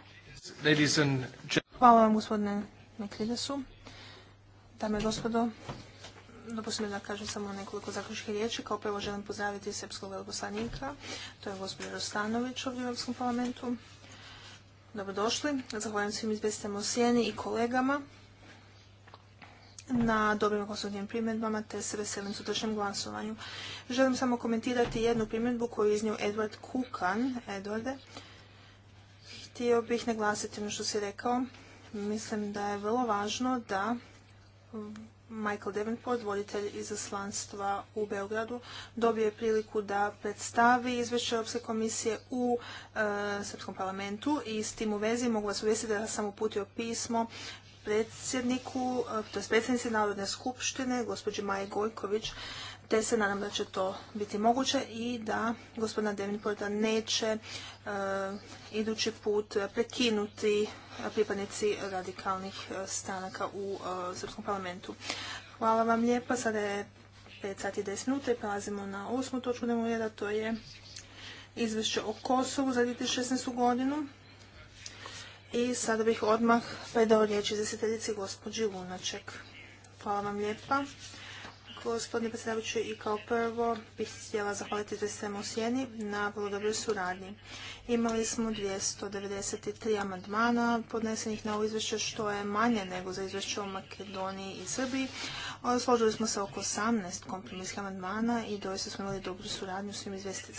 Hvala vam gospodine Dame i gospodo, Dopustite da kažem samo nekoliko zaključkih riječi. Kao prvo želim pozdraviti srpskog to je gospodin Rostanović ovdje u Europskom parlamentu. Dobrodošli. Zahvaljujem svim izvjestiteljima o sjeni i kolegama na dobrim konstruktivnim primjedbama te se veselim sutrašnjem glasovanju. Želim samo komentirati jednu primjedbu koju je iznio Edward Kukan. Edwarde, htio bih naglasiti ono što si rekao. Mislim da je vrlo važno da Michael Davenport, voditelj izaslanstva u Beogradu, dobio je priliku da predstavi izvješće Europske komisije u e, Srpskom parlamentu i s tim u vezi mogu vas uvijestiti da sam uputio pismo predsjedniku, to je predsjednici Narodne skupštine, gospođi Maje Gojković, te se nadam da će to biti moguće i da gospodina Devinporta neće e, idući put prekinuti pripadnici radikalnih e, stanaka u e, Srpskom parlamentu. Hvala vam lijepa. Sada je 5 sati i 10 minuta i prelazimo na osmu točku dnevnog reda. To je izvješće o Kosovu za 2016. godinu. I sada bih odmah predao riječ izvjestiteljici gospođi Lunaček. Hvala vam lijepa gospodine predsjedavajući, i kao prvo bih htjela zahvaliti u Sjeni na vrlo dobroj suradnji. Imali smo 293 amandmana podnesenih na ovo izvješće, što je manje nego za izvješće o Makedoniji i Srbiji. Složili smo se oko 18 kompromisnih amandmana i doista smo imali dobru suradnju sa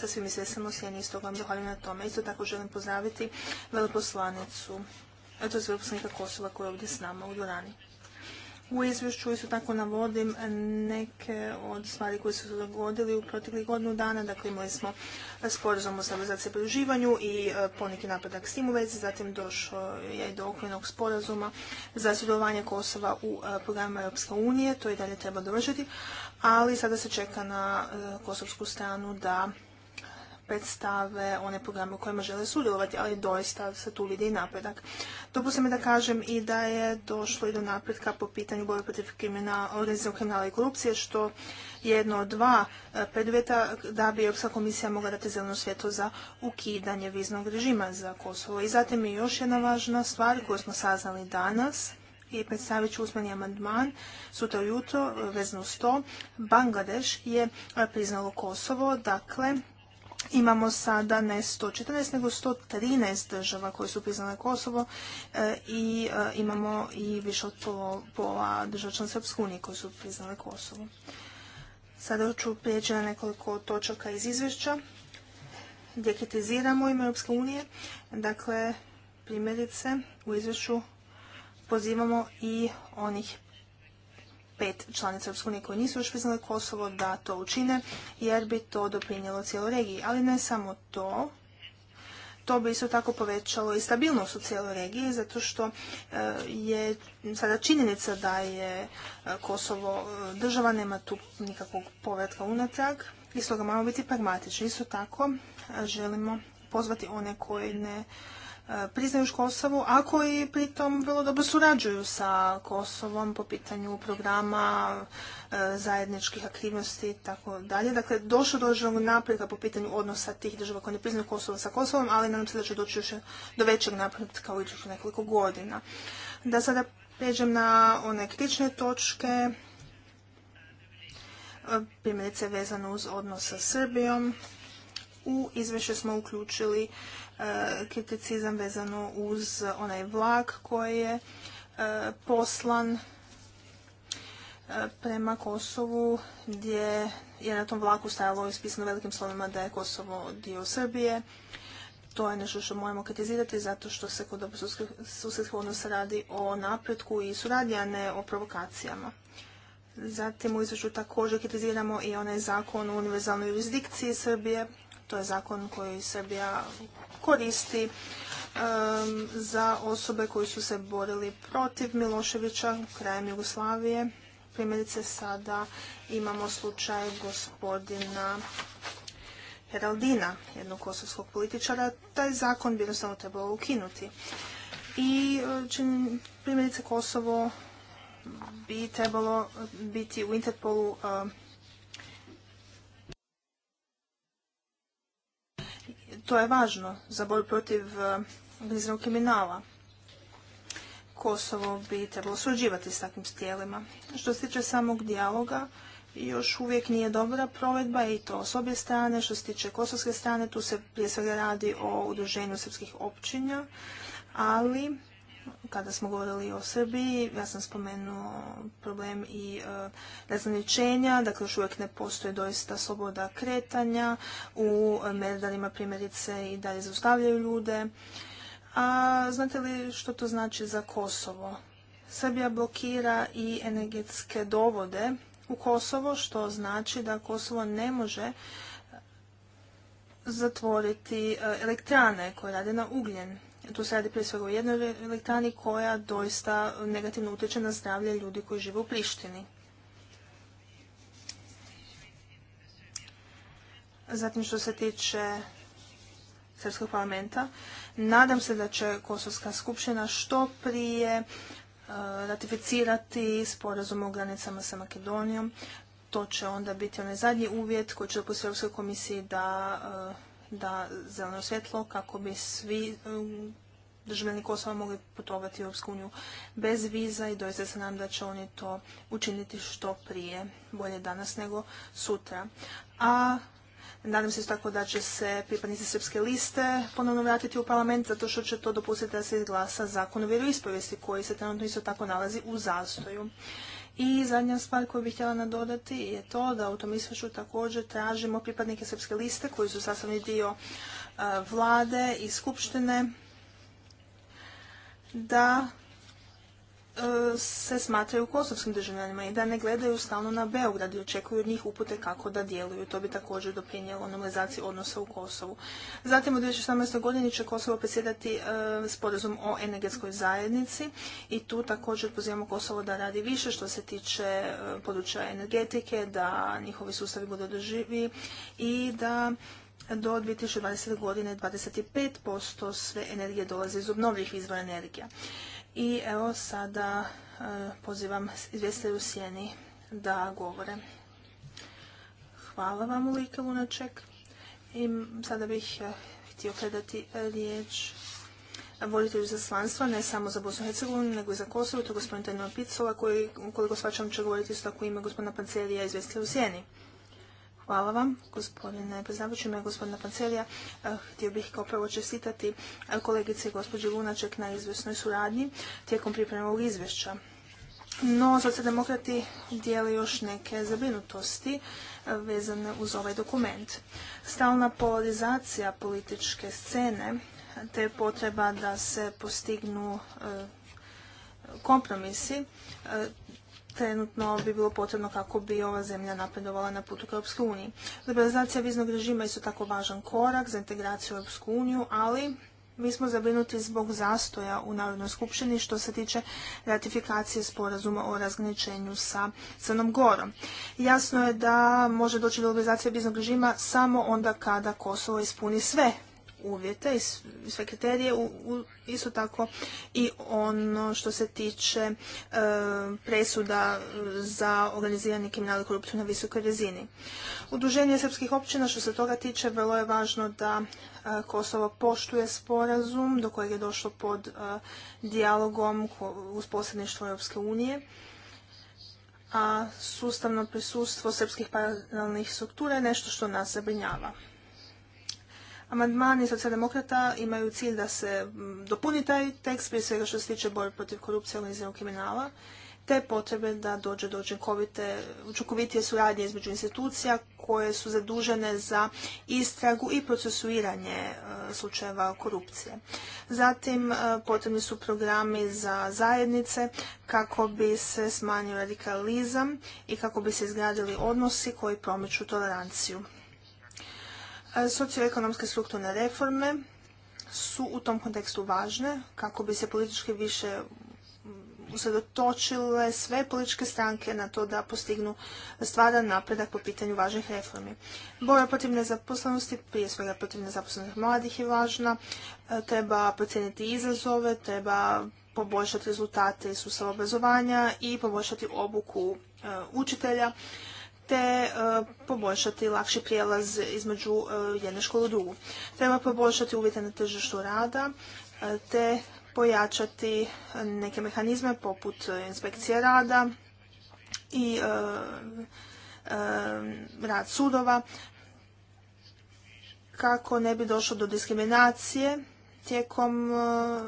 svim izvjestiteljima u Sjeni i stoga vam zahvaljujem na tome. Isto tako želim pozdraviti veleposlanicu, to je Kosova koja je ovdje s nama u dvorani. U izvješću isto tako navodim neke od stvari koje su se dogodili u proteklih godinu dana. Dakle, imali smo sporazum o stabilizaciji pridruživanju i e, poneki napadak s tim u vezi. Zatim došlo je do okvirnog sporazuma za sudjelovanje Kosova u e, programima Europske unije. To i dalje treba dovršiti. Ali sada se čeka na e, kosovsku stranu da predstave one programe u kojima žele sudjelovati, ali doista se tu vidi i napredak. Dopustite mi da kažem i da je došlo i do napretka po pitanju borbe protiv kriminala, kriminala i korupcije, što je jedno od dva e, predvjeta da bi Europska komisija mogla dati zeleno svjetlo za ukidanje viznog režima za Kosovo. I zatim je još jedna važna stvar koju smo saznali danas, i predstavit ću usmeni amandman sutra jutro e, vezno uz to. Bangladeš je e, priznalo Kosovo, dakle imamo sada ne 114 nego 113 država koje su priznale Kosovo e, i e, imamo i više od pola, država unije koje su priznale Kosovo. Sada ću prijeći na nekoliko točaka iz izvješća gdje kritiziramo ime Europske unije. Dakle, primjerice u izvješću pozivamo i onih pet članica Europske unije koje nisu još priznale Kosovo da to učine, jer bi to doprinjelo cijeloj regiji. Ali ne samo to, to bi isto tako povećalo i stabilnost u cijeloj regiji, zato što e, je sada činjenica da je e, Kosovo e, država, nema tu nikakvog povratka unatrag i stoga moramo biti pragmatični. Isto tako želimo pozvati one koji ne E, priznaju Kosovu, a koji pritom vrlo dobro surađuju sa Kosovom po pitanju programa e, zajedničkih aktivnosti i tako dalje. Dakle, došlo do određenog napretka po pitanju odnosa tih država koje ne priznaju Kosovo sa Kosovom, ali nadam se da će doći još do većeg napretka u idućih nekoliko godina. Da sada pređem na one kritične točke, e, primjerice vezano uz odnos sa Srbijom, u izvješće smo uključili e, kriticizam vezano uz onaj vlak koji je e, poslan e, prema Kosovu gdje je na tom vlaku stajalo ispisano velikim slovima da je Kosovo dio Srbije. To je nešto što moramo kritizirati zato što se kod susjedskih odnosa radi o napretku i suradnji, a ne o provokacijama. Zatim u izvješću također kritiziramo i onaj zakon o univerzalnoj jurisdikciji Srbije to je zakon koji Srbija koristi za osobe koji su se borili protiv Miloševića krajem Jugoslavije. Primjerice sada imamo slučaj gospodina Heraldina, jednog kosovskog političara. Taj zakon bi jednostavno trebalo ukinuti. I eh, primjerice Kosovo bi trebalo biti u Interpolu eh, To je važno za bolj protiv e, organiziranog kriminala. Kosovo bi trebalo surađivati s takvim tijelima. Što se tiče samog dijaloga, još uvijek nije dobra provedba i to s obje strane. Što se tiče kosovske strane, tu se prije svega radi o udruženju srpskih općinja, ali kada smo govorili o Srbiji, ja sam spomenuo problem i e, dakle još uvijek ne postoje doista sloboda kretanja, u Merdanima primjerice i da zaustavljaju ljude. A znate li što to znači za Kosovo? Srbija blokira i energetske dovode u Kosovo, što znači da Kosovo ne može zatvoriti e, elektrane koje rade na ugljen tu se radi prije svega o jednoj elektrani koja doista negativno utječe na zdravlje ljudi koji žive u Prištini. Zatim što se tiče Srpskog parlamenta, nadam se da će Kosovska skupština što prije e, ratificirati sporazum o granicama sa Makedonijom. To će onda biti onaj zadnji uvjet koji će dopustiti Europskoj komisiji da e, da zeleno svjetlo kako bi svi um, državljani Kosova mogli putovati u Europsku uniju bez viza i doista se nam da će oni to učiniti što prije, bolje danas nego sutra. A Nadam se tako da će se pripadnici srpske liste ponovno vratiti u parlament zato što će to dopustiti da se izglasa zakon o ispovijesti koji se trenutno isto tako nalazi u zastoju. I zadnja stvar koju bih htjela nadodati je to da u tom izvješću također tražimo pripadnike Srpske liste koji su sastavni dio e, vlade i skupštine da se smatraju kosovskim državljanima i da ne gledaju stalno na Beograd i očekuju od njih upute kako da djeluju. To bi također doprinijelo normalizaciji odnosa u Kosovu. Zatim u 2018. godini će Kosovo presjedati e, sporazum o energetskoj zajednici i tu također pozivamo Kosovo da radi više što se tiče e, područja energetike, da njihovi sustavi budu održivi i da do 2020. godine 25% sve energije dolazi iz obnovljivih izvora energija. I evo sada e, pozivam izvjestitelju u sjeni da govore. Hvala vam Ulike Lunaček. I sada bih e, htio predati riječ voditelju zaslanstva, ne samo za Bosnu nego i za Kosovo, to je gospodin Picola, koji, koliko svačam, će govoriti isto tako ime gospodina Pancelija izvjestitelja u sjeni. Hvala vam, gospodine predsjedavajući gospodina Pancelija. Eh, htio bih kao prvo čestitati eh, kolegice i gospođi Lunaček na izvjesnoj suradnji tijekom pripreme ovog izvješća. No, socijaldemokrati dijeli još neke zabrinutosti eh, vezane uz ovaj dokument. Stalna polarizacija političke scene te potreba da se postignu kompromisi trenutno bi bilo potrebno kako bi ova zemlja napredovala na putu ka Europskoj uniji. Liberalizacija viznog režima je isto tako važan korak za integraciju u Europsku uniju, ali mi smo zabrinuti zbog zastoja u Narodnoj skupštini što se tiče ratifikacije sporazuma o razgraničenju sa Crnom Gorom. Jasno je da može doći do liberalizacije viznog režima samo onda kada Kosovo ispuni sve uvjete i sve kriterije, isto tako i ono što se tiče e, presuda e, za organizirani kriminal i korupciju na visokoj razini. Udruženje srpskih općina što se toga tiče vrlo je važno da e, Kosovo poštuje sporazum do kojeg je došlo pod dijalogom uz posredništvo Europske unije a sustavno prisustvo srpskih paralelnih struktura je nešto što nas zabrinjava. Amandmani socijaldemokrata imaju cilj da se mm, dopuni taj tekst, prije svega što se tiče borbe protiv korupcije i organiziranog kriminala, te potrebe da dođe do učinkovitije suradnje između institucija koje su zadužene za istragu i procesuiranje e, slučajeva korupcije. Zatim e, potrebni su programi za zajednice kako bi se smanjio radikalizam i kako bi se izgradili odnosi koji promiču toleranciju. Socioekonomske strukturne reforme su u tom kontekstu važne kako bi se politički više usredotočile sve političke stranke na to da postignu stvaran napredak po pitanju važnih reformi. Borba protiv nezaposlenosti, prije svega protiv nezaposlenih mladih je važna, e, treba procijeniti izazove, treba poboljšati rezultate sustava obrazovanja i poboljšati obuku e, učitelja te e, poboljšati lakši prijelaz između e, jedne škole u drugu. Treba poboljšati uvjete na tržištu rada, e, te pojačati neke mehanizme poput inspekcije rada i rad sudova kako ne bi došlo do diskriminacije tijekom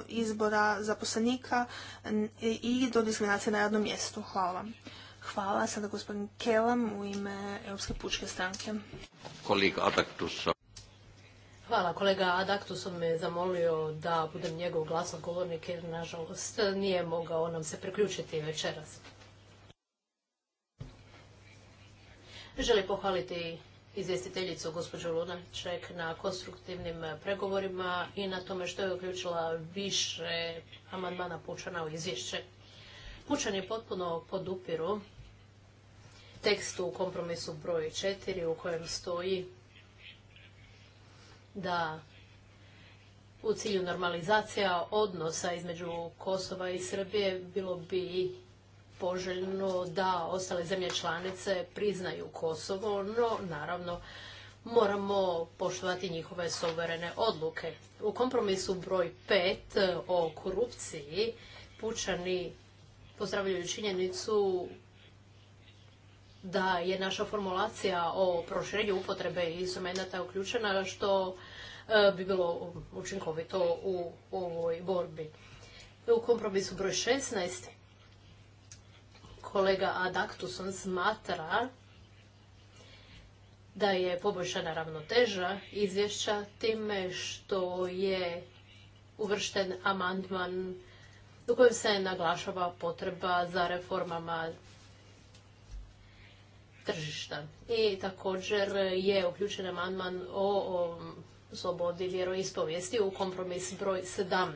izbora zaposlenika i do diskriminacije na radnom mjestu. Hvala vam. Hvala. Sada gospodin Kelam u ime Europske pučke stranke. Kolega Hvala. Kolega Adaktusom me zamolio da budem njegov govornik, jer nažalost nije mogao nam se priključiti večeras. Želim pohvaliti izvjestiteljicu gospođu Lunaček na konstruktivnim pregovorima i na tome što je uključila više amandmana pučana u izvješće. je potpuno podupiru tekstu u kompromisu broj 4 u kojem stoji da u cilju normalizacija odnosa između Kosova i Srbije bilo bi poželjno da ostale zemlje članice priznaju Kosovo, no naravno moramo poštovati njihove suverene odluke. U kompromisu broj 5 o korupciji pučani pozdravljaju činjenicu da je naša formulacija o proširenju upotrebe instrumenta uključena što e, bi bilo učinkovito u ovoj borbi. U kompromisu broj 16 kolega Adaktuson smatra da je poboljšana ravnoteža izvješća time što je uvršten amandman u kojem se naglašava potreba za reformama tržišta. I također je uključen amandman o, o slobodi vjeroispovijesti u kompromis broj 17.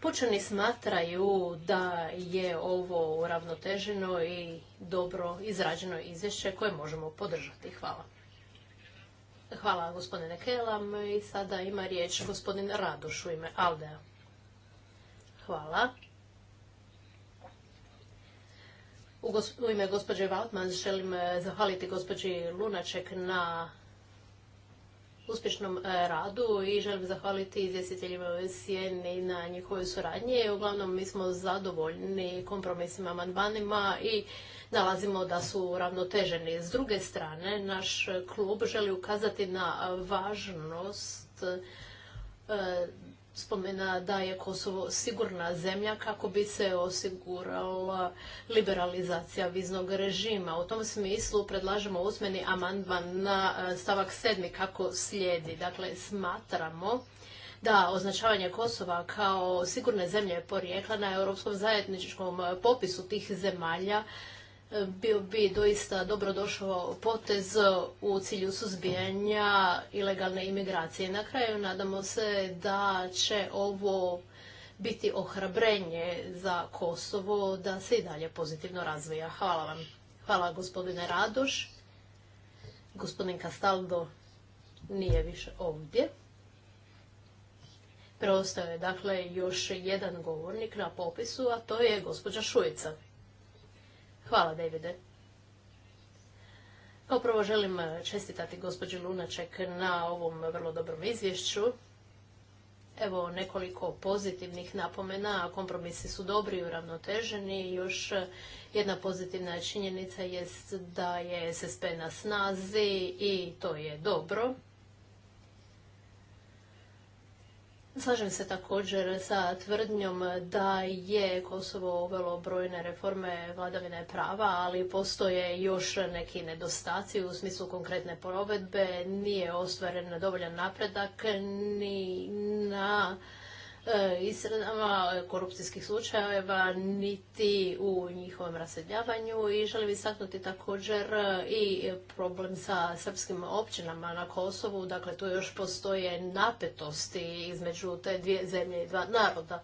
Pučani smatraju da je ovo uravnoteženo i dobro izrađeno izvješće koje možemo podržati. Hvala. Hvala gospodine Kelam i sada ima riječ gospodin Radoš u ime Aldea. Hvala. U, ime gospođe želim e, zahvaliti gospođi Lunaček na uspješnom e, radu i želim zahvaliti izvjestiteljima u Sjeni na njihovoj suradnji. Uglavnom, mi smo zadovoljni kompromisima, amandmanima i nalazimo da su ravnoteženi. S druge strane, naš klub želi ukazati na važnost e, spomena da je Kosovo sigurna zemlja kako bi se osigurala liberalizacija viznog režima. U tom smislu predlažemo usmeni amandman na e, stavak 7. kako slijedi. Dakle, smatramo da označavanje Kosova kao sigurne zemlje porijekla na europskom zajedničkom popisu tih zemalja E, bio bi doista dobrodošao potez u cilju suzbijanja ilegalne imigracije. Na kraju nadamo se da će ovo biti ohrabrenje za Kosovo da se i dalje pozitivno razvija. Hvala vam. Hvala gospodine Radoš. Gospodin Castaldo nije više ovdje. Preostao je dakle još jedan govornik na popisu, a to je gospođa Šujica. Hvala, Davide. Kao prvo želim eh, čestitati gospođi Lunaček na ovom vrlo dobrom izvješću. Evo nekoliko pozitivnih napomena, kompromisi su dobri i uravnoteženi. Još eh, jedna pozitivna činjenica jest da je SSP na snazi i to je dobro. Slažem se također sa tvrdnjom da je Kosovo uvelo brojne reforme vladavine prava, ali postoje još neki nedostaci u smislu konkretne provedbe, nije ostvaren dovoljan napredak ni na E, isredama e, korupcijskih slučajeva niti u njihovom raseljavanju i želim istaknuti također e, i problem sa srpskim općinama na Kosovu. Dakle, tu još postoje napetosti između te dvije zemlje i dva naroda.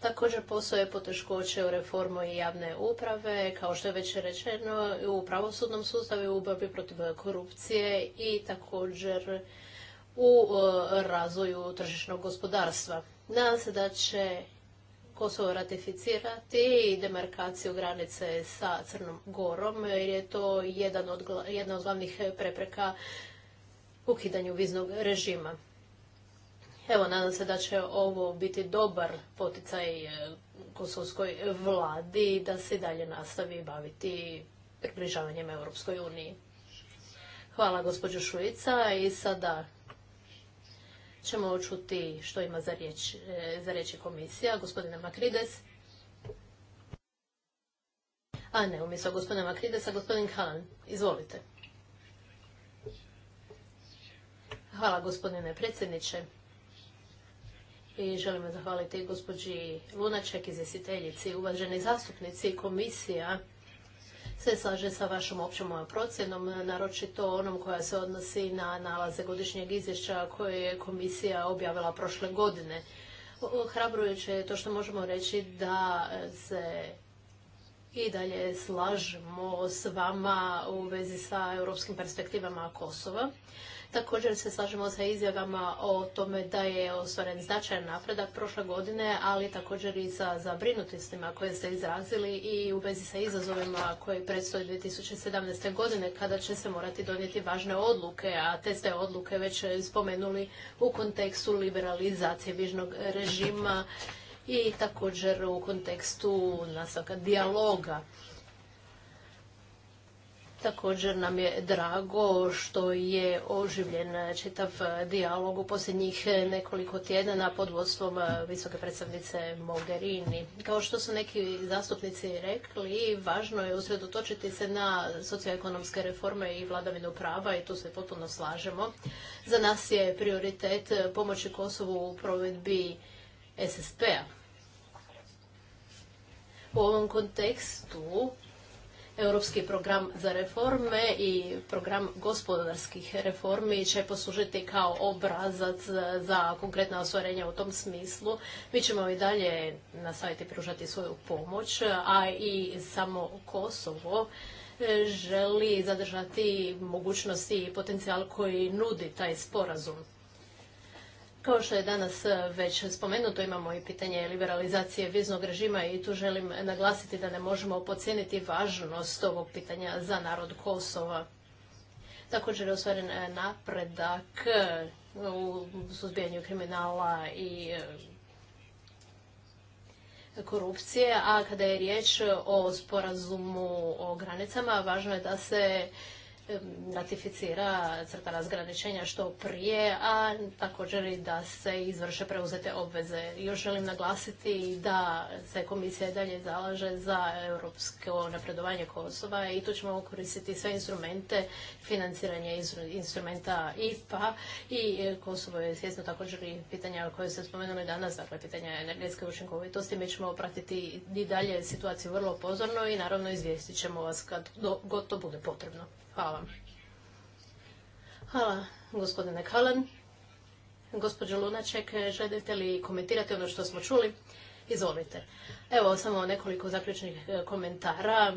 Također postoje poteškoće u reformu i javne uprave, kao što je već rečeno, u pravosudnom sustavu u borbi protiv korupcije i također u razvoju tržišnog gospodarstva. Nadam se da će Kosovo ratificirati demarkaciju granice sa Crnom Gorom, jer je to jedan jedna od glavnih prepreka ukidanju viznog režima. Evo, nadam se da će ovo biti dobar poticaj e, kosovskoj vladi da se dalje nastavi baviti približavanjem Europskoj uniji. Hvala gospođo Šuica i sada ćemo čuti što ima za, riječ, e, za reći komisija. Gospodina Makrides. A ne, umjesto gospodina Makridesa, gospodin Kalan. Izvolite. Hvala gospodine predsjedniče. I želimo zahvaliti gospođi Lunaček, izvjestiteljici, uvaženi zastupnici, komisija se slaže sa vašom općom procjenom, naročito onom koja se odnosi na nalaze godišnjeg izvješća koje je komisija objavila prošle godine. Hrabrujuće je to što možemo reći da se i dalje slažemo s vama u vezi sa europskim perspektivama Kosova. Također se slažemo sa izjavama o tome da je ostvaren značajan napredak prošle godine, ali također i sa zabrinutostima koje ste izrazili i u vezi sa izazovima koji predstoje 2017. godine kada će se morati donijeti važne odluke, a te ste odluke već spomenuli u kontekstu liberalizacije vižnog režima i također u kontekstu nastavka dijaloga. Također nam je drago što je oživljen čitav dijalog u posljednjih nekoliko tjedana pod vodstvom eh, visoke predstavnice Mogherini. Kao što su neki zastupnici rekli, važno je usredotočiti se na socioekonomske reforme i vladavinu prava i tu se potpuno slažemo. Za nas je prioritet pomoći Kosovu u provedbi SSP-a. U ovom kontekstu Europski program za reforme i program gospodarskih reformi će poslužiti kao obrazac za konkretna ostvarenja u tom smislu. Mi ćemo i dalje nastaviti pružati svoju pomoć, a i samo Kosovo e, želi zadržati mogućnosti i potencijal koji nudi taj sporazum. Kao što je danas e, već spomenuto, imamo i pitanje liberalizacije viznog režima i tu želim naglasiti da ne možemo pocijeniti važnost ovog pitanja za narod Kosova. Također je ostvaren e, napredak e, u suzbijanju kriminala i korupcije, a kada je riječ o sporazumu o granicama, važno je da se ratificira crta razgraničenja što prije, a također i da se izvrše preuzete obveze. Još želim naglasiti da se komisija i dalje zalaže za europsko napredovanje Kosova i tu ćemo koristiti sve instrumente, financiranje instrumenta IPA i Kosovo je svjesno također i pitanja koje ste spomenuli danas, dakle pitanja energetske učinkovitosti. Mi ćemo pratiti i dalje situaciju vrlo pozorno i naravno izvijestit ćemo vas kad god to bude potrebno. Hvala. Hvala, gospodine Kalan. Gospođo Lunaček, želite li komentirati ono što smo čuli? Izvolite. Evo, samo nekoliko zaključnih e, komentara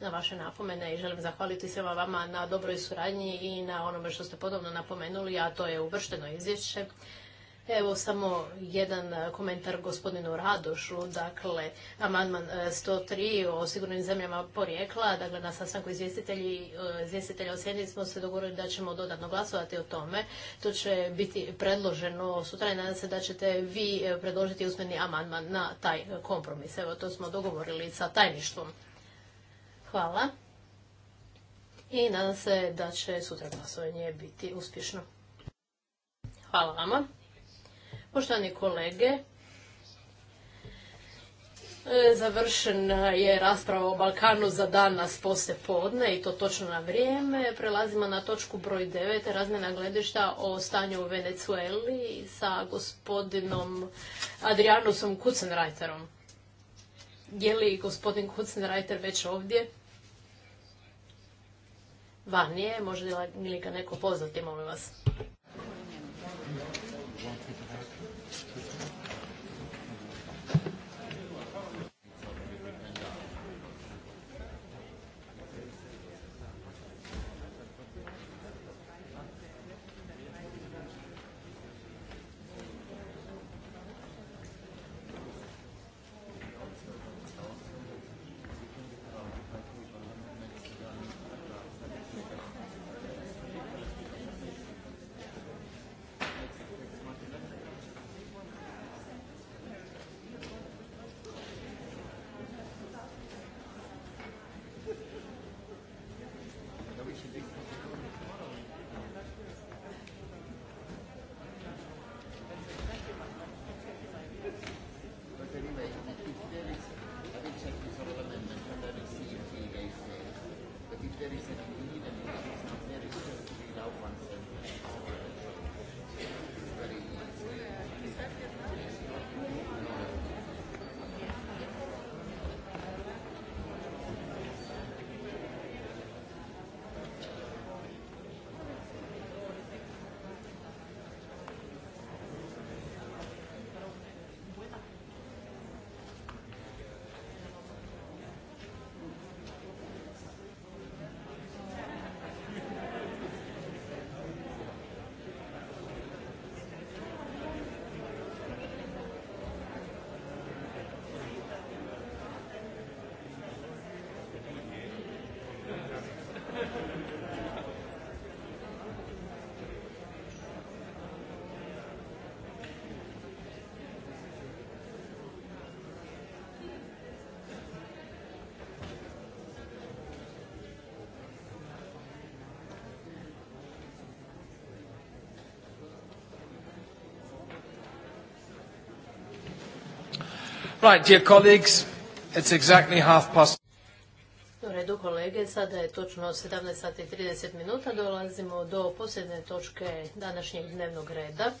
na vaše napomene i želim zahvaliti svema vama na dobroj suradnji i na onome što ste podobno napomenuli, a to je uvršteno izvješće. Evo samo jedan e, komentar gospodinu Radošu, dakle amandman 103 e, o sigurnim zemljama porijekla, dakle na sastanku izvjestitelji, e, izvjestitelja o smo se dogovorili da ćemo dodatno glasovati o tome. To će biti predloženo sutra i nadam se da ćete vi predložiti usmeni amandman na taj kompromis. Evo to smo dogovorili sa tajništvom. Hvala. I nadam se da će sutra glasovanje biti uspješno. Hvala vama. Poštovani kolege, e, završena je rasprava o Balkanu za danas poslije podne i to točno na vrijeme. Prelazimo na točku broj 9, razmjena gledišta o stanju u Venecueli sa gospodinom Adrianusom Kucenreiterom. Je li gospodin Kucenreiter već ovdje? Van je, može li ga neko pozvati, molim vas. Right, dear colleagues, it's exactly half past... U redu kolege, sada je točno 17 sati 30 minuta, dolazimo do posljedne točke današnjeg dnevnog reda.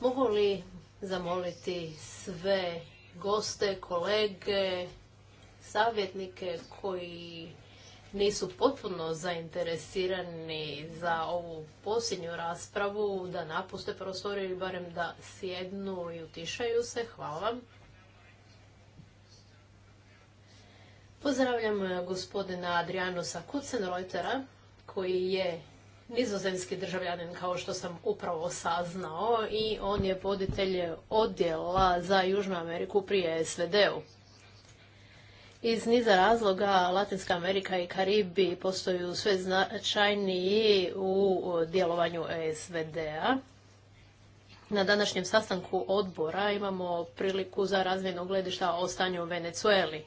Mogu li zamoliti sve goste, kolege, savjetnike koji nisu potpuno zainteresirani za ovu posljednju raspravu, da napuste prostoriju ili barem da sjednu i utišaju se. Hvala vam. Pozdravljam eh, gospodina Adrianusa Kucenreutera, koji je nizozemski državljanin kao što sam upravo saznao i on je voditelj odjela za Južnu Ameriku prije SVD-u. Iz niza razloga Latinska Amerika i Karibi postoju sve značajniji u djelovanju SVD-a. Na današnjem sastanku odbora imamo priliku za razmjenu gledišta o stanju u Venecueli.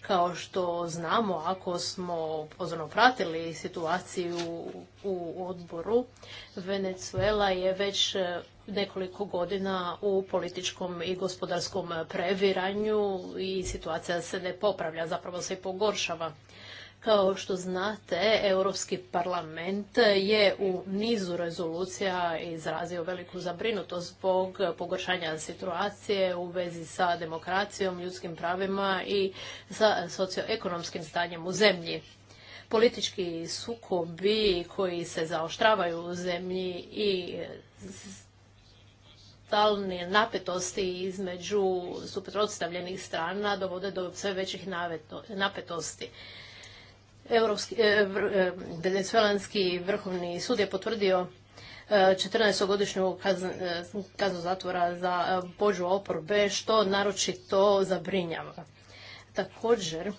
Kao što znamo, ako smo pozorno pratili situaciju u odboru, Venezuela je već nekoliko godina u političkom i gospodarskom previranju i situacija se ne popravlja, zapravo se i pogoršava. Kao što znate, Europski parlament je u nizu rezolucija izrazio veliku zabrinutost zbog pogoršanja situacije u vezi sa demokracijom, ljudskim pravima i sa socioekonomskim stanjem u zemlji. Politički sukobi koji se zaoštravaju u zemlji i stalne napetosti između suprotstavljenih strana dovode do sve većih napetosti. Europski, e, e, venezuelanski vrhovni sud je potvrdio 14-godišnju e, kaznu zatvora za pođu oporbe, što naročito zabrinjava. Također,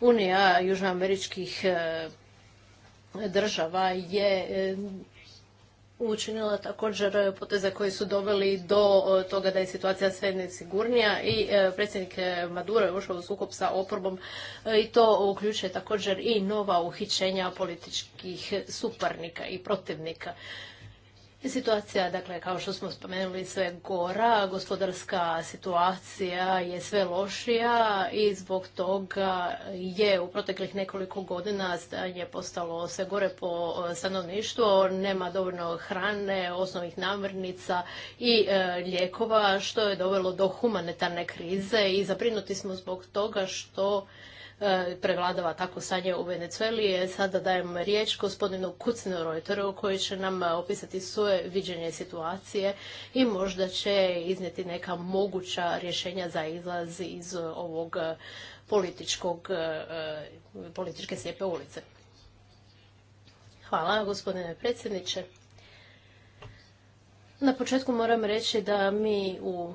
Unija južnoameričkih država je učinila također poteze koji su doveli do e, toga da je situacija sve nesigurnija i e, predsjednik Maduro je ušao u sukob sa oporbom e, i to uključuje također i nova uhićenja političkih suparnika i protivnika. Situacija, dakle, kao što smo spomenuli, sve gora, gospodarska situacija je sve lošija i zbog toga je u proteklih nekoliko godina stanje postalo sve gore po e, stanovništvo, nema dovoljno hrane, osnovnih namirnica i e, lijekova, što je dovelo do humanitarne krize i zabrinuti smo zbog toga što E, prevladava tako stanje u Venecueli. E, sada dajem riječ gospodinu Kucinu Reuteru koji će nam e, opisati svoje viđenje situacije i možda će iznijeti neka moguća rješenja za izlaz iz ovog političkog, političke slijepe ulice. Hvala gospodine predsjedniče. Na početku moram reći da mi u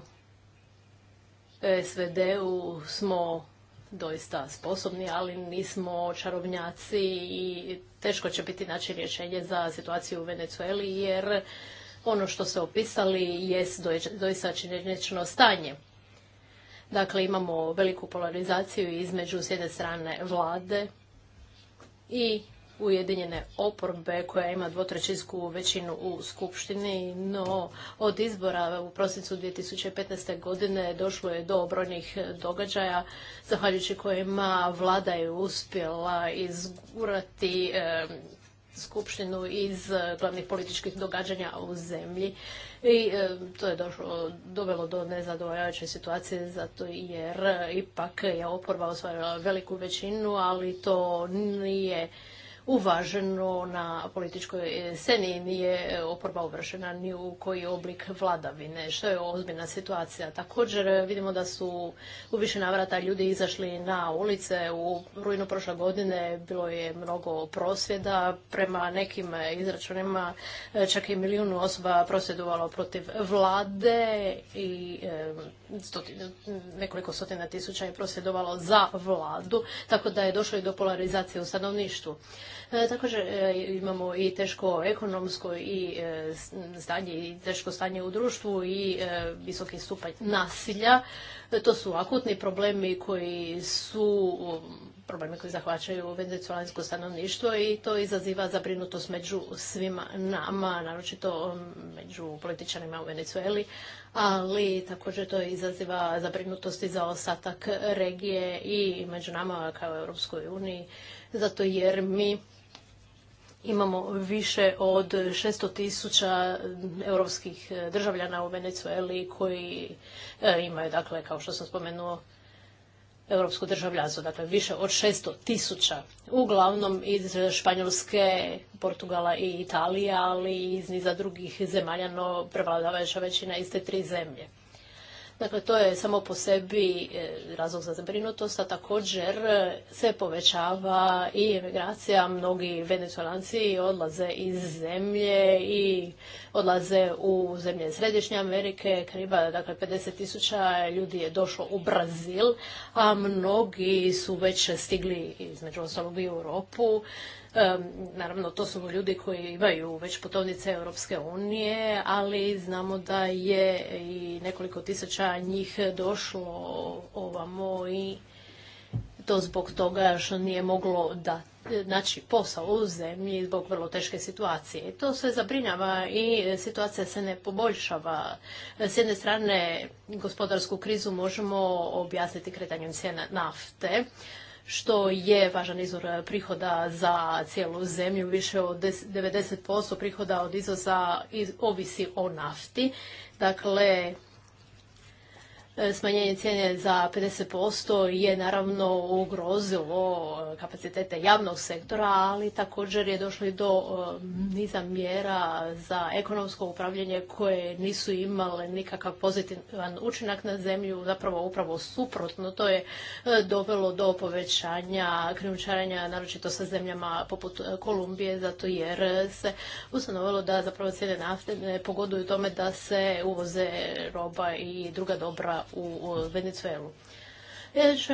SVD-u smo doista sposobni, ali nismo čarobnjaci i teško će biti naći rješenje za situaciju u Venecueli jer ono što ste opisali jest doista činjenično stanje. Dakle, imamo veliku polarizaciju između s jedne strane vlade i ujedinjene oporbe koja ima dvotrećinsku većinu u Skupštini, no od izbora u prosincu 2015. godine došlo je do brojnih događaja zahvaljujući kojima vlada je uspjela izgurati skupštinu iz glavnih političkih događanja u zemlji i to je došlo, dovelo do nezadovoljavajuće situacije zato jer ipak je oporba osvajala veliku većinu, ali to nije uvaženo na političkoj sceni nije oporba uvršena ni u koji oblik vladavine, što je ozbiljna situacija. Također vidimo da su u više navrata ljudi izašli na ulice. U rujnu prošle godine bilo je mnogo prosvjeda. Prema nekim izračunima čak i milijun osoba prosvjedovalo protiv vlade i nekoliko stotina tisuća je prosvjedovalo za vladu, tako da je došlo i do polarizacije u stanovništvu. E, također e, imamo i teško ekonomsko i e, stanje i teško stanje u društvu i visoki stupanj nasilja. To su akutni problemi koji su problemi koji zahvaćaju venezuelansko stanovništvo i to izaziva zabrinutost među svima nama, naročito među političarima u Venezueli, ali također to izaziva zabrinutost i za ostatak regije i među nama kao Europskoj uniji, zato jer mi Imamo više od 600 tisuća europskih državljana u Venezueli koji e, imaju, dakle, kao što sam spomenuo, europsko državljanstvo, dakle više od 600 tisuća, uglavnom iz Španjolske, Portugala i Italije, ali i iz niza drugih zemalja, no prevladavajuća većina iz te tri zemlje. Dakle, to je samo po sebi e, razlog za zabrinutost, a također e, se povećava i emigracija. Mnogi venezuelanci odlaze iz zemlje i odlaze u zemlje Središnje Amerike, kriba, dakle 50 tisuća ljudi je došlo u Brazil, a mnogi su već stigli između ostalog i u Europu Naravno, to su ljudi koji imaju već putovnice Europske unije, ali znamo da je i nekoliko tisuća njih došlo ovamo i to zbog toga što nije moglo da naći posao u zemlji zbog vrlo teške situacije. To sve zabrinjava i situacija se ne poboljšava. S jedne strane, gospodarsku krizu možemo objasniti kretanjem cijena nafte, što je važan izvor eh, prihoda za cijelu zemlju. Više od 90% prihoda od izvoza ovisi o nafti. Dakle, E, smanjenje cijene za 50% je naravno ugrozilo e, kapacitete javnog sektora, ali također je došlo i do e, niza mjera za ekonomsko upravljanje koje nisu imale nikakav pozitivan učinak na zemlju, zapravo upravo suprotno. To je dovelo do povećanja krijumčarenja, naročito sa zemljama poput Kolumbije, zato jer se ustanovilo da zapravo cijene nafte ne pogoduju tome da se uvoze roba i druga dobra u Venezuelu. Vidjet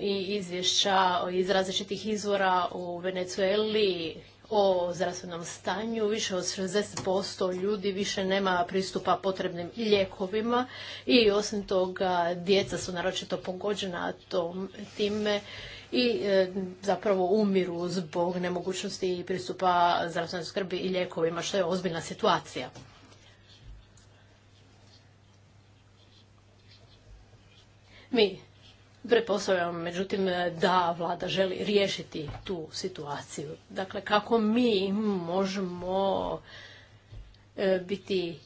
i izvješća iz različitih izvora u Venezueli o zdravstvenom stanju. Više od 60% ljudi više nema pristupa potrebnim lijekovima i osim toga djeca su naročito pogođena time i e, zapravo umiru zbog nemogućnosti pristupa zdravstvenoj skrbi i lijekovima, što je ozbiljna situacija. Mi prepostavljamo međutim da vlada želi riješiti tu situaciju. Dakle, kako mi možemo e, biti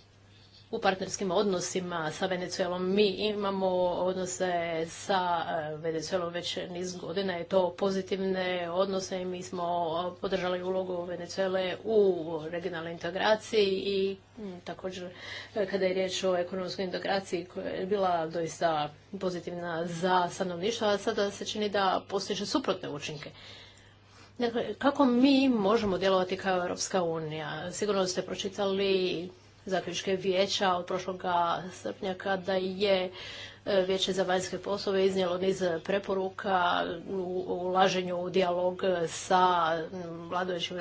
u partnerskim odnosima sa Venezuelom. Mi imamo odnose sa e, Venezuelom već niz godina i to pozitivne odnose i mi smo podržali ulogu Venezuele u regionalnoj integraciji i također e, kada je riječ o ekonomskoj integraciji koja je bila doista pozitivna za stanovništvo, a sada se čini da postiže suprotne učinke. Dakle, kako mi možemo djelovati kao Europska unija? Sigurno ste pročitali zaključke vijeća od prošlog srpnja kada je e, Vijeće za vanjske poslove iznijelo niz preporuka u ulaženju u dijalog sa vladajućim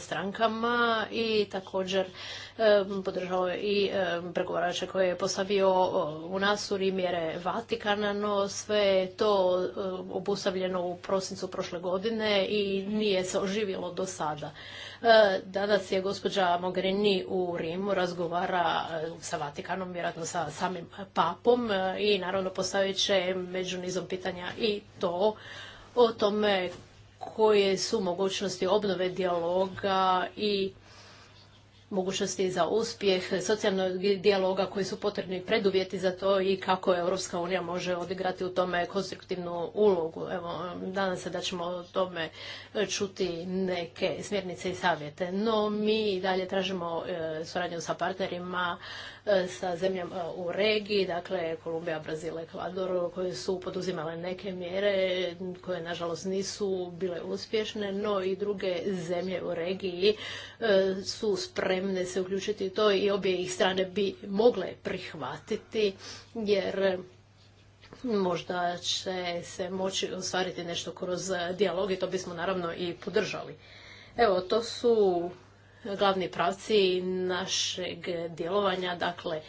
strankama i također e, podržao i e, pregovarače koje je postavio u Nasur i mjere Vatikana, no sve je to obustavljeno u prosincu prošle godine i nije se oživjelo do sada. E, danas je gospođa Mogherini u Rimu razgovara e, sa Vatikanom, vjerojatno sa samim papom e, i naravno postavit će među nizom pitanja i to o tome koje su mogućnosti obnove dijaloga i mogućnosti za uspjeh, socijalnog dijaloga koji su potrebni preduvjeti za to i kako Europska unija može odigrati u tome konstruktivnu ulogu. Evo, danas se da ćemo o tome čuti neke smjernice i savjete. No, mi dalje tražimo e, suradnju sa partnerima E, sa zemljama e, u regiji, dakle Kolumbija, Brazil, Ekvador, koje su poduzimale neke mjere koje nažalost nisu bile uspješne, no i druge zemlje u regiji e, su spremne se uključiti to i obje ih strane bi mogle prihvatiti jer možda će se moći ostvariti nešto kroz dijalog i to bismo naravno i podržali. Evo, to su glavni pravci našeg djelovanja, dakle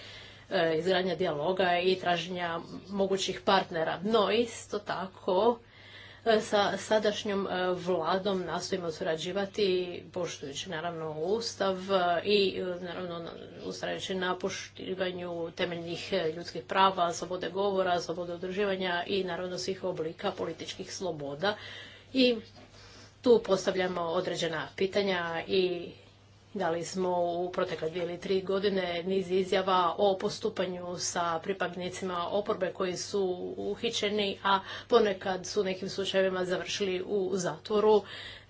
e, izgradnja dijaloga i traženja mogućih partnera. No isto tako e, sa sadašnjom e, vladom nastojimo surađivati poštujući naravno ustav i naravno ustrajući na poštivanju temeljnih ljudskih prava, slobode govora, slobode udruživanja i naravno svih oblika političkih sloboda. I tu postavljamo određena pitanja i Dali smo u protekle dvije ili tri godine niz izjava o postupanju sa pripadnicima oporbe koji su uhićeni, a ponekad su u nekim slučajevima završili u zatvoru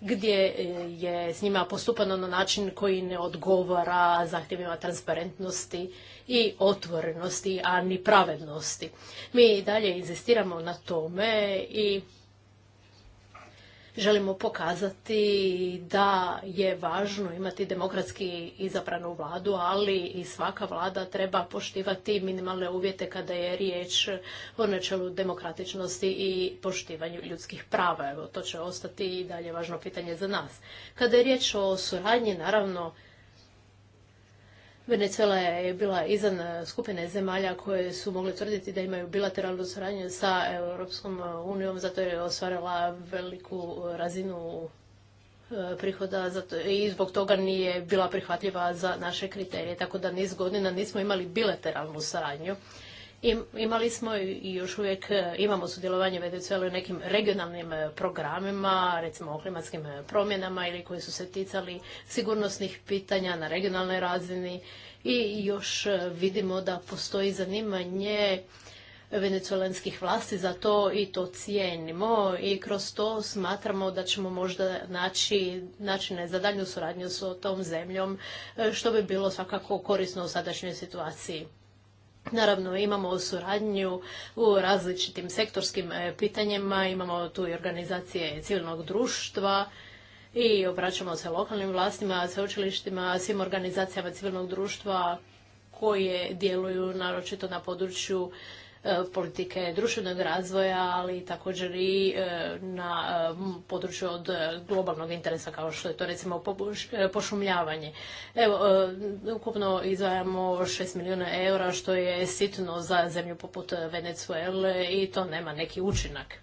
gdje eh, je s njima postupano na način koji ne odgovara zahtjevima transparentnosti i otvorenosti, a ni pravednosti. Mi dalje inzistiramo na tome i želimo pokazati da je važno imati demokratski izabranu vladu, ali i svaka vlada treba poštivati minimalne uvjete kada je riječ o načelu demokratičnosti i poštivanju ljudskih prava. Evo, to će ostati i dalje važno pitanje za nas. Kada je riječ o suradnji, naravno, Venezuela je bila izan eh, skupine zemalja koje su mogle tvrditi da imaju bilateralnu suradnju sa Europskom eh, unijom, zato je ostvarila veliku eh, razinu prihoda zato, i zbog toga nije bila prihvatljiva za naše kriterije. Tako da niz godina nismo imali bilateralnu suradnju. Imali smo i još uvijek e, imamo sudjelovanje Venezuela u nekim regionalnim e, programima, recimo o klimatskim e, promjenama ili koji su se ticali sigurnosnih pitanja na regionalnoj razini i još vidimo da postoji zanimanje venecuelanskih vlasti za to i to cijenimo i kroz to smatramo da ćemo možda naći načine za daljnju suradnju s tom zemljom što bi bilo svakako korisno u sadašnjoj situaciji. Naravno, imamo suradnju u različitim sektorskim e, pitanjima, imamo tu i organizacije civilnog društva i obraćamo se lokalnim vlastima, sveučilištima, svim organizacijama civilnog društva koje djeluju naročito na području E, politike društvenog razvoja, ali također i e, na e, području od globalnog interesa kao što je to recimo pošumljavanje. Evo, ukupno izdvajamo 6 milijuna eura što je sitno za zemlju poput Venezuele i to nema neki učinak.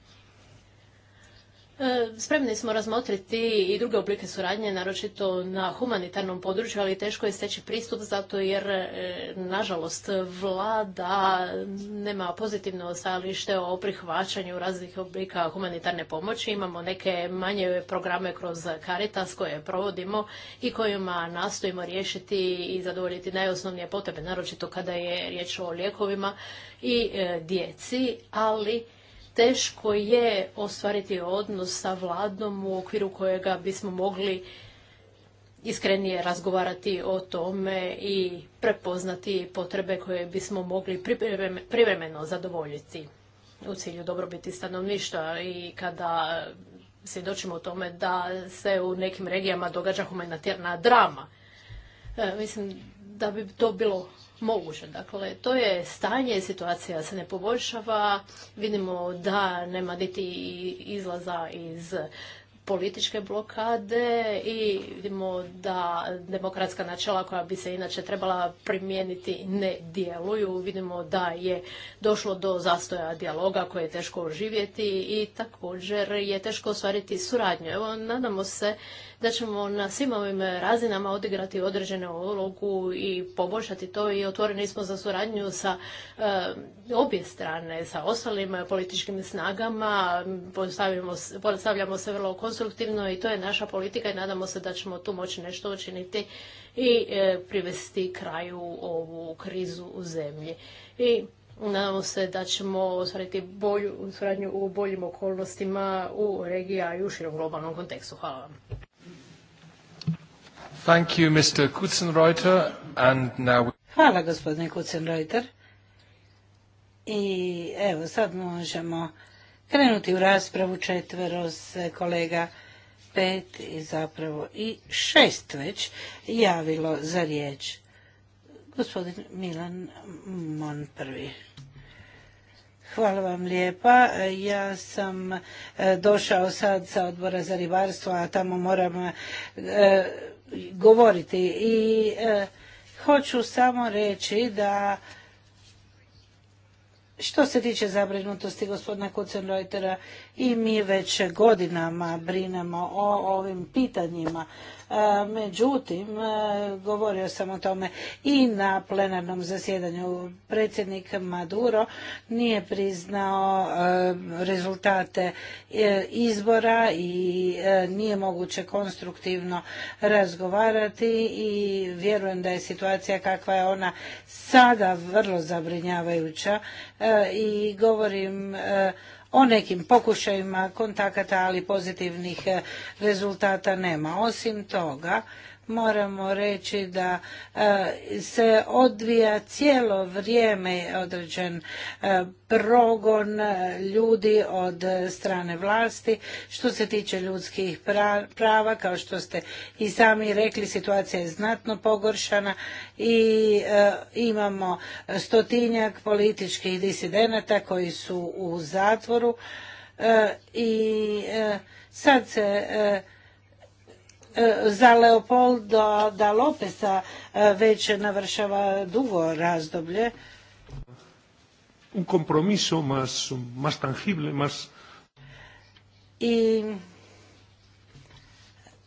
E, spremni smo razmotriti i druge oblike suradnje, naročito na humanitarnom području, ali teško je steći pristup zato jer, e, nažalost, vlada nema pozitivno stajalište o prihvaćanju raznih oblika humanitarne pomoći. Imamo neke manje programe kroz Caritas koje provodimo i kojima nastojimo riješiti i zadovoljiti najosnovnije potrebe, naročito kada je riječ o lijekovima i e, djeci, ali teško je ostvariti odnos sa vladom u okviru kojega bismo mogli iskrenije razgovarati o tome i prepoznati potrebe koje bismo mogli privremeno zadovoljiti u cilju dobrobiti stanovništva i kada svjedočimo o tome da se u nekim regijama događa humanitarna drama. E, mislim da bi to bilo moguće. Dakle, to je stanje, situacija se ne poboljšava, vidimo da nema niti izlaza iz političke blokade i vidimo da demokratska načela koja bi se inače trebala primijeniti ne djeluju. Vidimo da je došlo do zastoja dijaloga koje je teško oživjeti i također je teško ostvariti suradnju. Evo, nadamo se da ćemo na svim ovim razinama odigrati određenu ulogu i poboljšati to i otvoreni smo za suradnju sa eh, obje strane, sa ostalim političkim snagama, postavljamo se vrlo konstruktivno i to je naša politika i nadamo se da ćemo tu moći nešto učiniti i eh, privesti kraju ovu krizu u zemlji. I Nadamo se da ćemo ostvariti bolju suradnju u boljim okolnostima u regiji, a i u širom globalnom kontekstu. Hvala vam. Thank you, Mr. Kutzenreuter. And now... Hvala gospodine Kucenreuter. I evo sad možemo krenuti u raspravu četvero s kolega pet i zapravo i šest već javilo za riječ. Gospodin Milan Mon prvi. Hvala vam lijepa. Ja sam e, došao sad sa odbora za ribarstvo, a tamo moram e, govoriti i e, hoću samo reći da što se tiče zabrinutosti gospodina Kucenreutera i mi već godinama brinemo o ovim pitanjima E, međutim, e, govorio sam o tome i na plenarnom zasjedanju. Predsjednik Maduro nije priznao e, rezultate izbora i nije moguće konstruktivno razgovarati i vjerujem da je situacija kakva je ona sada vrlo zabrinjavajuća i govorim o nekim pokušajima kontakata, ali pozitivnih eh, rezultata nema. Osim toga, moramo reći da e, se odvija cijelo vrijeme određen e, progon e, ljudi od strane vlasti što se tiče ljudskih prava kao što ste i sami rekli situacija je znatno pogoršana i imamo stotinjak političkih disidenata koji su u zatvoru i sad se za Leopoldo da Lopesa e, već navršava dugo razdoblje. Un compromiso tangible, I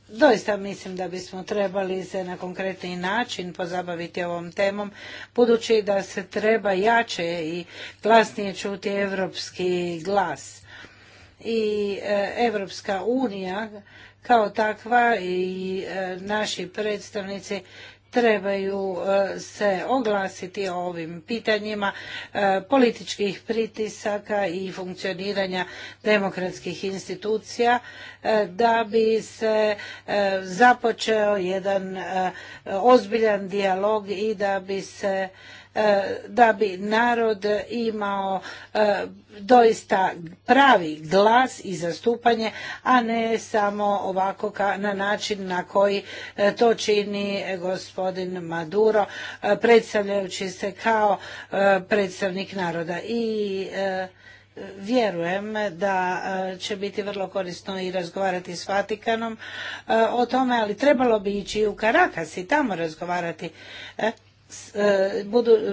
doista mislim da bismo trebali se na konkretni način pozabaviti ovom temom, budući da se treba jače i glasnije čuti evropski glas. I e, Evropska unija kao takva i e, naši predstavnici trebaju e, se oglasiti o ovim pitanjima e, političkih pritisaka i funkcioniranja demokratskih institucija da bi se započeo jedan ozbiljan dijalog i da bi se E, da bi narod imao e, doista pravi glas i zastupanje, a ne samo ovako na način na koji e, to čini gospodin Maduro, predstavljajući se kao predstavnik naroda. I vjerujem da će biti vrlo korisno i razgovarati s Vatikanom o tome, ali trebalo bi ići u Karakas i tamo razgovarati E,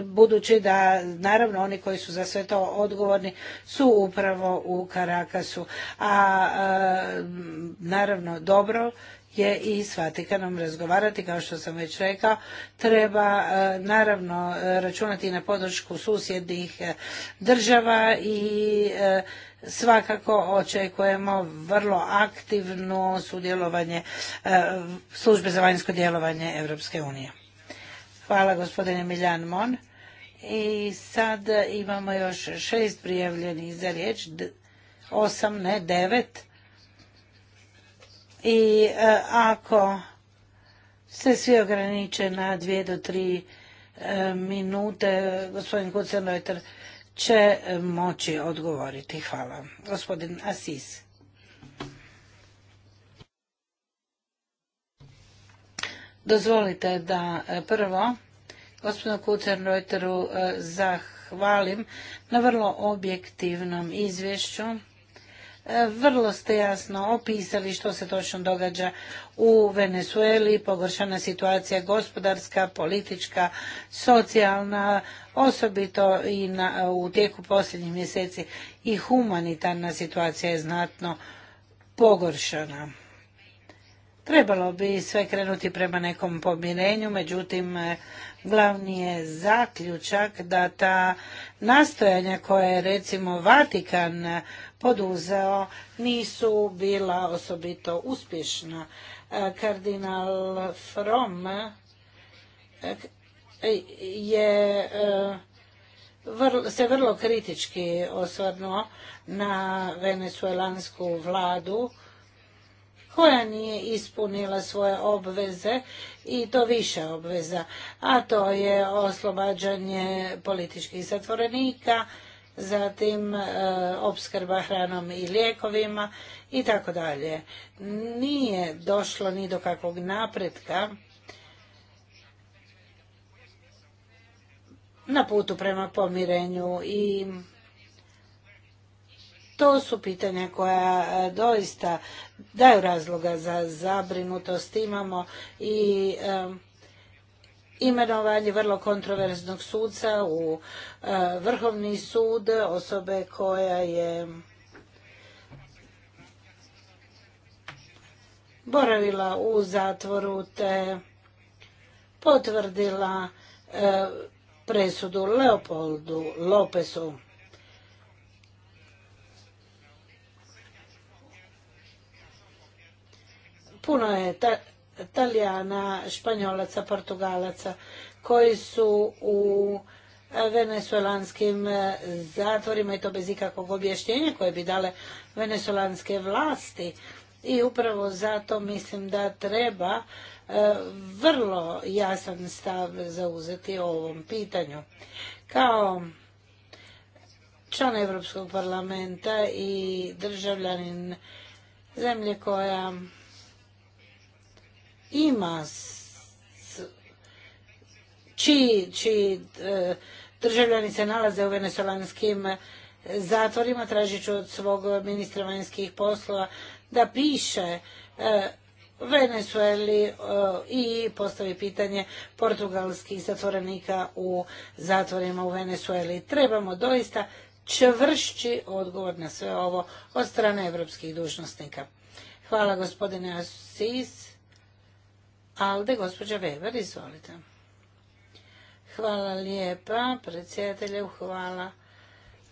budući da naravno oni koji su za sve to odgovorni su upravo u Karakasu. A e, naravno dobro je i s Vatikanom razgovarati, kao što sam već rekao. Treba e, naravno računati na podršku susjednih država i svakako očekujemo vrlo aktivno sudjelovanje službe za vanjsko djelovanje Europske unije. Hvala gospodine Miljan Mon. I sad imamo još šest prijavljenih za riječ, osam, ne devet. I e, ako se svi ograniče na dvije do tri e, minute, gospodin Kucenojter će moći odgovoriti. Hvala. Gospodin Asis. Dozvolite da e, prvo gospodinu Kucenreuteru e, zahvalim na vrlo objektivnom izvješću. E, vrlo ste jasno opisali što se točno događa u Venezueli, pogoršana situacija gospodarska, politička, socijalna, osobito i u tijeku posljednjih mjeseci i humanitarna situacija je znatno pogoršana. Trebalo bi sve krenuti prema nekom pomirenju, međutim e, glavni je zaključak da ta nastojanja koje je recimo Vatikan poduzeo nisu bila osobito uspješna. E, kardinal From e, je se vrlo kritički osvrnuo na venezuelansku vladu koja nije ispunila svoje obveze i to više obveza, a to je oslobađanje političkih zatvorenika, zatim e, opskrba hranom i lijekovima i tako dalje. Nije došlo ni do kakvog napretka na putu prema pomirenju i to su pitanja koja e, doista daju razloga za zabrinutost. Imamo i e, imenovanje vrlo kontroverznog sudca u e, Vrhovni sud, osobe koja je boravila u zatvoru te potvrdila presudu Leopoldu Lopesu. puno je ta, Talijana, Španjolaca, Portugalaca koji su u e, venezuelanskim e, zatvorima i to bez ikakvog objašnjenja koje bi dale venezuelanske vlasti. I upravo zato mislim da treba e, vrlo jasan stav zauzeti o ovom pitanju. Kao član Europskog parlamenta i državljanin zemlje koja ima čiji, e, državljani se nalaze u venezolanskim zatvorima, tražit ću od svog ministra vanjskih poslova da piše e, Venezueli e, i postavi pitanje portugalskih zatvorenika u zatvorima u Venezueli. Trebamo doista čvršći odgovor na sve ovo od strane evropskih dužnosnika. Hvala gospodine Asis. Alde, gospođa Weber, izvolite. Hvala lijepa, predsjedatelju, hvala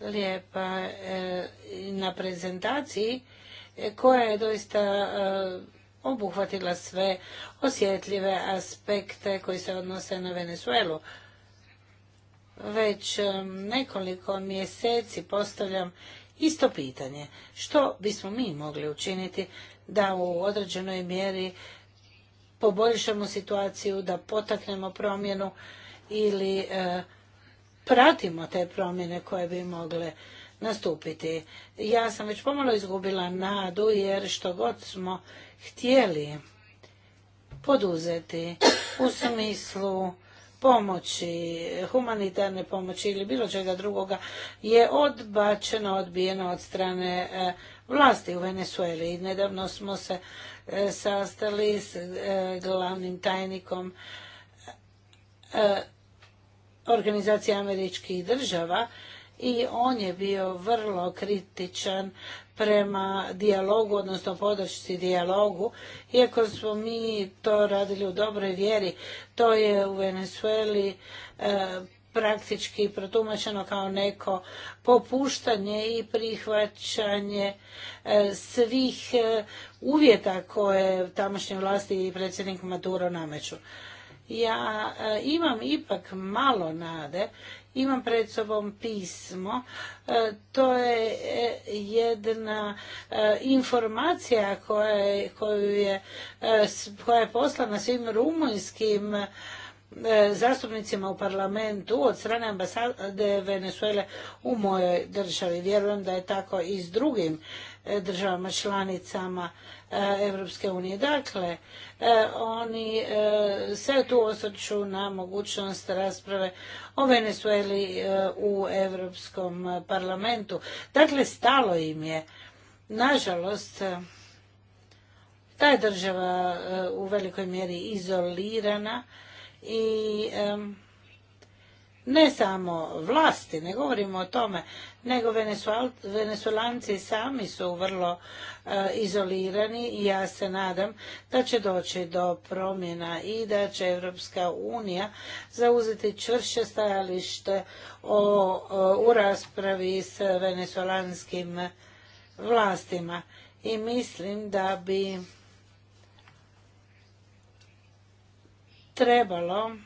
lijepa e, na prezentaciji e, koja je doista e, obuhvatila sve osjetljive aspekte koji se odnose na Venezuelu. Već nekoliko mjeseci postavljam isto pitanje. Što bismo mi mogli učiniti da u određenoj mjeri poboljšamo situaciju, da potaknemo promjenu ili e, pratimo te promjene koje bi mogle nastupiti. Ja sam već pomalo izgubila nadu jer što god smo htjeli poduzeti u smislu pomoći, humanitarne pomoći ili bilo čega drugoga je odbačeno, odbijeno od strane e, vlasti u Venezueli. Nedavno smo se E, sastali s e, glavnim tajnikom e, organizacije američkih država i on je bio vrlo kritičan prema dijalogu, odnosno podršci dijalogu, iako smo mi to radili u dobroj vjeri, to je u Venezueli praktički protumačeno kao neko popuštanje i prihvaćanje e, svih e, uvjeta koje tamošnje vlasti i predsjednik Maduro nameću. Ja e, imam ipak malo nade, imam pred sobom pismo, to je jedna informacija koja je, koja je poslana svim rumunjskim E, zastupnicima u parlamentu od strane ambasade Venezuele u mojoj državi. Vjerujem da je tako i s drugim e, državama članicama Europske unije. Dakle, e, oni se tu osvrću na mogućnost rasprave o Venezueli u Europskom parlamentu. Dakle, stalo im je. Nažalost, ta je država u velikoj mjeri izolirana i ne samo vlasti, ne govorimo o tome, nego venezuelanci sami su vrlo e, izolirani i ja se nadam da će doći do promjena i da će Europska unija zauzeti čvršće stajalište o, u raspravi s venezuelanskim vlastima. I mislim da bi trebalo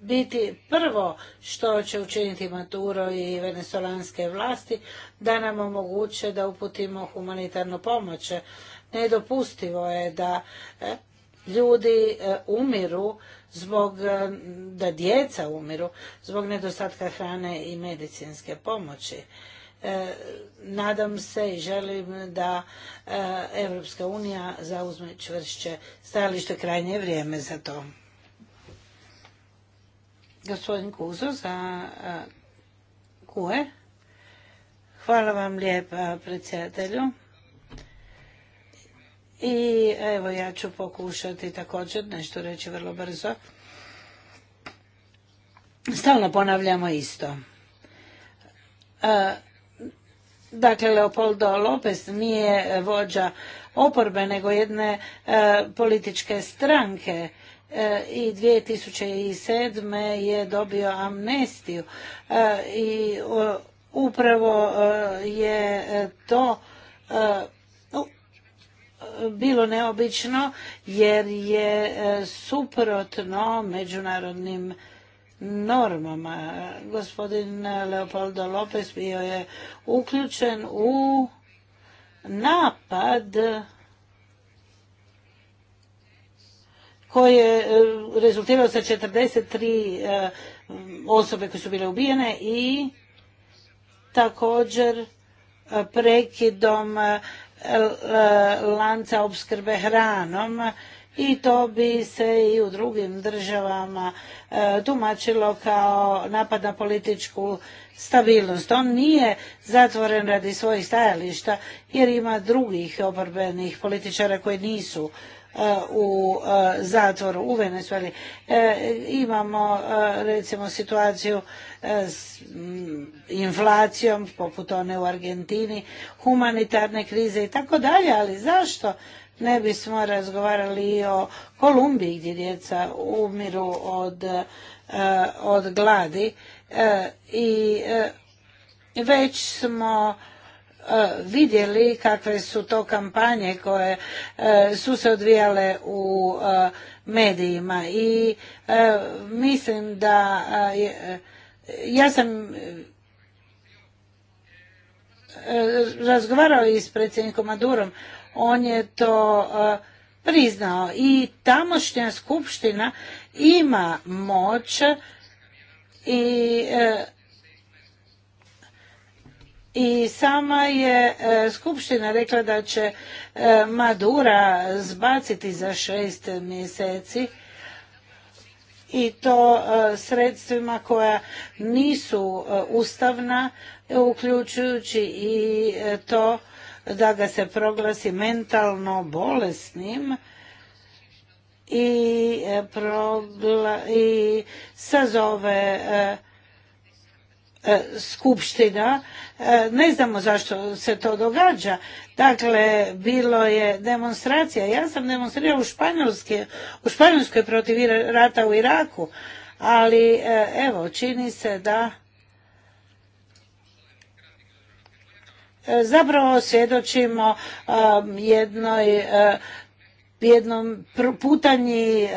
biti prvo što će učiniti Maturo i venezolanske vlasti da nam omoguće da uputimo humanitarnu pomoć. Nedopustivo je da e, ljudi e, umiru zbog e, da djeca umiru zbog nedostatka hrane i medicinske pomoći. E, nadam se i želim da e, Evropska unija zauzme čvršće stajalište krajnje vrijeme za to. Gospodin Kuzo za KUE. E. Hvala vam lijepa predsjedatelju. I evo ja ću pokušati također nešto reći vrlo brzo. Stalno ponavljamo isto. Dakle, Leopoldo Lopez nije vođa oporbe, nego jedne e, političke stranke e, i 2007. je dobio amnestiju e, i upravo je to bilo neobično jer je suprotno međunarodnim normama. Gospodin Leopoldo Lopez bio je uključen u napad koji je e, rezultirao sa 43 e, osobe koje su bile ubijene i također e, prekidom lanca opskrbe hranom i to bi se i u drugim državama e, tumačilo kao napad na političku stabilnost. On nije zatvoren radi svojih stajališta jer ima drugih oporbenih političara koji nisu e, u e, zatvoru u Venezueli. Imamo recimo situaciju s inflacijom poput one u Argentini, humanitarne krize i tako dalje, ali zašto ne bismo razgovarali i o Kolumbiji gdje djeca umiru od, e, od gladi e, i e, već smo vidjeli kakve su to kampanje koje su se odvijale u medijima i mislim da ja sam razgovarao i s predsjednikom Madurom on je to e, priznao i tamošnja skupština ima moć i e, i sama je e, skupština rekla da će Madura zbaciti za šest mjeseci i to sredstvima koja nisu ustavna uključujući i to da ga se proglasi mentalno bolesnim i, e, i sazove e, e, skupština. Ne znamo zašto se to događa. Dakle, bilo je demonstracija. Ja sam demonstrirao u u Španjolskoj protiv rata u Iraku. Ali, evo, čini se da E, zapravo svjedočimo e, jednoj e, jednom putanji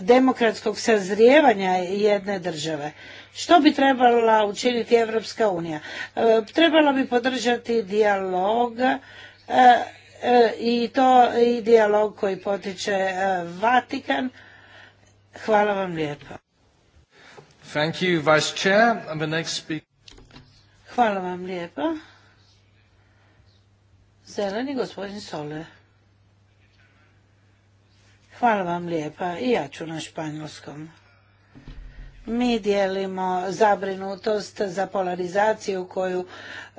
demokratskog sazrijevanja jedne države. Što bi trebala učiniti Evropska unija? Trebala bi podržati dijalog i to i dijalog koji potiče Vatikan. Hvala vam lijepo. Hvala vam lijepo. Zeleni gospodin Sole. Hvala vam lijepa i ja ću na španjolskom. Mi dijelimo zabrinutost za polarizaciju koju,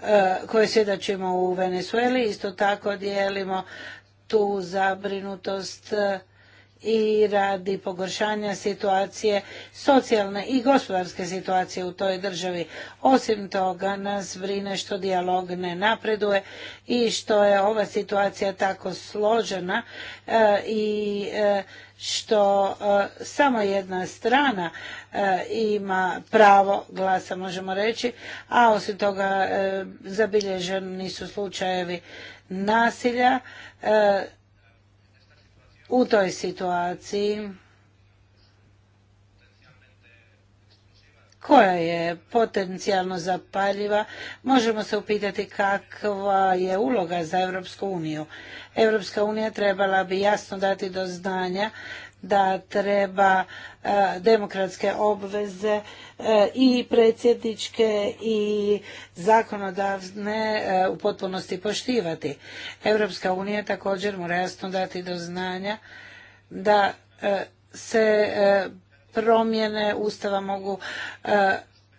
e, koju svjedočimo u Venezueli. Isto tako dijelimo tu zabrinutost i radi pogoršanja situacije socijalne i gospodarske situacije u toj državi. Osim toga nas brine što dijalog ne napreduje i što je ova situacija tako složena e, i e, što e, samo jedna strana ima pravo glasa možemo reći a osim toga zabilježeni su slučajevi nasilja u toj situaciji koja je potencijalno zapaljiva, možemo se upitati kakva je uloga za Europsku uniju. Europska unija trebala bi jasno dati do znanja da treba e, demokratske obveze e, i predsjedničke i zakonodavne e, u potpunosti poštivati. Europska unija također mora jasno dati do znanja da se promjene ustava mogu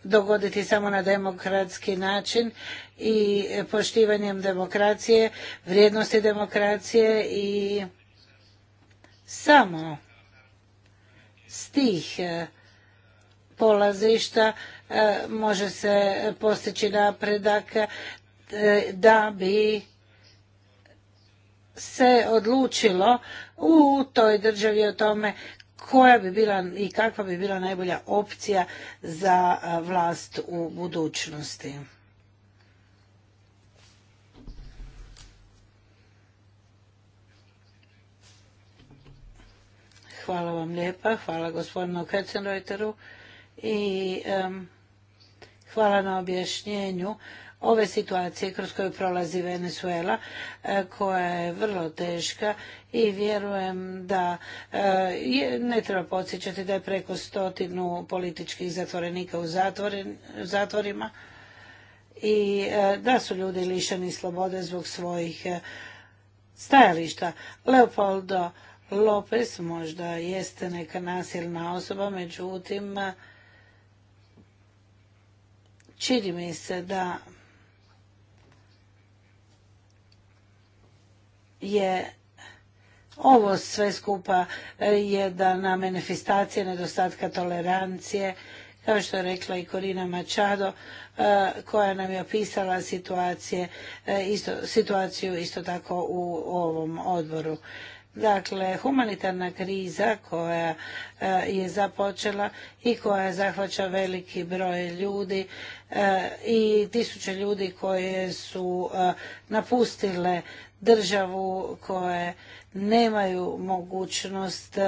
dogoditi samo na demokratski način i poštivanjem demokracije, vrijednosti demokracije i samo s tih e, polazišta e, može se postići napredak e, da bi se odlučilo u toj državi o tome koja bi bila i kakva bi bila najbolja opcija za vlast u budućnosti. Hvala vam lijepa, hvala gospodinu Kecenreuteru i hvala na objašnjenju ove situacije kroz koju prolazi Venezuela e, koja je vrlo teška i vjerujem da e, ne treba podsjećati da je preko stotinu političkih zatvorenika u zatvorima i e, da su ljudi lišeni slobode zbog svojih stajališta. Leopoldo Lopez možda jeste neka nasilna osoba, međutim čini mi se da je ovo sve skupa e, jedna manifestacija nedostatka tolerancije, kao što je rekla i Korina Mačado, e, koja nam je opisala e, isto, situaciju isto tako u ovom odboru. Dakle, humanitarna kriza koja e, je započela i koja zahvaća veliki broj ljudi e, i tisuće ljudi koje su e, napustile državu, koje nemaju mogućnost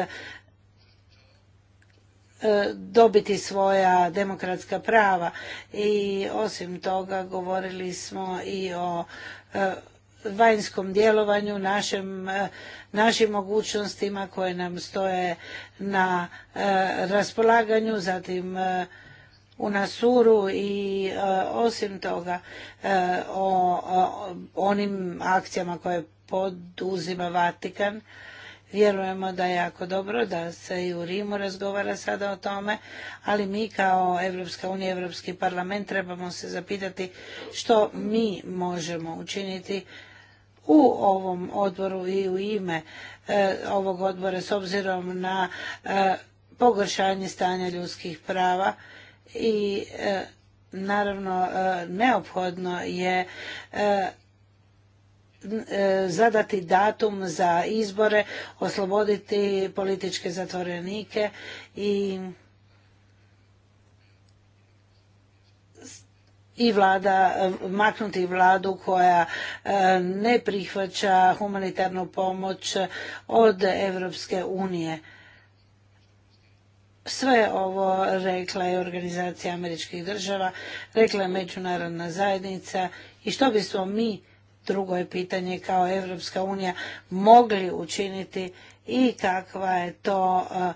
dobiti svoja demokratska prava. I osim toga govorili smo i o vanjskom djelovanju, eh, našim mogućnostima koje nam stoje na eh, raspolaganju, zatim eh, u Nasuru i osim toga o onim akcijama koje poduzima Vatikan. Vjerujemo da je jako dobro da se i u Rimu razgovara sada o tome, ali mi kao Evropska unija, Evropski parlament trebamo se zapitati što mi možemo učiniti u ovom odboru i u ime e, ovog odbora s obzirom na e, pogoršanje stanja ljudskih prava i e, naravno neophodno je zadati datum za izbore, osloboditi političke zatvorenike i i vlada, maknuti vladu koja e, ne prihvaća humanitarnu pomoć od Europske unije. Sve ovo rekla je Organizacija američkih država, rekla je međunarodna zajednica i što bismo mi, drugo je pitanje kao Europska unija, mogli učiniti i kakva je to e,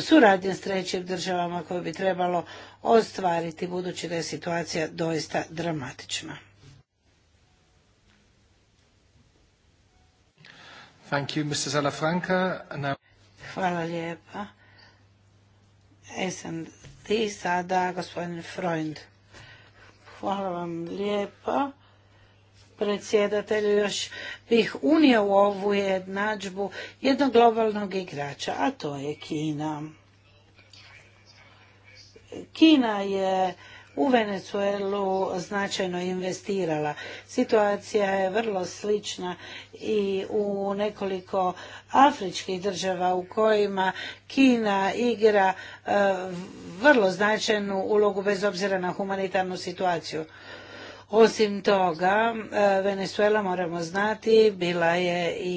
suradnja s trećim državama koje bi trebalo ostvariti budući da je situacija doista dramatična. Thank you, Mr. Now... Hvala lijepa. E, sada gospodin Freund. Hvala vam lijepa. Predsjedatelju još bih unio u ovu jednadžbu jednog globalnog igrača, a to je Kina. Kina je u Venezuelu značajno investirala. Situacija je vrlo slična i u nekoliko afričkih država u kojima Kina igra eh, vrlo značajnu ulogu bez obzira na humanitarnu situaciju. Osim toga, e, Venezuela moramo znati, bila je i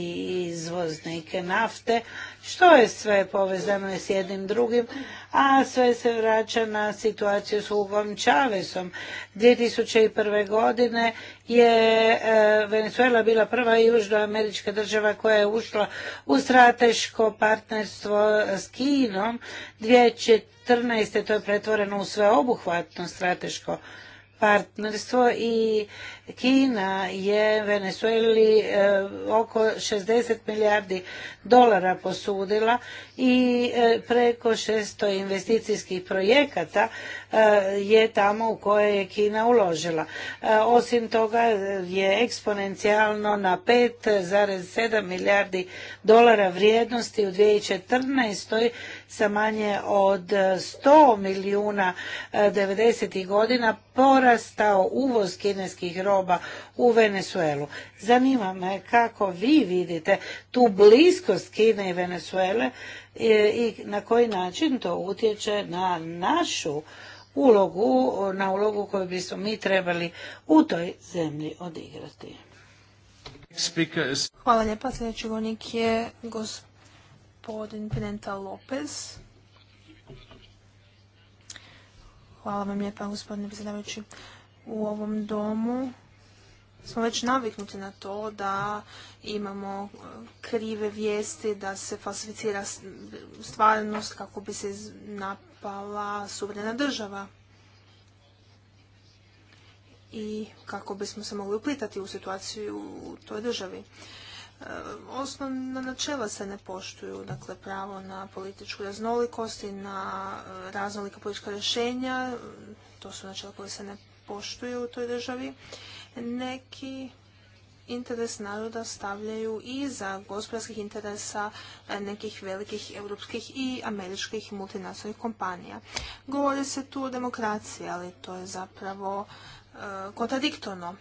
izvoznik nafte, što je sve povezano je s jednim drugim, a sve se vraća na situaciju s Hugom Čavesom. 2001. godine je e, Venezuela bila prva južnoamerička država koja je ušla u strateško partnerstvo s Kinom. 2014. to je pretvoreno u sveobuhvatno strateško partnerstvo partnerstvo i Kina je Venezueli e, oko 60 milijardi dolara posudila i e, preko 600 investicijskih projekata e, je tamo u koje je Kina uložila. Osim toga je eksponencijalno na 5,7 milijardi dolara vrijednosti u 2014 sa manje od 100 milijuna 90. E, godina porastao uvoz kineskih roba u Venezuelu. Zanima me kako vi vidite tu bliskost Kine i Venezuele e, i na koji način to utječe na našu ulogu, na ulogu koju bismo mi trebali u toj zemlji odigrati. Hvala lijepa. Sljedeći govornik je gospodin gospodin Pinenta Lopez. Hvala vam lijepa gospodine predsjedavajući. U ovom domu smo već naviknuti na to da imamo e, krive vijesti, da se falsificira stvarnost kako bi se napala suverena država i kako bismo se mogli uplitati u situaciju u toj državi. E, osnovna načela se ne poštuju, dakle pravo na političku raznolikost i na e, raznolika politička rješenja, to su načela koje se ne poštuju u toj državi. Neki interes naroda stavljaju i za gospodarskih interesa e, nekih velikih europskih i američkih multinacionalnih kompanija. Govori se tu o demokraciji, ali to je zapravo kontradiktorno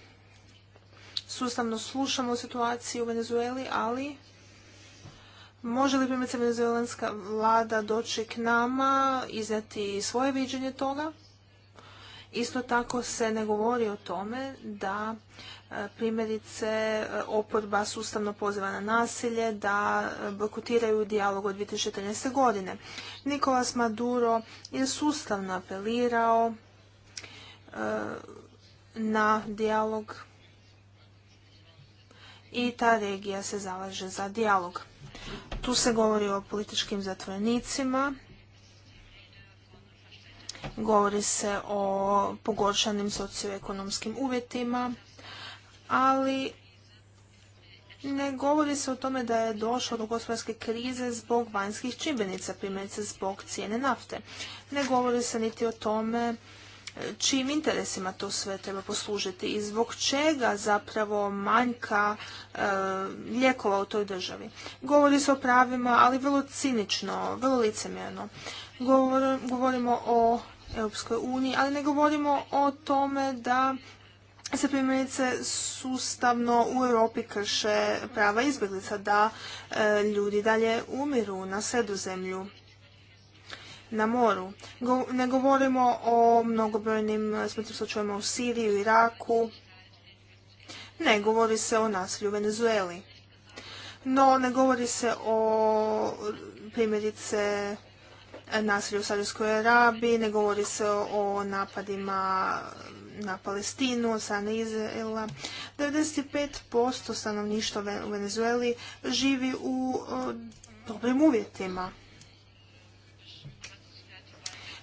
sustavno slušamo situaciju u Venezueli, ali može li primjerice venezuelanska vlada doći k nama, izneti svoje viđenje toga? Isto tako se ne govori o tome da e, primjerice oporba sustavno poziva na nasilje, da e, blokutiraju dijalog od 2014. godine. Nikolas Maduro je sustavno apelirao e, na dijalog i ta regija se zalaže za dijalog. Tu se govori o političkim zatvorenicima, govori se o pogoršanim socioekonomskim uvjetima, ali ne govori se o tome da je došlo do gospodarske krize zbog vanjskih čimbenica, primjerice zbog cijene nafte. Ne govori se niti o tome čijim interesima to sve treba poslužiti i zbog čega zapravo manjka ljekova lijekova u toj državi. Govori se o pravima, ali vrlo cinično, vrlo licemjerno. govorimo o Europskoj uniji, ali ne govorimo o tome da se primjerice sustavno u Europi krše prava izbjeglica, da e, ljudi dalje umiru na sredozemlju. zemlju na moru. Ne govorimo o mnogobrojnim smrtnim slučajevima u Siriji, Iraku. Ne, govori se o nasilju u Venezueli. No, ne govori se o primjerice nasilju u Saudijskoj Arabiji, ne govori se o napadima na Palestinu, Sana devedeset Izraela. 95% stanovništva u Venezueli živi u dobrim uvjetima.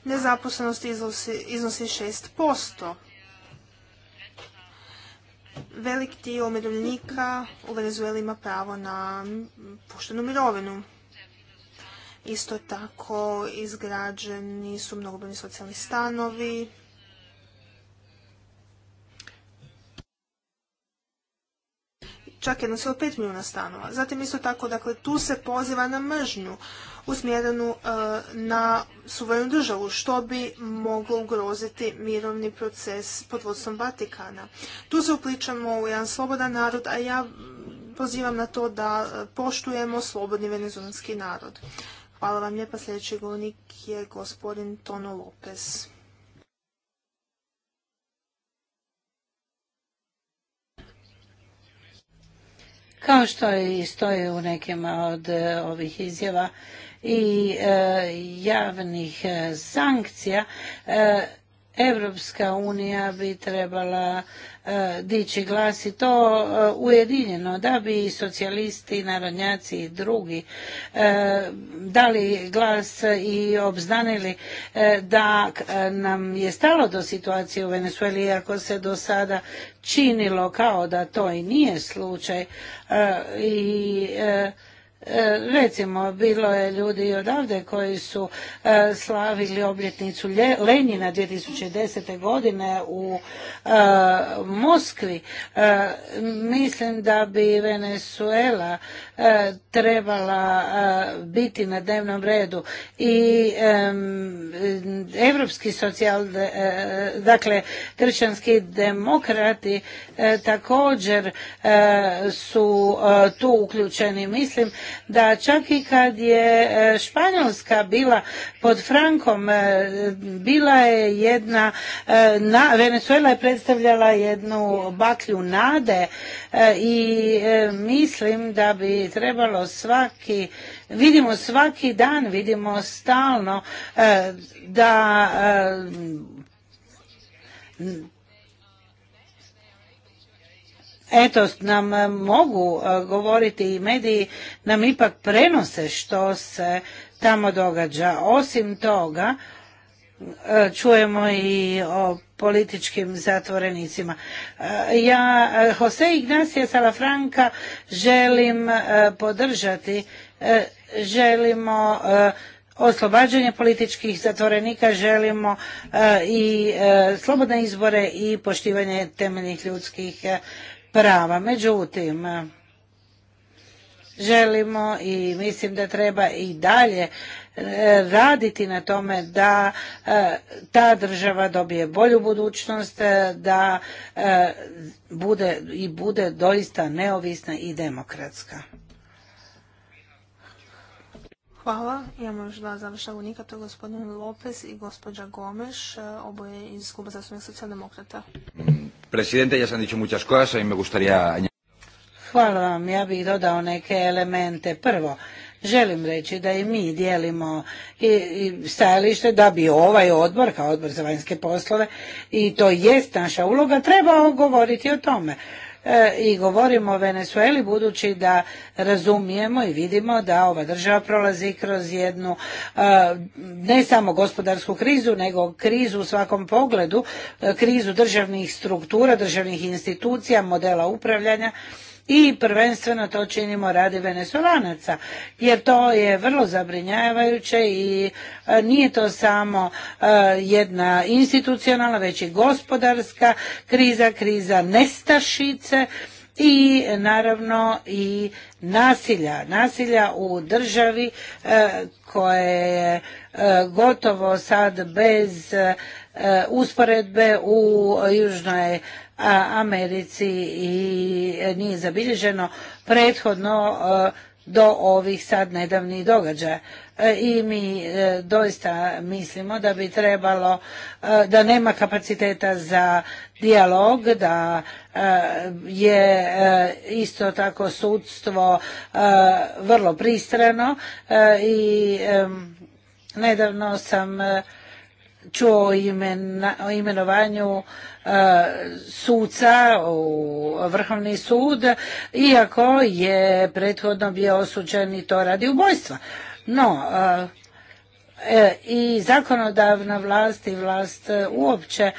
Nezaposlenost iznosi, 6%. Velik dio umirovljenika u Venezueli ima pravo na puštenu mirovinu. Isto tako izgrađeni su mnogobrojni socijalni stanovi, čak 1,5 milijuna stanova. Zatim isto tako, dakle, tu se poziva na mržnju usmjerenu e, na suverenu državu, što bi moglo ugroziti mirovni proces pod vodstvom Vatikana. Tu se upličamo u jedan slobodan narod, a ja pozivam na to da e, poštujemo slobodni venezuelanski narod. Hvala vam lijepa. Sljedeći govornik je gospodin Tono Lopez. Kao što i stoji u nekima od e, ovih izjava, i e, javnih e, sankcija e, Evropska unija bi trebala dići glas i to ujedinjeno da bi socijalisti, narodnjaci i drugi dali glas i obznanili da nam je stalo do situacije u Venezueli ako se do sada činilo kao da to i nije slučaj i E, recimo bilo je ljudi i odavde koji su e, slavili obljetnicu Lenjina 2010. godine u e, Moskvi mislim da bi Venezuela trebala biti na dnevnom redu i evropski socijal dakle kršćanski demokrati također su tu uključeni mislim da čak i kad je e, Španjolska bila pod Frankom, e, bila je jedna, e, na, Venezuela je predstavljala jednu baklju nade i mislim da bi trebalo svaki vidimo svaki dan, vidimo stalno da eto nam e, mogu e, govoriti i mediji nam ipak prenose što se tamo događa. Osim toga, e, čujemo i o političkim zatvorenicima. Ja Jose Ignacija Salafranka želim podržati, želimo oslobađanje političkih zatvorenika, želimo i slobodne izbore i poštivanje temeljnih ljudskih prava. Međutim, želimo i mislim da treba i dalje e, raditi na tome da e, ta država dobije bolju budućnost, e, da bude i bude doista neovisna i demokratska. Hvala. Imamo još dva završna govornika, to je gospodin Lopez i gospođa Gomes, e, oboje iz Kluba zastupnika socijaldemokrata. Presidente, ja sam dicho muchas cosas i me gustaría... Hvala vam, ja bih dodao neke elemente. Prvo, želim reći da i mi dijelimo i, stajalište da bi ovaj odbor, kao odbor za vanjske poslove, i to jest naša uloga, trebao govoriti o tome. E, i govorimo o Venezueli budući da razumijemo i vidimo da ova država prolazi kroz jednu e, ne samo gospodarsku krizu nego krizu u svakom pogledu, e, krizu državnih struktura, državnih institucija, modela upravljanja i prvenstveno to činimo radi venezuelanaca jer to je vrlo zabrinjavajuće i e, nije to samo e, jedna institucionalna već i gospodarska kriza, kriza nestašice i naravno i nasilja, nasilja u državi e, koje je gotovo sad bez usporedbe u Južnoj Americi i e, nije zabilježeno prethodno e, do ovih sad nedavnih događaja. E, I mi doista mislimo da bi trebalo, da nema kapaciteta za dijalog, da je isto tako sudstvo vrlo pristrano i nedavno sam čuo o, imenovanju e, suca u Vrhovni sud, iako je prethodno bio osuđen i to radi ubojstva. No, e, e, i zakonodavna vlast i vlast uopće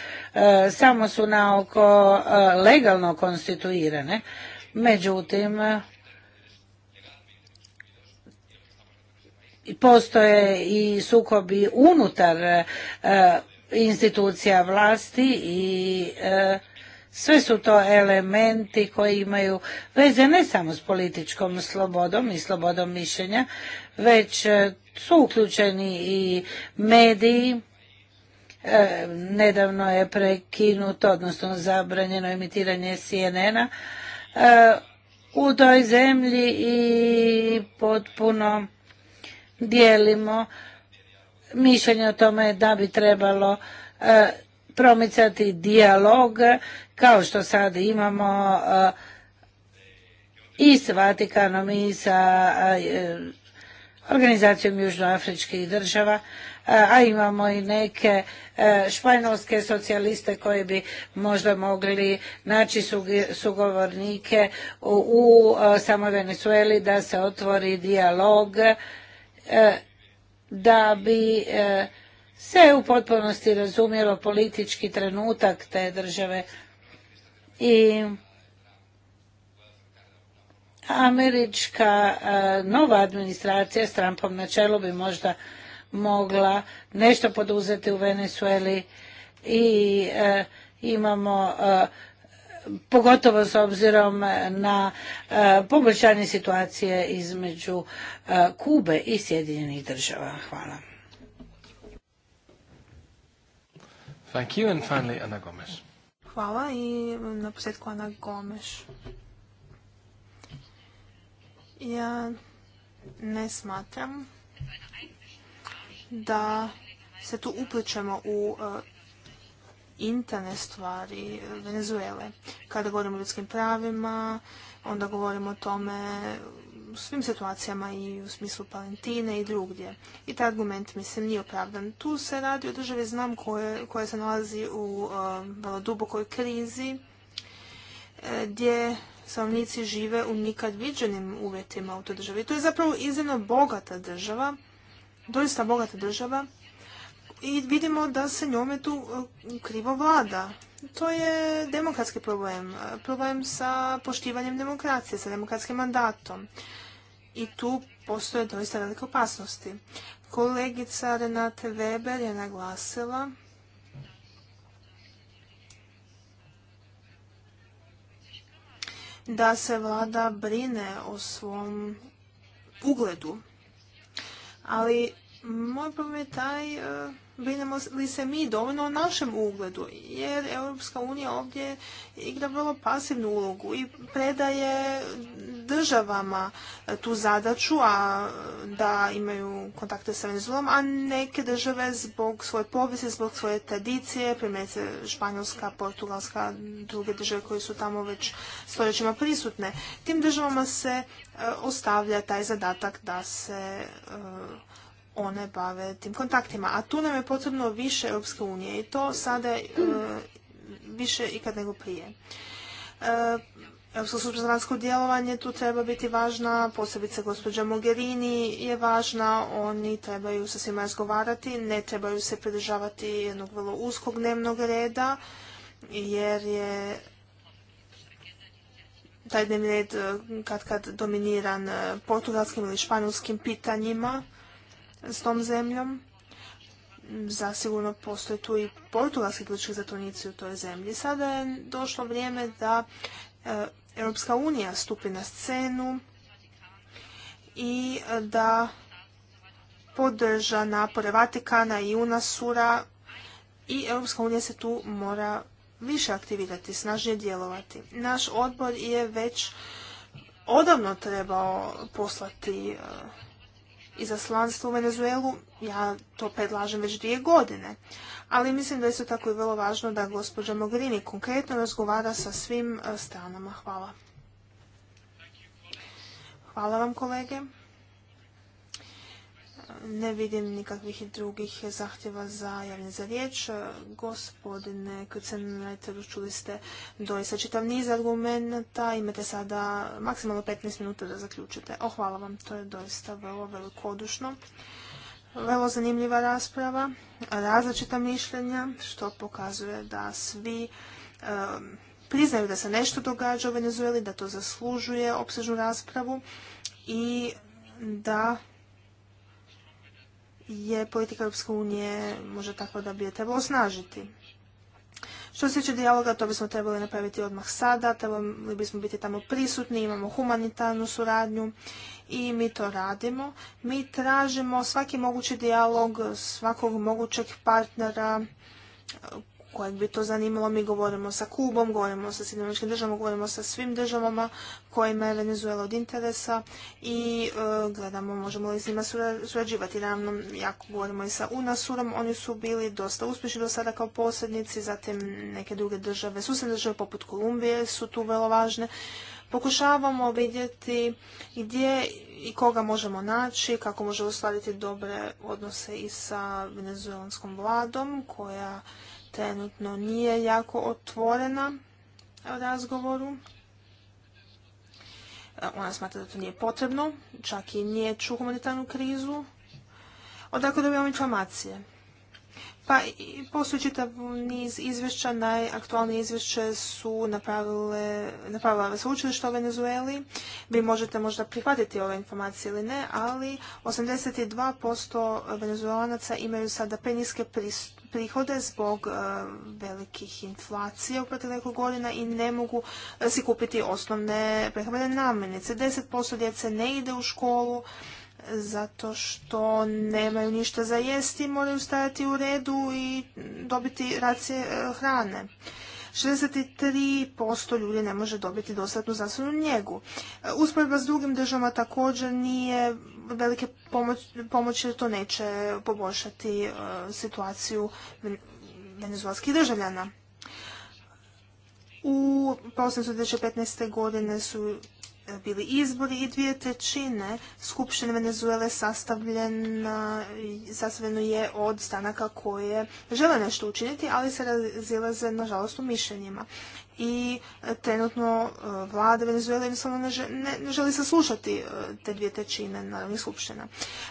samo su naoko legalno konstituirane. Međutim, postoje i sukobi unutar e, institucija vlasti i e, sve su to elementi koji imaju veze ne samo s političkom slobodom i slobodom mišljenja, već e, su uključeni i mediji. nedavno je prekinuto, odnosno zabranjeno emitiranje CNN-a u toj zemlji i potpuno dijelimo mišljenje o tome da bi trebalo e, promicati dijalog kao što sad imamo e, i s Vatikanom i sa e, organizacijom južnoafričkih država, a imamo i neke španjolske socijaliste koji bi možda mogli naći sugovornike u samoj Venezueli da se otvori dijalog E, da bi e, se u potpunosti razumjelo politički trenutak te države i američka e, nova administracija s Trumpom na čelu bi možda mogla nešto poduzeti u Venezueli i imamo pogotovo s obzirom na e, poboljšanje situacije između e, Kube i Sjedinjenih država. Hvala. Hvala i na posjetku Ana Gomes. Ja ne smatram da se tu upličemo u e, interne stvari Venezuele. Kada govorimo o ljudskim pravima, onda govorimo o tome u svim situacijama i u smislu Palentine i drugdje. I taj argument mislim nije opravdan. Tu se radi o državi znam koje, koja se nalazi u um, vrlo dubokoj krizi e, gdje stanovnici žive u nikad viđenim uvjetima u toj državi. To je zapravo iznimno bogata država, doista bogata država i vidimo da se njome tu e, krivo vlada. To je demokratski problem, e, problem sa poštivanjem demokracije, sa demokratskim mandatom. I tu postoje doista velike opasnosti. Kolegica Renate Weber je naglasila da se vlada brine o svom ugledu. Ali moj problem je taj e, brinemo li se mi dovoljno o našem ugledu, jer Europska unija ovdje igra vrlo pasivnu ulogu i predaje državama tu zadaću, a da imaju kontakte sa Venezuelom, a neke države zbog svoje povijesti, zbog svoje tradicije, primjerice Španjolska, Portugalska, druge države koje su tamo već stoljećima prisutne, tim državama se e, ostavlja taj zadatak da se e, one bave tim kontaktima. A tu nam je potrebno više Europske unije i to sada e, više ikad nego prije. E, Europsko djelovanje tu treba biti važna, posebice gospođa Mogherini je važna, oni trebaju sa svima razgovarati, ne trebaju se pridržavati jednog vrlo uskog dnevnog reda, jer je taj dnevni red e, kad kad dominiran portugalskim ili španjolskim pitanjima s tom zemljom. Zasigurno postoje tu i portugalski politički zatvornici u toj zemlji. Sada je došlo vrijeme da e, Europska unija stupi na scenu i e, da podrža napore Vatikana i UNASURA i Europska unija se tu mora više aktivirati, snažnije djelovati. Naš odbor je već odavno trebao poslati e, izaslanstvo u Venezuelu, ja to predlažem već dvije godine. Ali mislim da je isto tako i vrlo važno da gospođa Mogrini konkretno razgovara sa svim e, stranama. Hvala. Hvala vam kolege ne vidim nikakvih drugih zahtjeva za javljanje za riječ. Gospodine Kucenreteru, čuli ste doista čitav niz argumenta. Imate sada maksimalno 15 minuta da zaključite. O, hvala vam, to je doista vrlo velikodušno. Vrlo zanimljiva rasprava, različita mišljenja, što pokazuje da svi priznaju da se nešto događa u Venezueli, da to zaslužuje opsežnu raspravu i da je politika Europske unije možda tako da bi je trebalo osnažiti. Što se tiče dijaloga, to bismo trebali napraviti odmah sada, trebali bismo biti tamo prisutni, imamo humanitarnu suradnju i mi to radimo. Mi tražimo svaki mogući dijalog, svakog mogućeg partnera kojeg bi to zanimalo. Mi govorimo sa Kubom, govorimo sa Sjedinovičkim državama, govorimo sa svim državama kojima je Venezuela od interesa i e, gledamo možemo li s njima surađivati. Naravno, jako govorimo i sa UNASURom, oni su bili dosta uspješni do sada kao posljednici. zatim neke druge države, susjedne države poput Kolumbije su tu vrlo važne. Pokušavamo vidjeti gdje i koga možemo naći, kako možemo ostvariti dobre odnose i sa venezuelanskom vladom koja trenutno nije jako otvorena razgovoru. E, ona smatra da to nije potrebno, čak i nije ču humanitarnu krizu. Odakle dobijamo informacije? Pa postoji čitav niz izvješća, najaktualnije izvješće su napravile, napravila sveučilišta u Venezueli. Vi možete možda prihvatiti ove informacije ili ne, ali 82% venezuelanaca imaju sada penijske prihode zbog eh, velikih inflacija u protiv godina i ne mogu eh, si kupiti osnovne prehrambene namirnice. 10% djece ne ide u školu, zato što nemaju ništa za jesti, moraju stajati u redu i dobiti racije e, hrane. 63% ljudi ne može dobiti dostatnu zdravstvenu njegu. E, usporedba s drugim državama također nije velike pomoći jer to neće poboljšati e, situaciju venezuelskih državljana. U prosincu pa 2015. godine su bili izbori i dvije trećine Skupštine Venezuele sastavljeno je od stanaka koje žele nešto učiniti, ali se razilaze, nažalost, u mišljenjima i trenutno e, vlada Venezuela jednostavno ne, ne, želi saslušati e, te dvije trećine narodnih skupština.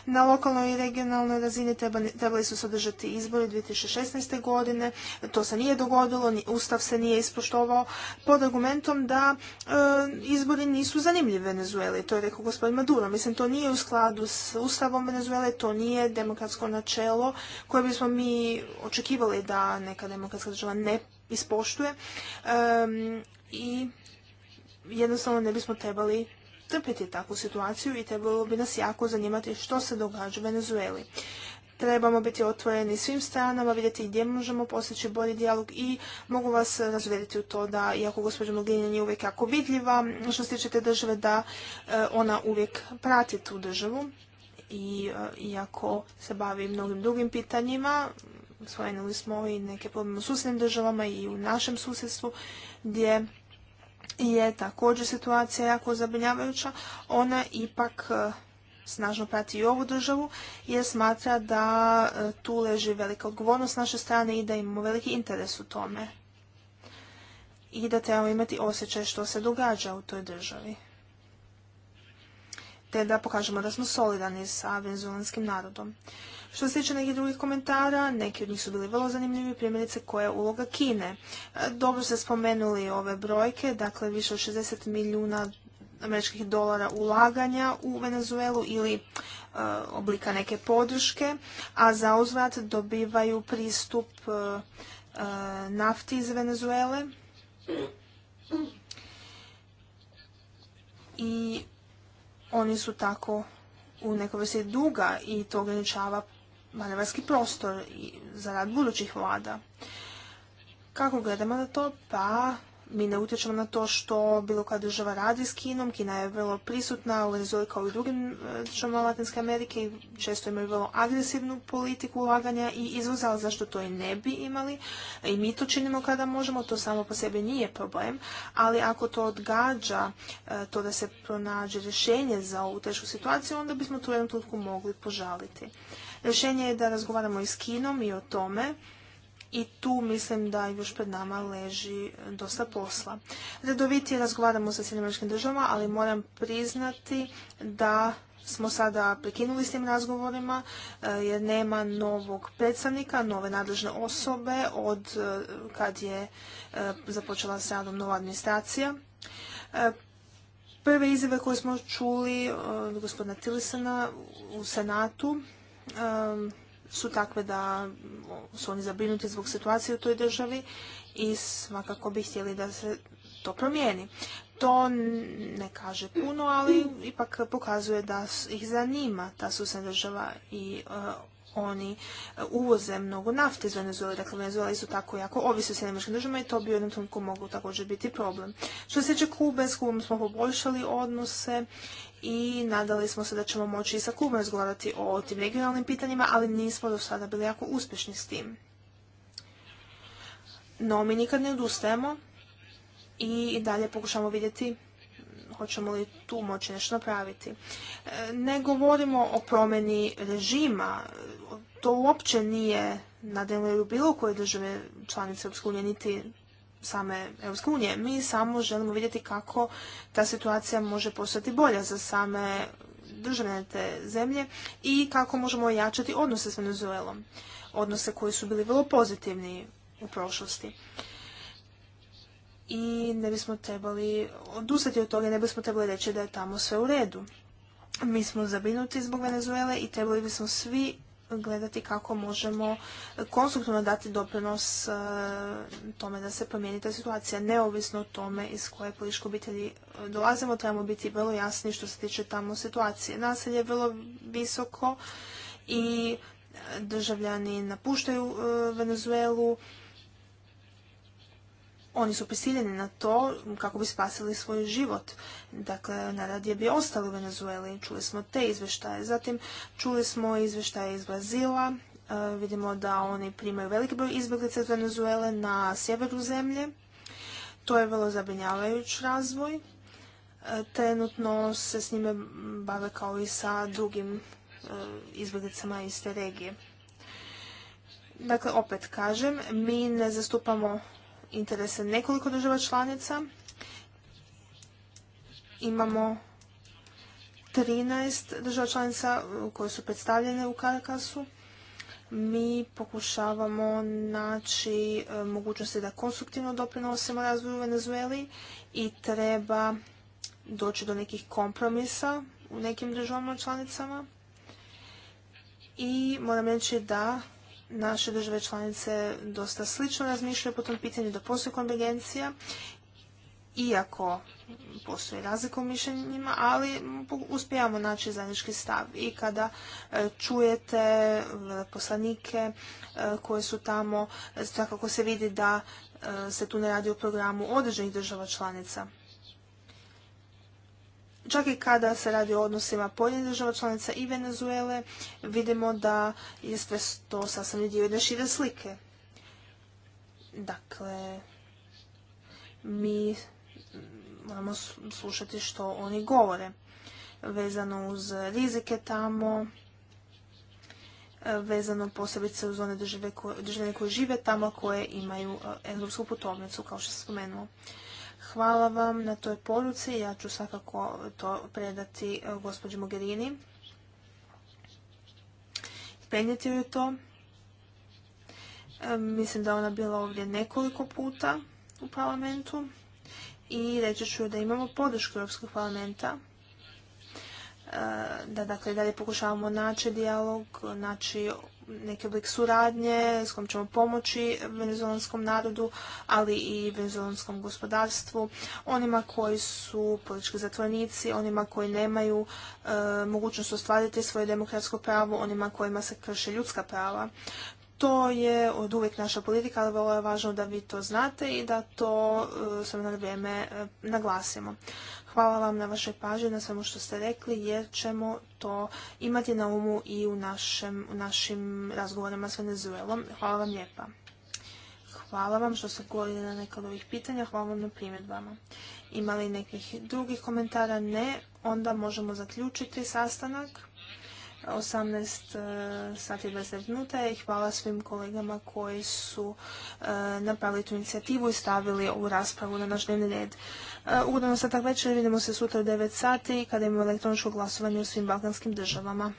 Na lokalnoj i regionalnoj razini trebali su sadržati održati izbori 2016. godine, to se nije dogodilo, ustav se nije ispoštovao pod argumentom da e, izbori nisu zanimljivi Venezueli, to je rekao gospodin Maduro. Mislim, to nije u skladu s ustavom Venezuele, to nije demokratsko načelo koje bismo mi očekivali da neka demokratska država ne ispoštuje i jednostavno ne bismo trebali trpiti takvu situaciju i trebalo bi nas jako zanimati što se događa u Venezueli. Trebamo biti otvoreni svim stranama, vidjeti gdje možemo postići bolji dijalog i mogu vas razvediti u to da, iako gospođa Mogherini nije uvijek jako vidljiva, što se tiče te države, da eh, ona uvijek prati tu državu i eh, iako se bavi mnogim drugim pitanjima, spomenuli smo i neke probleme u susjednim državama i u našem susjedstvu gdje je također situacija jako zabrinjavajuća. Ona ipak e, snažno prati i ovu državu jer smatra da e, tu leži velika odgovornost naše strane i da imamo veliki interes u tome i da trebamo imati osjećaj što se događa u toj državi te da pokažemo da smo solidarni sa venezuelanskim narodom. Što se tiče nekih drugih komentara, neki od njih su bili vrlo zanimljivi, primjerice koja je uloga Kine. E, dobro ste spomenuli ove brojke, dakle više od 60 milijuna američkih dolara ulaganja u Venezuelu ili e, oblika neke podrške, a za uzvrat dobivaju pristup e, nafti iz Venezuele. I oni su tako u nekoj vrsti duga i to ograničava manevarski prostor za rad budućih vlada. Kako gledamo na to? Pa mi ne utječemo na to što bilo koja država radi s Kinom. Kina je vrlo prisutna u Venezueli kao i u drugim e, državama Latinske Amerike često imaju vrlo agresivnu politiku ulaganja i izvoza, ali zašto to i ne bi imali. I mi to činimo kada možemo, to samo po sebi nije problem, ali ako to odgađa e, to da se pronađe rješenje za ovu tešku situaciju, onda bismo tu jednom trenutku mogli požaliti. Rješenje je da razgovaramo i s Kinom i o tome i tu mislim da još pred nama leži dosta posla. Redovitije razgovaramo sa Sjedinjavačkim državama, ali moram priznati da smo sada prekinuli s tim razgovorima e, jer nema novog predstavnika, nove nadležne osobe od e, kad je e, započela s radom nova administracija. Prve izjave koje smo čuli od gospodina Tilisana u Senatu su takve da su oni zabrinuti zbog situacije u toj državi i svakako bi htjeli da se to promijeni. To ne kaže puno, ali ipak pokazuje da ih zanima ta se država i e, oni e, uvoze mnogo nafte iz Venezuele, dakle Venezuela isto tako jako ovisi u Sjedinjenim državama i to bi u jednom trenutku moglo također biti problem. Što se tiče Kube, s Kubom smo poboljšali odnose i nadali smo se da ćemo moći i sa Kubom razgovarati o tim regionalnim pitanjima, ali nismo do sada bili jako uspješni s tim. No, mi nikad ne odustajemo i dalje pokušamo vidjeti hoćemo li tu moći nešto napraviti. E, ne govorimo o promjeni režima, to uopće nije na u bilo koje države članice Europske niti same Europske unije. Mi samo želimo vidjeti kako ta situacija može postati bolja za same državne te zemlje i kako možemo ojačati odnose s Venezuelom. Odnose koji su bili vrlo pozitivni u prošlosti. I ne bismo trebali odustati od toga, ne bismo trebali reći da je tamo sve u redu. Mi smo zabrinuti zbog Venezuele i trebali bismo svi gledati kako možemo konstruktivno dati doprinos e, tome da se promijeni ta situacija. Neovisno o tome iz koje političke obitelji e, dolazimo, trebamo biti vrlo jasni što se tiče tamo situacije. Naselje je vrlo visoko i e, državljani napuštaju Venezuelu oni su prisiljeni na to kako bi spasili svoj život. Dakle, radije bi ostali u Venezueli. Čuli smo te izvještaje. Zatim, čuli smo izvještaje iz Brazila. E, vidimo da oni primaju veliki broj izbjeglica iz Venezuele na sjeveru zemlje. To je vrlo zabrinjavajući razvoj. E, trenutno se s njime bave kao i sa drugim e, izbjeglicama iz te regije. Dakle, opet kažem, mi ne zastupamo interese nekoliko država članica. Imamo 13 država članica koje su predstavljene u Karkasu. Mi pokušavamo naći e, mogućnosti da konstruktivno doprinosimo razvoju u Venezueli i treba doći do nekih kompromisa u nekim državama članicama. I moram reći da naše države članice dosta slično razmišljaju po tom pitanju da postoji konvergencija, iako postoji razlika u mišljenjima, ali uspijamo naći zajednički stav. I kada e, čujete poslanike e, koji su tamo, e, svakako se vidi da se tu ne radi o programu određenih država članica. Čak i kada se radi o odnosima pojedinih država članica i Venezuele, vidimo da je sve to sasvim dio jedne šire slike. Dakle, mi moramo slušati što oni govore vezano uz rizike tamo, vezano posebice uz one države koje, žive tamo koje imaju e, europsku putovnicu, kao što sam spomenuo. Hvala vam na toj poruci. Ja ću svakako to predati e, gospođi Mogherini. Prenijeti joj to. E, mislim da ona bila ovdje nekoliko puta u parlamentu i reći ću da imamo podršku Europskog parlamenta e, da dakle dalje pokušavamo naći dijalog, naći neki oblik suradnje s kojom ćemo pomoći venezuelanskom narodu, ali i venezuelanskom gospodarstvu, onima koji su politički zatvornici onima koji nemaju e, mogućnost ostvariti svoje demokratsko pravo, onima kojima se krše ljudska prava. To je od uvijek naša politika, ali vrlo je važno da vi to znate i da to e, sve na vrijeme e, naglasimo. Hvala vam na vašoj pažnji, na svemu što ste rekli, jer ćemo to imati na umu i u, našim razgovorima s Venezuelom. Hvala vam lijepa. Hvala vam što ste govorili na neka ovih pitanja, hvala vam na primjedbama. Ima li nekih drugih komentara? Ne. Onda možemo zaključiti sastanak. 18 e, sati 20 minuta i hvala svim kolegama koji su e, napravili tu inicijativu i stavili ovu raspravu na naš dnevni red. Ugodan ostatak večer, vidimo se sutra u 9 sati kada imamo elektroničko glasovanje u svim balkanskim državama.